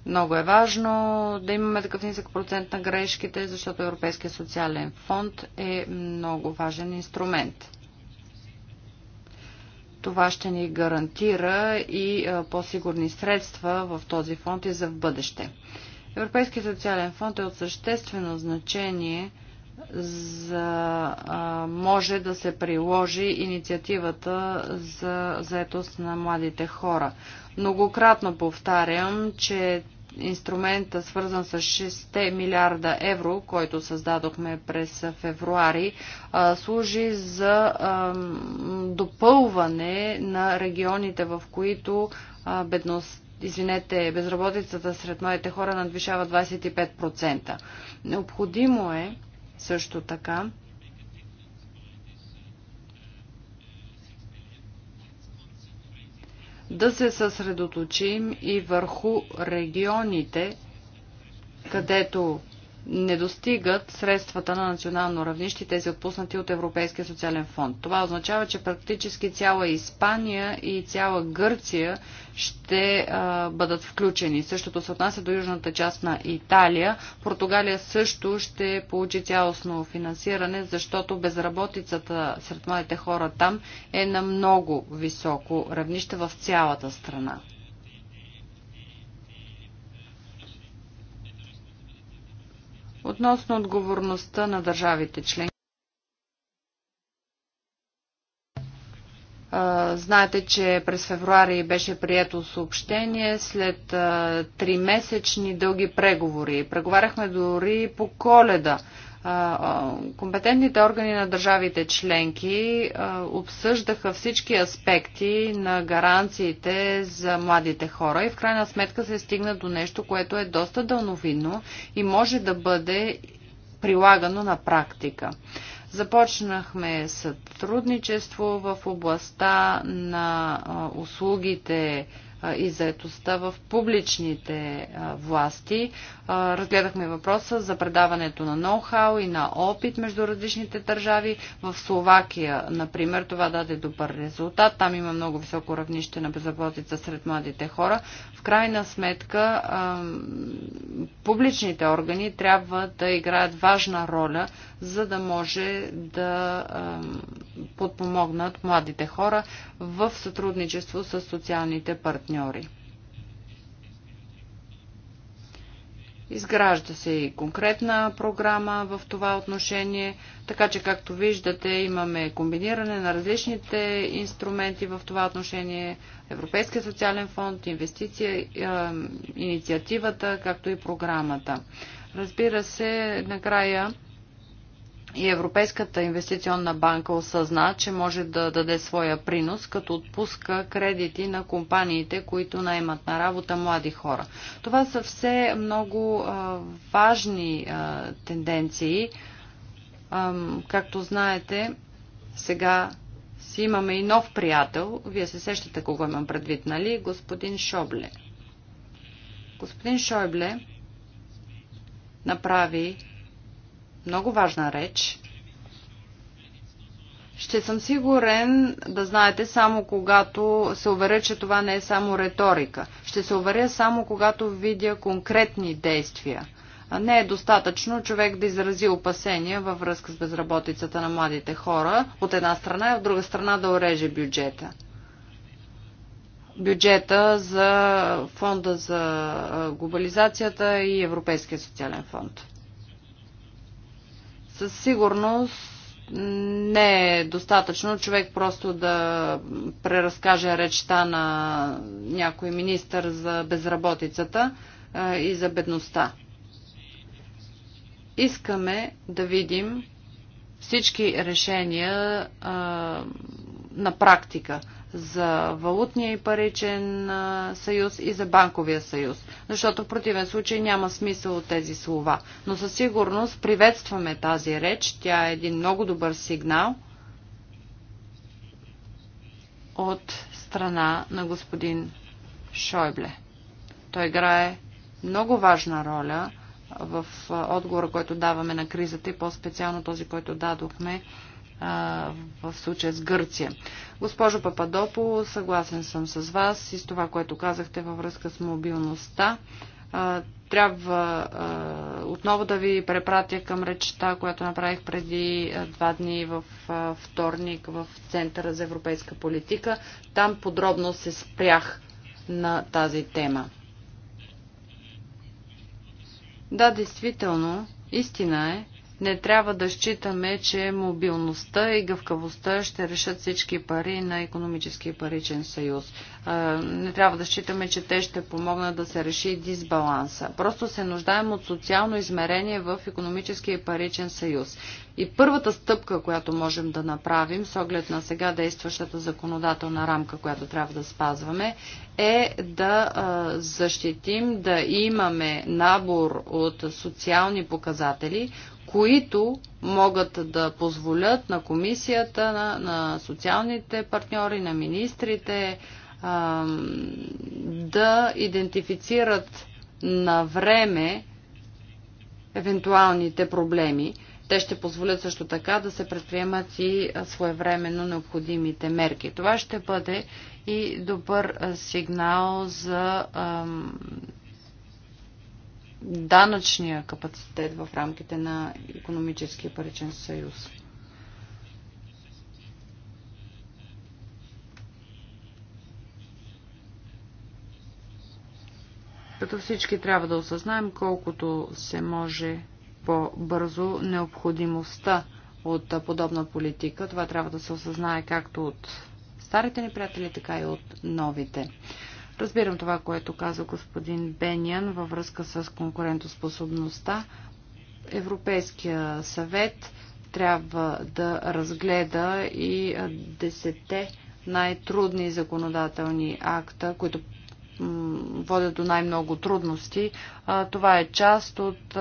Много е важно да имаме такъв нисък процент на грешките, защото Европейския социален фонд е много важен инструмент. Това ще ни гарантира и по-сигурни средства в този фонд и за в бъдеще. Европейския социален фонд е от съществено значение за а, може да се приложи инициативата за заетост на младите хора. Многократно повтарям, че инструмента, свързан с 6 милиарда евро, който създадохме през февруари, служи за допълване на регионите, в които бедност извинете, безработицата сред младите хора надвишава 25%. Необходимо е също така да се съсредоточим и върху регионите, където не достигат средствата на национално равнище, тези отпуснати от Европейския социален фонд. Това означава, че практически цяла Испания и цяла Гърция ще а, бъдат включени. Същото се отнася до южната част на Италия. Португалия също ще получи цялостно финансиране, защото безработицата сред младите хора там е на много високо равнище в цялата страна. Относно отговорността на държавите членки. Знаете, че през февруари беше прието съобщение след три месечни дълги преговори. Преговаряхме дори по коледа компетентните органи на държавите членки обсъждаха всички аспекти на гаранциите за младите хора и в крайна сметка се стигна до нещо, което е доста дълновидно и може да бъде прилагано на практика. Започнахме сътрудничество в областта на услугите и заетостта в публичните власти. Разгледахме въпроса за предаването на ноу-хау и на опит между различните държави. В Словакия, например, това даде добър резултат. Там има много високо равнище на безработица сред младите хора. В крайна сметка, публичните органи трябва да играят важна роля, за да може да подпомогнат младите хора в сътрудничество с социалните партньори. Изгражда се и конкретна програма в това отношение, така че както виждате имаме комбиниране на различните инструменти в това отношение, Европейския социален фонд, инвестиция, инициативата, както и програмата. Разбира се, накрая и Европейската инвестиционна банка осъзна, че може да даде своя принос, като отпуска кредити на компаниите, които наймат на работа млади хора. Това са все много а, важни а, тенденции. А, както знаете, сега си имаме и нов приятел. Вие се сещате кого имам предвид, нали? Господин Шобле. Господин Шойбле направи много важна реч. Ще съм сигурен да знаете само когато се уверя, че това не е само риторика. Ще се уверя само когато видя конкретни действия. Не е достатъчно човек да изрази опасения във връзка с безработицата на младите хора от една страна и от друга страна да ореже бюджета. Бюджета за фонда за глобализацията и Европейския социален фонд. Със сигурност не е достатъчно човек просто да преразкаже речта на някой министър за безработицата и за бедността. Искаме да видим всички решения на практика за валутния и паричен съюз и за банковия съюз. Защото в противен случай няма смисъл от тези слова. Но със сигурност приветстваме тази реч. Тя е един много добър сигнал от страна на господин Шойбле. Той играе много важна роля в отговора, който даваме на кризата и по-специално този, който дадохме в случая с Гърция. Госпожо Пападопо, съгласен съм с вас и с това, което казахте във връзка с мобилността. Трябва отново да ви препратя към речта, която направих преди два дни в вторник в Центъра за европейска политика. Там подробно се спрях на тази тема. Да, действително, истина е, не трябва да считаме, че мобилността и гъвкавостта ще решат всички пари на економически паричен съюз. Не трябва да считаме, че те ще помогнат да се реши дисбаланса. Просто се нуждаем от социално измерение в економически и паричен съюз. И първата стъпка, която можем да направим с оглед на сега действащата законодателна рамка, която трябва да спазваме, е да защитим, да имаме набор от социални показатели, които могат да позволят на комисията, на, на социалните партньори, на министрите а, да идентифицират на време евентуалните проблеми. Те ще позволят също така да се предприемат и своевременно необходимите мерки. Това ще бъде и добър сигнал за. А, данъчния капацитет в рамките на економическия паричен съюз. Като всички трябва да осъзнаем колкото се може по-бързо необходимостта от подобна политика. Това трябва да се осъзнае както от старите ни приятели, така и от новите. Разбирам това, което каза господин Бениан във връзка с конкурентоспособността. Европейския съвет трябва да разгледа и десете най-трудни законодателни акта, които водят до най-много трудности. Това е част от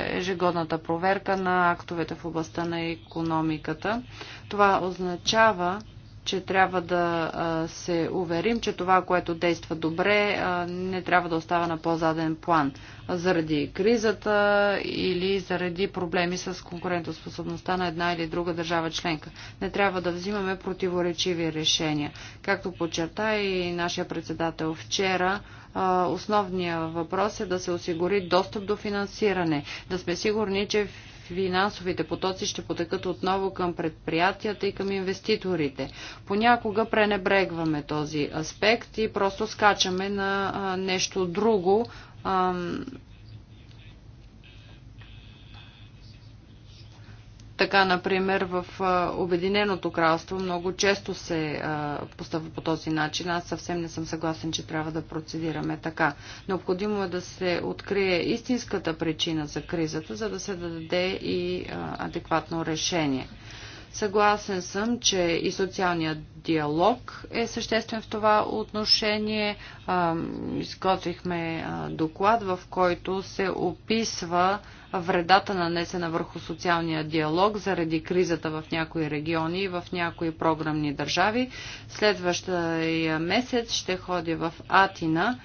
ежегодната проверка на актовете в областта на економиката. Това означава, че трябва да се уверим, че това, което действа добре, не трябва да остава на по-заден план заради кризата или заради проблеми с конкурентоспособността на една или друга държава членка. Не трябва да взимаме противоречиви решения. Както подчерта и нашия председател вчера, основният въпрос е да се осигури достъп до финансиране, да сме сигурни, че финансовите потоци ще потекат отново към предприятията и към инвеститорите. Понякога пренебрегваме този аспект и просто скачаме на нещо друго Така, например, в Обединеното кралство много често се поставя по този начин. Аз съвсем не съм съгласен, че трябва да процедираме така. Необходимо е да се открие истинската причина за кризата, за да се даде и адекватно решение. Съгласен съм, че и социалният диалог е съществен в това отношение. Изготвихме доклад, в който се описва вредата нанесена върху социалния диалог заради кризата в някои региони и в някои програмни държави. Следващия месец ще ходя в Атина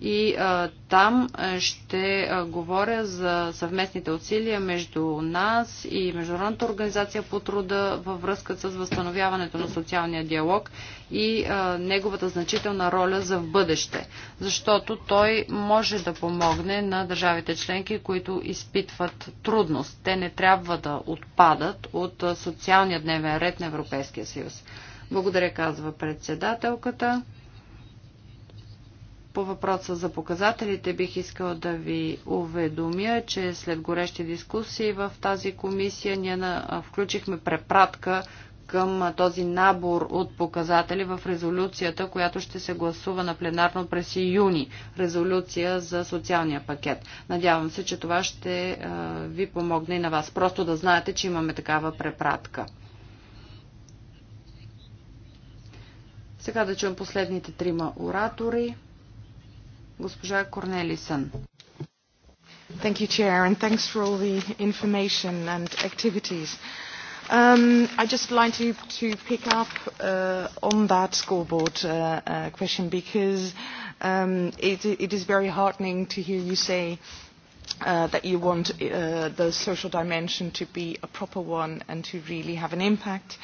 и а, там ще а, говоря за съвместните усилия между нас и Международната организация по труда във връзка с възстановяването на социалния диалог и а, неговата значителна роля за в бъдеще, защото той може да помогне на държавите членки, които изпитват трудност. Те не трябва да отпадат от социалния дневен ред на Европейския съюз. Благодаря, казва председателката. По въпроса за показателите бих искал да ви уведомя, че след горещи дискусии в тази комисия ние включихме препратка към този набор от показатели в резолюцията, която ще се гласува на пленарно през юни. Резолюция за социалния пакет. Надявам се, че това ще ви помогне и на вас. Просто да знаете, че имаме такава препратка. Сега да чуем последните трима оратори. Госпожа Корнелисън. Thank you, Chair, and thanks for all the information and activities. Um, I'd just like to, to pick up uh, on that scoreboard uh, uh, question because um, it, it is very heartening to hear you say uh, that you want uh, the social dimension to be a proper one and to really have an impact.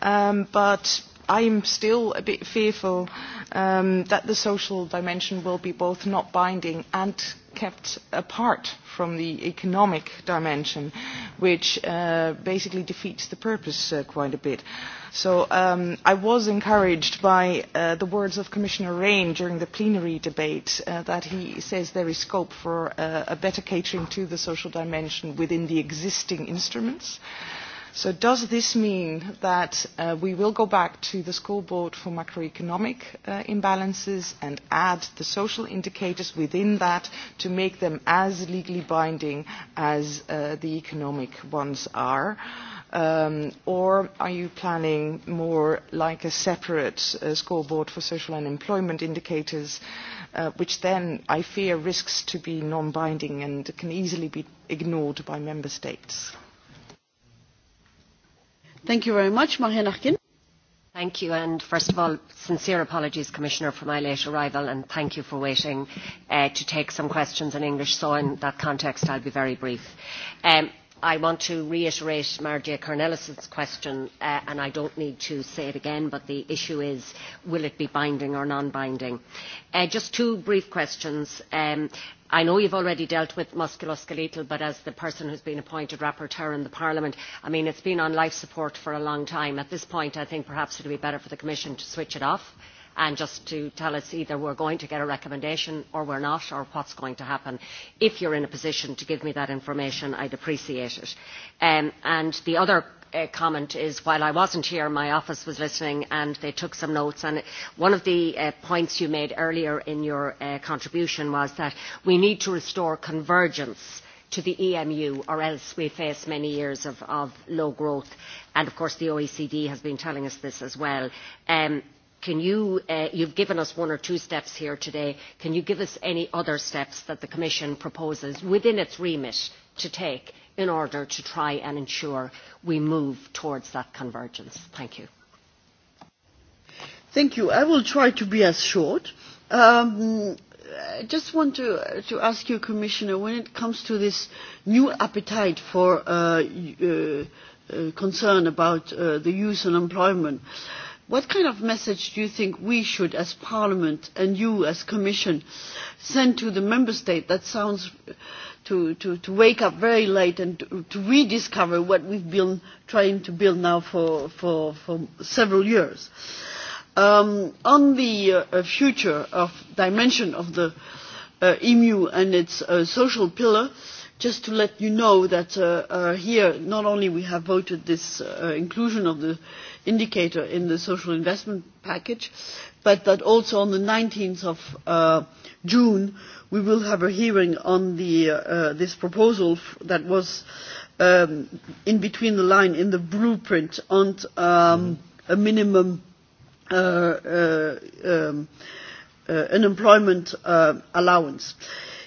Um, but I'm still a bit fearful um, that the social dimension will be both not binding and kept apart from the economic dimension, which uh, basically defeats the purpose uh, quite a bit. So um, I was encouraged by uh, the words of Commissioner Rain during the plenary debate uh, that he says there is scope for uh, a better catering to the social dimension within the existing instruments. Uh, So does this mean that uh, we will go back to the scoreboard for macroeconomic uh, imbalances and add the social indicators within that to make them as legally binding as uh, the economic ones are? Um, or are you planning more like a separate uh, scoreboard for social and employment indicators, uh, which then I fear risks to be non-binding and can easily be ignored by member states? Thank you very much, Marianne Arkin. Thank you, and first of all, sincere apologies, Commissioner, for my late arrival, and thank you for waiting uh, to take some questions in English. So, in that context, I'll be very brief. Um, I want to reiterate Margia Cornelis's question, uh, and I don't need to say it again, but the issue is, will it be binding or non-binding? Uh, just two brief questions. Um, I know you have already dealt with musculoskeletal, but as the person who has been appointed rapporteur in Parliament, I mean, it has been on life support for a long time. At this point, I think perhaps it would be better for the Commission to switch it off and just to tell us either we are going to get a recommendation or we are not or what is going to happen. If you are in a position to give me that information, would appreciate it. the other comment is while I was not here, my office was listening and they took some notes. And one of the points you made earlier in your contribution was that we need to restore convergence to the EMU or else we face many years of, of low growth. And of course the OECD has been telling us this as well. Um, can you, uh, you've given us one or two steps here today, can you give us any other steps that the Commission proposes within its remit to take in order to try and ensure we move towards that convergence? Thank you. Thank you. I will try to be as short. Um, I just want to, to ask you, Commissioner, when it comes to this new appetite for uh, uh, concern about uh, the youth and employment, uh, What kind of message do you think we should, as Parliament and you as Commission, send to the Member State that sounds to, to, to wake up very late and to, to rediscover what we've been trying to build now for, for, for several years? Um, on the uh, future of dimension of the uh, EMU and its uh, social pillar, uh, just to let you know that uh, uh, here not only we have voted this uh, inclusion of the indicator in the social investment package, but that also on the 19th of uh, June we will have a hearing on the, uh, this proposal that was um, in between the line in the blueprint on um, a minimum uh, uh, um, uh, unemployment uh, allowance. Uh,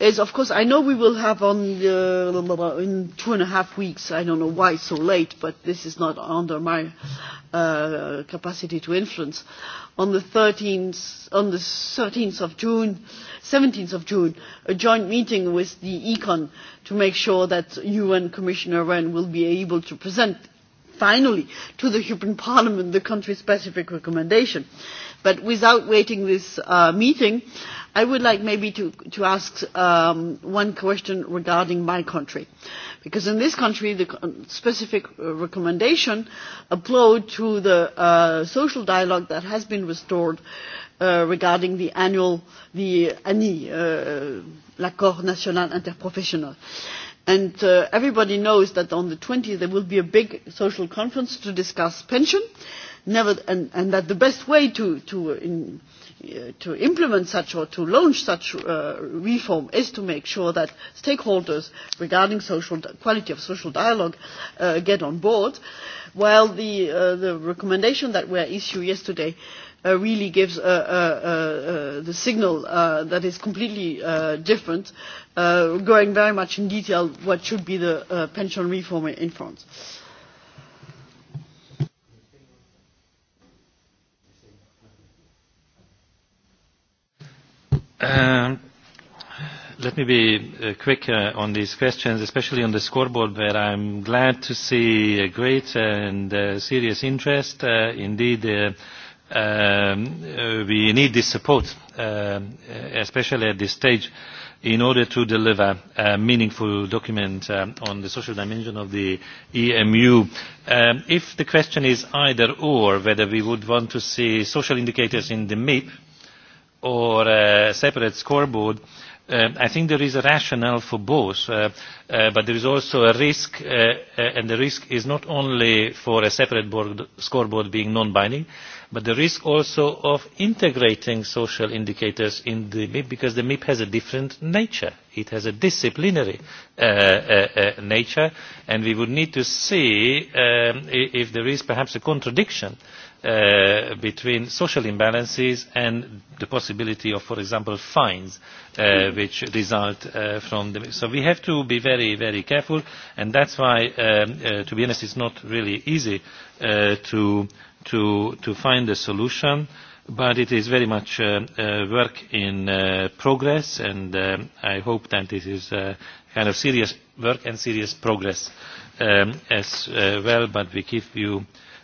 is, of course, I know we will have on uh, in two and a half weeks. I don't know why so late, but this is not under my uh, capacity to influence. On the 13th, on the 13th of June, 17th of June, a joint meeting with the Econ to make sure that UN Commissioner Wren will be able to present finally to the European Parliament the country-specific recommendation. But without waiting this uh, meeting, I would like maybe to, to ask um, one question regarding my country. Because in this country, the specific recommendation applied to the uh, social dialogue that has been restored uh, regarding the annual, the ANI, uh, l'accord national interprofessionnel. Uh, And everybody knows that on the twentieth th there will be a big social conference to discuss pension, never, and, and that the best way to, to, uh, to implement such or to launch such uh, reform is to make sure that stakeholders regarding social quality of social dialogue uh, get on board, while the, uh, the recommendation that we issued yesterday uh, really gives uh, uh, uh, the signal uh, that is completely uh, different, uh, going very much in detail what should be the uh, pension reform in France. Um, let me be uh, quick uh, on these questions, especially on the scoreboard, where I'm glad to see a great and uh, serious interest. Uh, indeed, uh, um, uh, we need this support, uh, especially at this stage, in order to deliver a meaningful document um, on the social dimension of the EMU. Um, if the question is either or, whether we would want to see social indicators in the MIP or a separate scoreboard, uh, I think there is a rationale for both, uh, uh, but there is also a risk, uh, uh, and the risk is not only for a separate board, scoreboard being non-binding, but the risk also of integrating social indicators in the MIP, because the MIP has a different nature. It has a disciplinary uh, uh, uh, nature, and we would need to see um, if there is perhaps a contradiction uh, between social imbalances and the possibility of, for example, fines uh, which result uh, from the... So we have to be very, very careful, and that's why, um, uh, to be honest, it's not really easy uh, to, to, to find a solution, but it is very much uh, uh, work in uh, progress, and I hope that this is uh, kind of serious work and serious progress um, as uh, well, but we keep you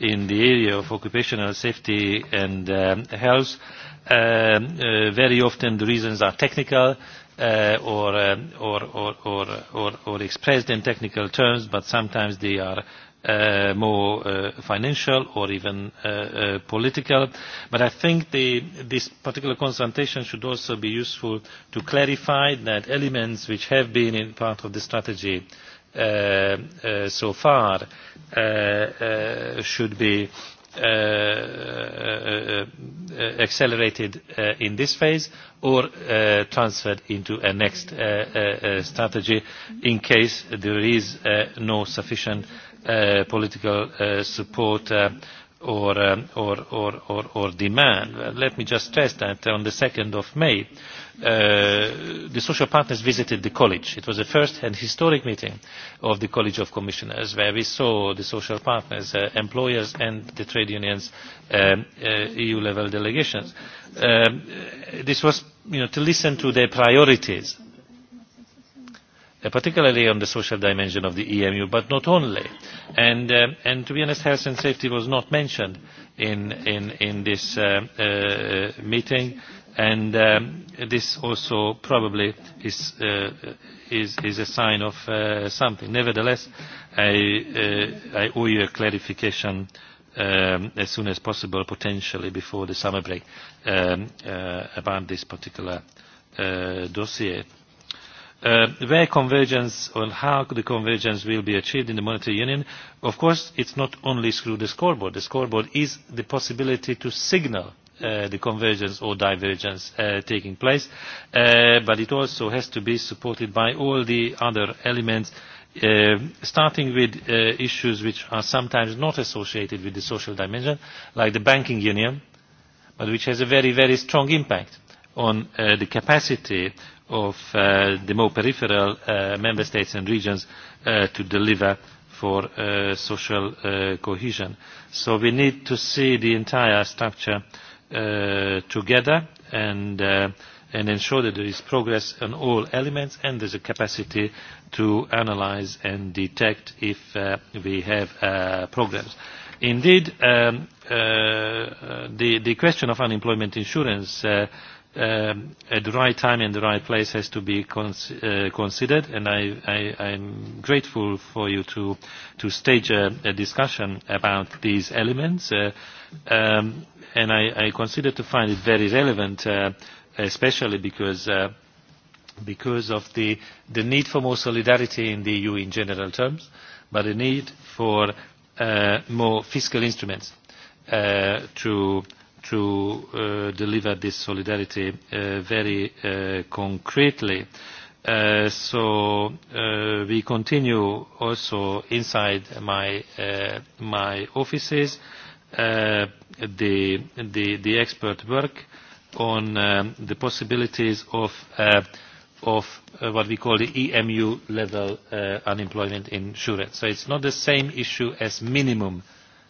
in the area of occupational safety and uh, health, Uh, uh, very often the reasons are technical uh, or, um, or, or, or, or, or expressed in technical terms, but sometimes they are uh, more uh, financial or even uh, uh, political. But I think the, this particular consultation should also be useful to clarify that elements which have been in part of the strategy so far should be accelerated in this phase or transferred into a next strategy in case there is no sufficient political support or demand. let me just stress that on the of may the social partners visited the college. It was the first and historic meeting of the College of Commissioners where we saw the social partners, uh, employers and the trade unions, um, uh, EU-level delegations. Um, this was you know, to listen to their priorities particularly on the social dimension of the emu but not only and, uh, and to be honest health and safety was not mentioned in, in, in this uh, uh, meeting and um, this also probably is, uh, is, is a sign of uh, something. Nevertheless, I, uh, I owe you a clarification um, as soon as possible, potentially before the summer break, um, uh, about this particular uh, dossier where convergence or how the convergence will be achieved in the monetary union of course it is not only through the scoreboard the scoreboard is the possibility to signal the convergence or divergence taking place but it also has to be supported by all the other elements starting with issues which are sometimes not associated with the social dimension like the banking union but which has a very strong impact on the capacity of uh, the more peripheral uh, member states and regions uh, to deliver for uh, social uh, cohesion. So we need to see the entire structure uh, together and, uh, and ensure that there is progress on all elements and there's a capacity to analyze and detect if uh, we have uh, problems. Indeed, um, uh, the, the question of unemployment insurance uh, um, at the right time and the right place has to be cons uh, considered. And I, I, I'm grateful for you to, to stage a, a discussion about these elements. Uh, um, and I, I consider to find it very relevant, uh, especially because uh, because of the, the need for more solidarity in the EU in general terms, but the need for uh, more fiscal instruments uh, to to uh, deliver this solidarity uh, very uh, concretely. Uh, so uh, we continue also inside my, uh, my offices uh, the, the, the expert work on um, the possibilities of, uh, of uh, what we call the EMU level uh, unemployment insurance. So it's not the same issue as minimum uh,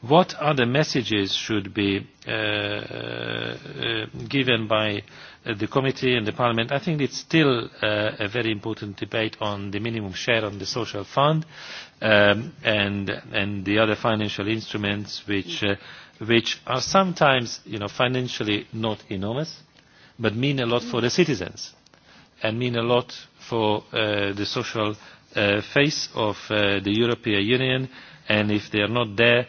What other messages should be uh, uh, given by the committee and the parliament? I think it's still uh, a very important debate on the minimum share on the social fund um, and, and the other financial instruments which, uh, which are sometimes you know, financially not enormous but mean a lot for the citizens and mean a lot for uh, the social uh, face of uh, the European Union and if they are not there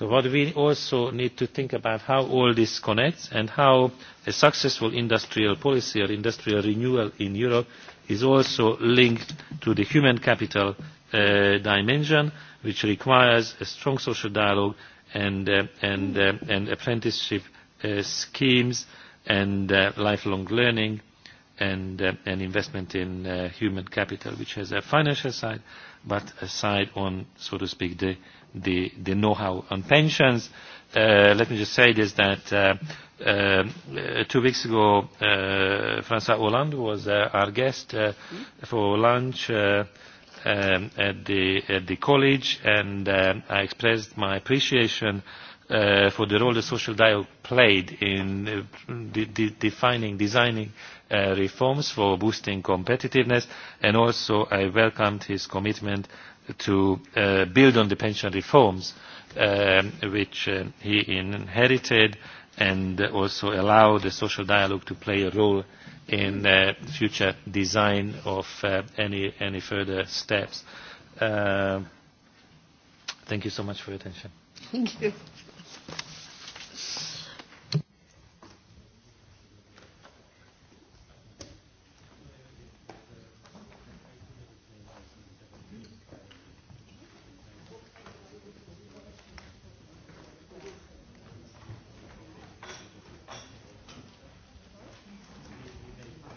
so what we also need to think about is how all this connects and how a successful industrial policy or industrial renewal in europe is also linked to the human capital dimension which requires a strong social dialogue and apprenticeship schemes and lifelong learning and investment in human capital which has a financial side but a side on so to speak the the, the know-how on pensions. Uh, let me just say this, that uh, uh, two weeks ago, uh, François Hollande was uh, our guest uh, for lunch uh, um, at, the, at the college, and uh, I expressed my appreciation uh, for the role the social dialogue played in uh, de de defining, designing uh, reforms for boosting competitiveness, and also I welcomed his commitment uh, to build on the pension reforms which he inherited and also allow the social dialogue to play a role in the future design of any any further steps. Thank you so much for your attention. Thank you.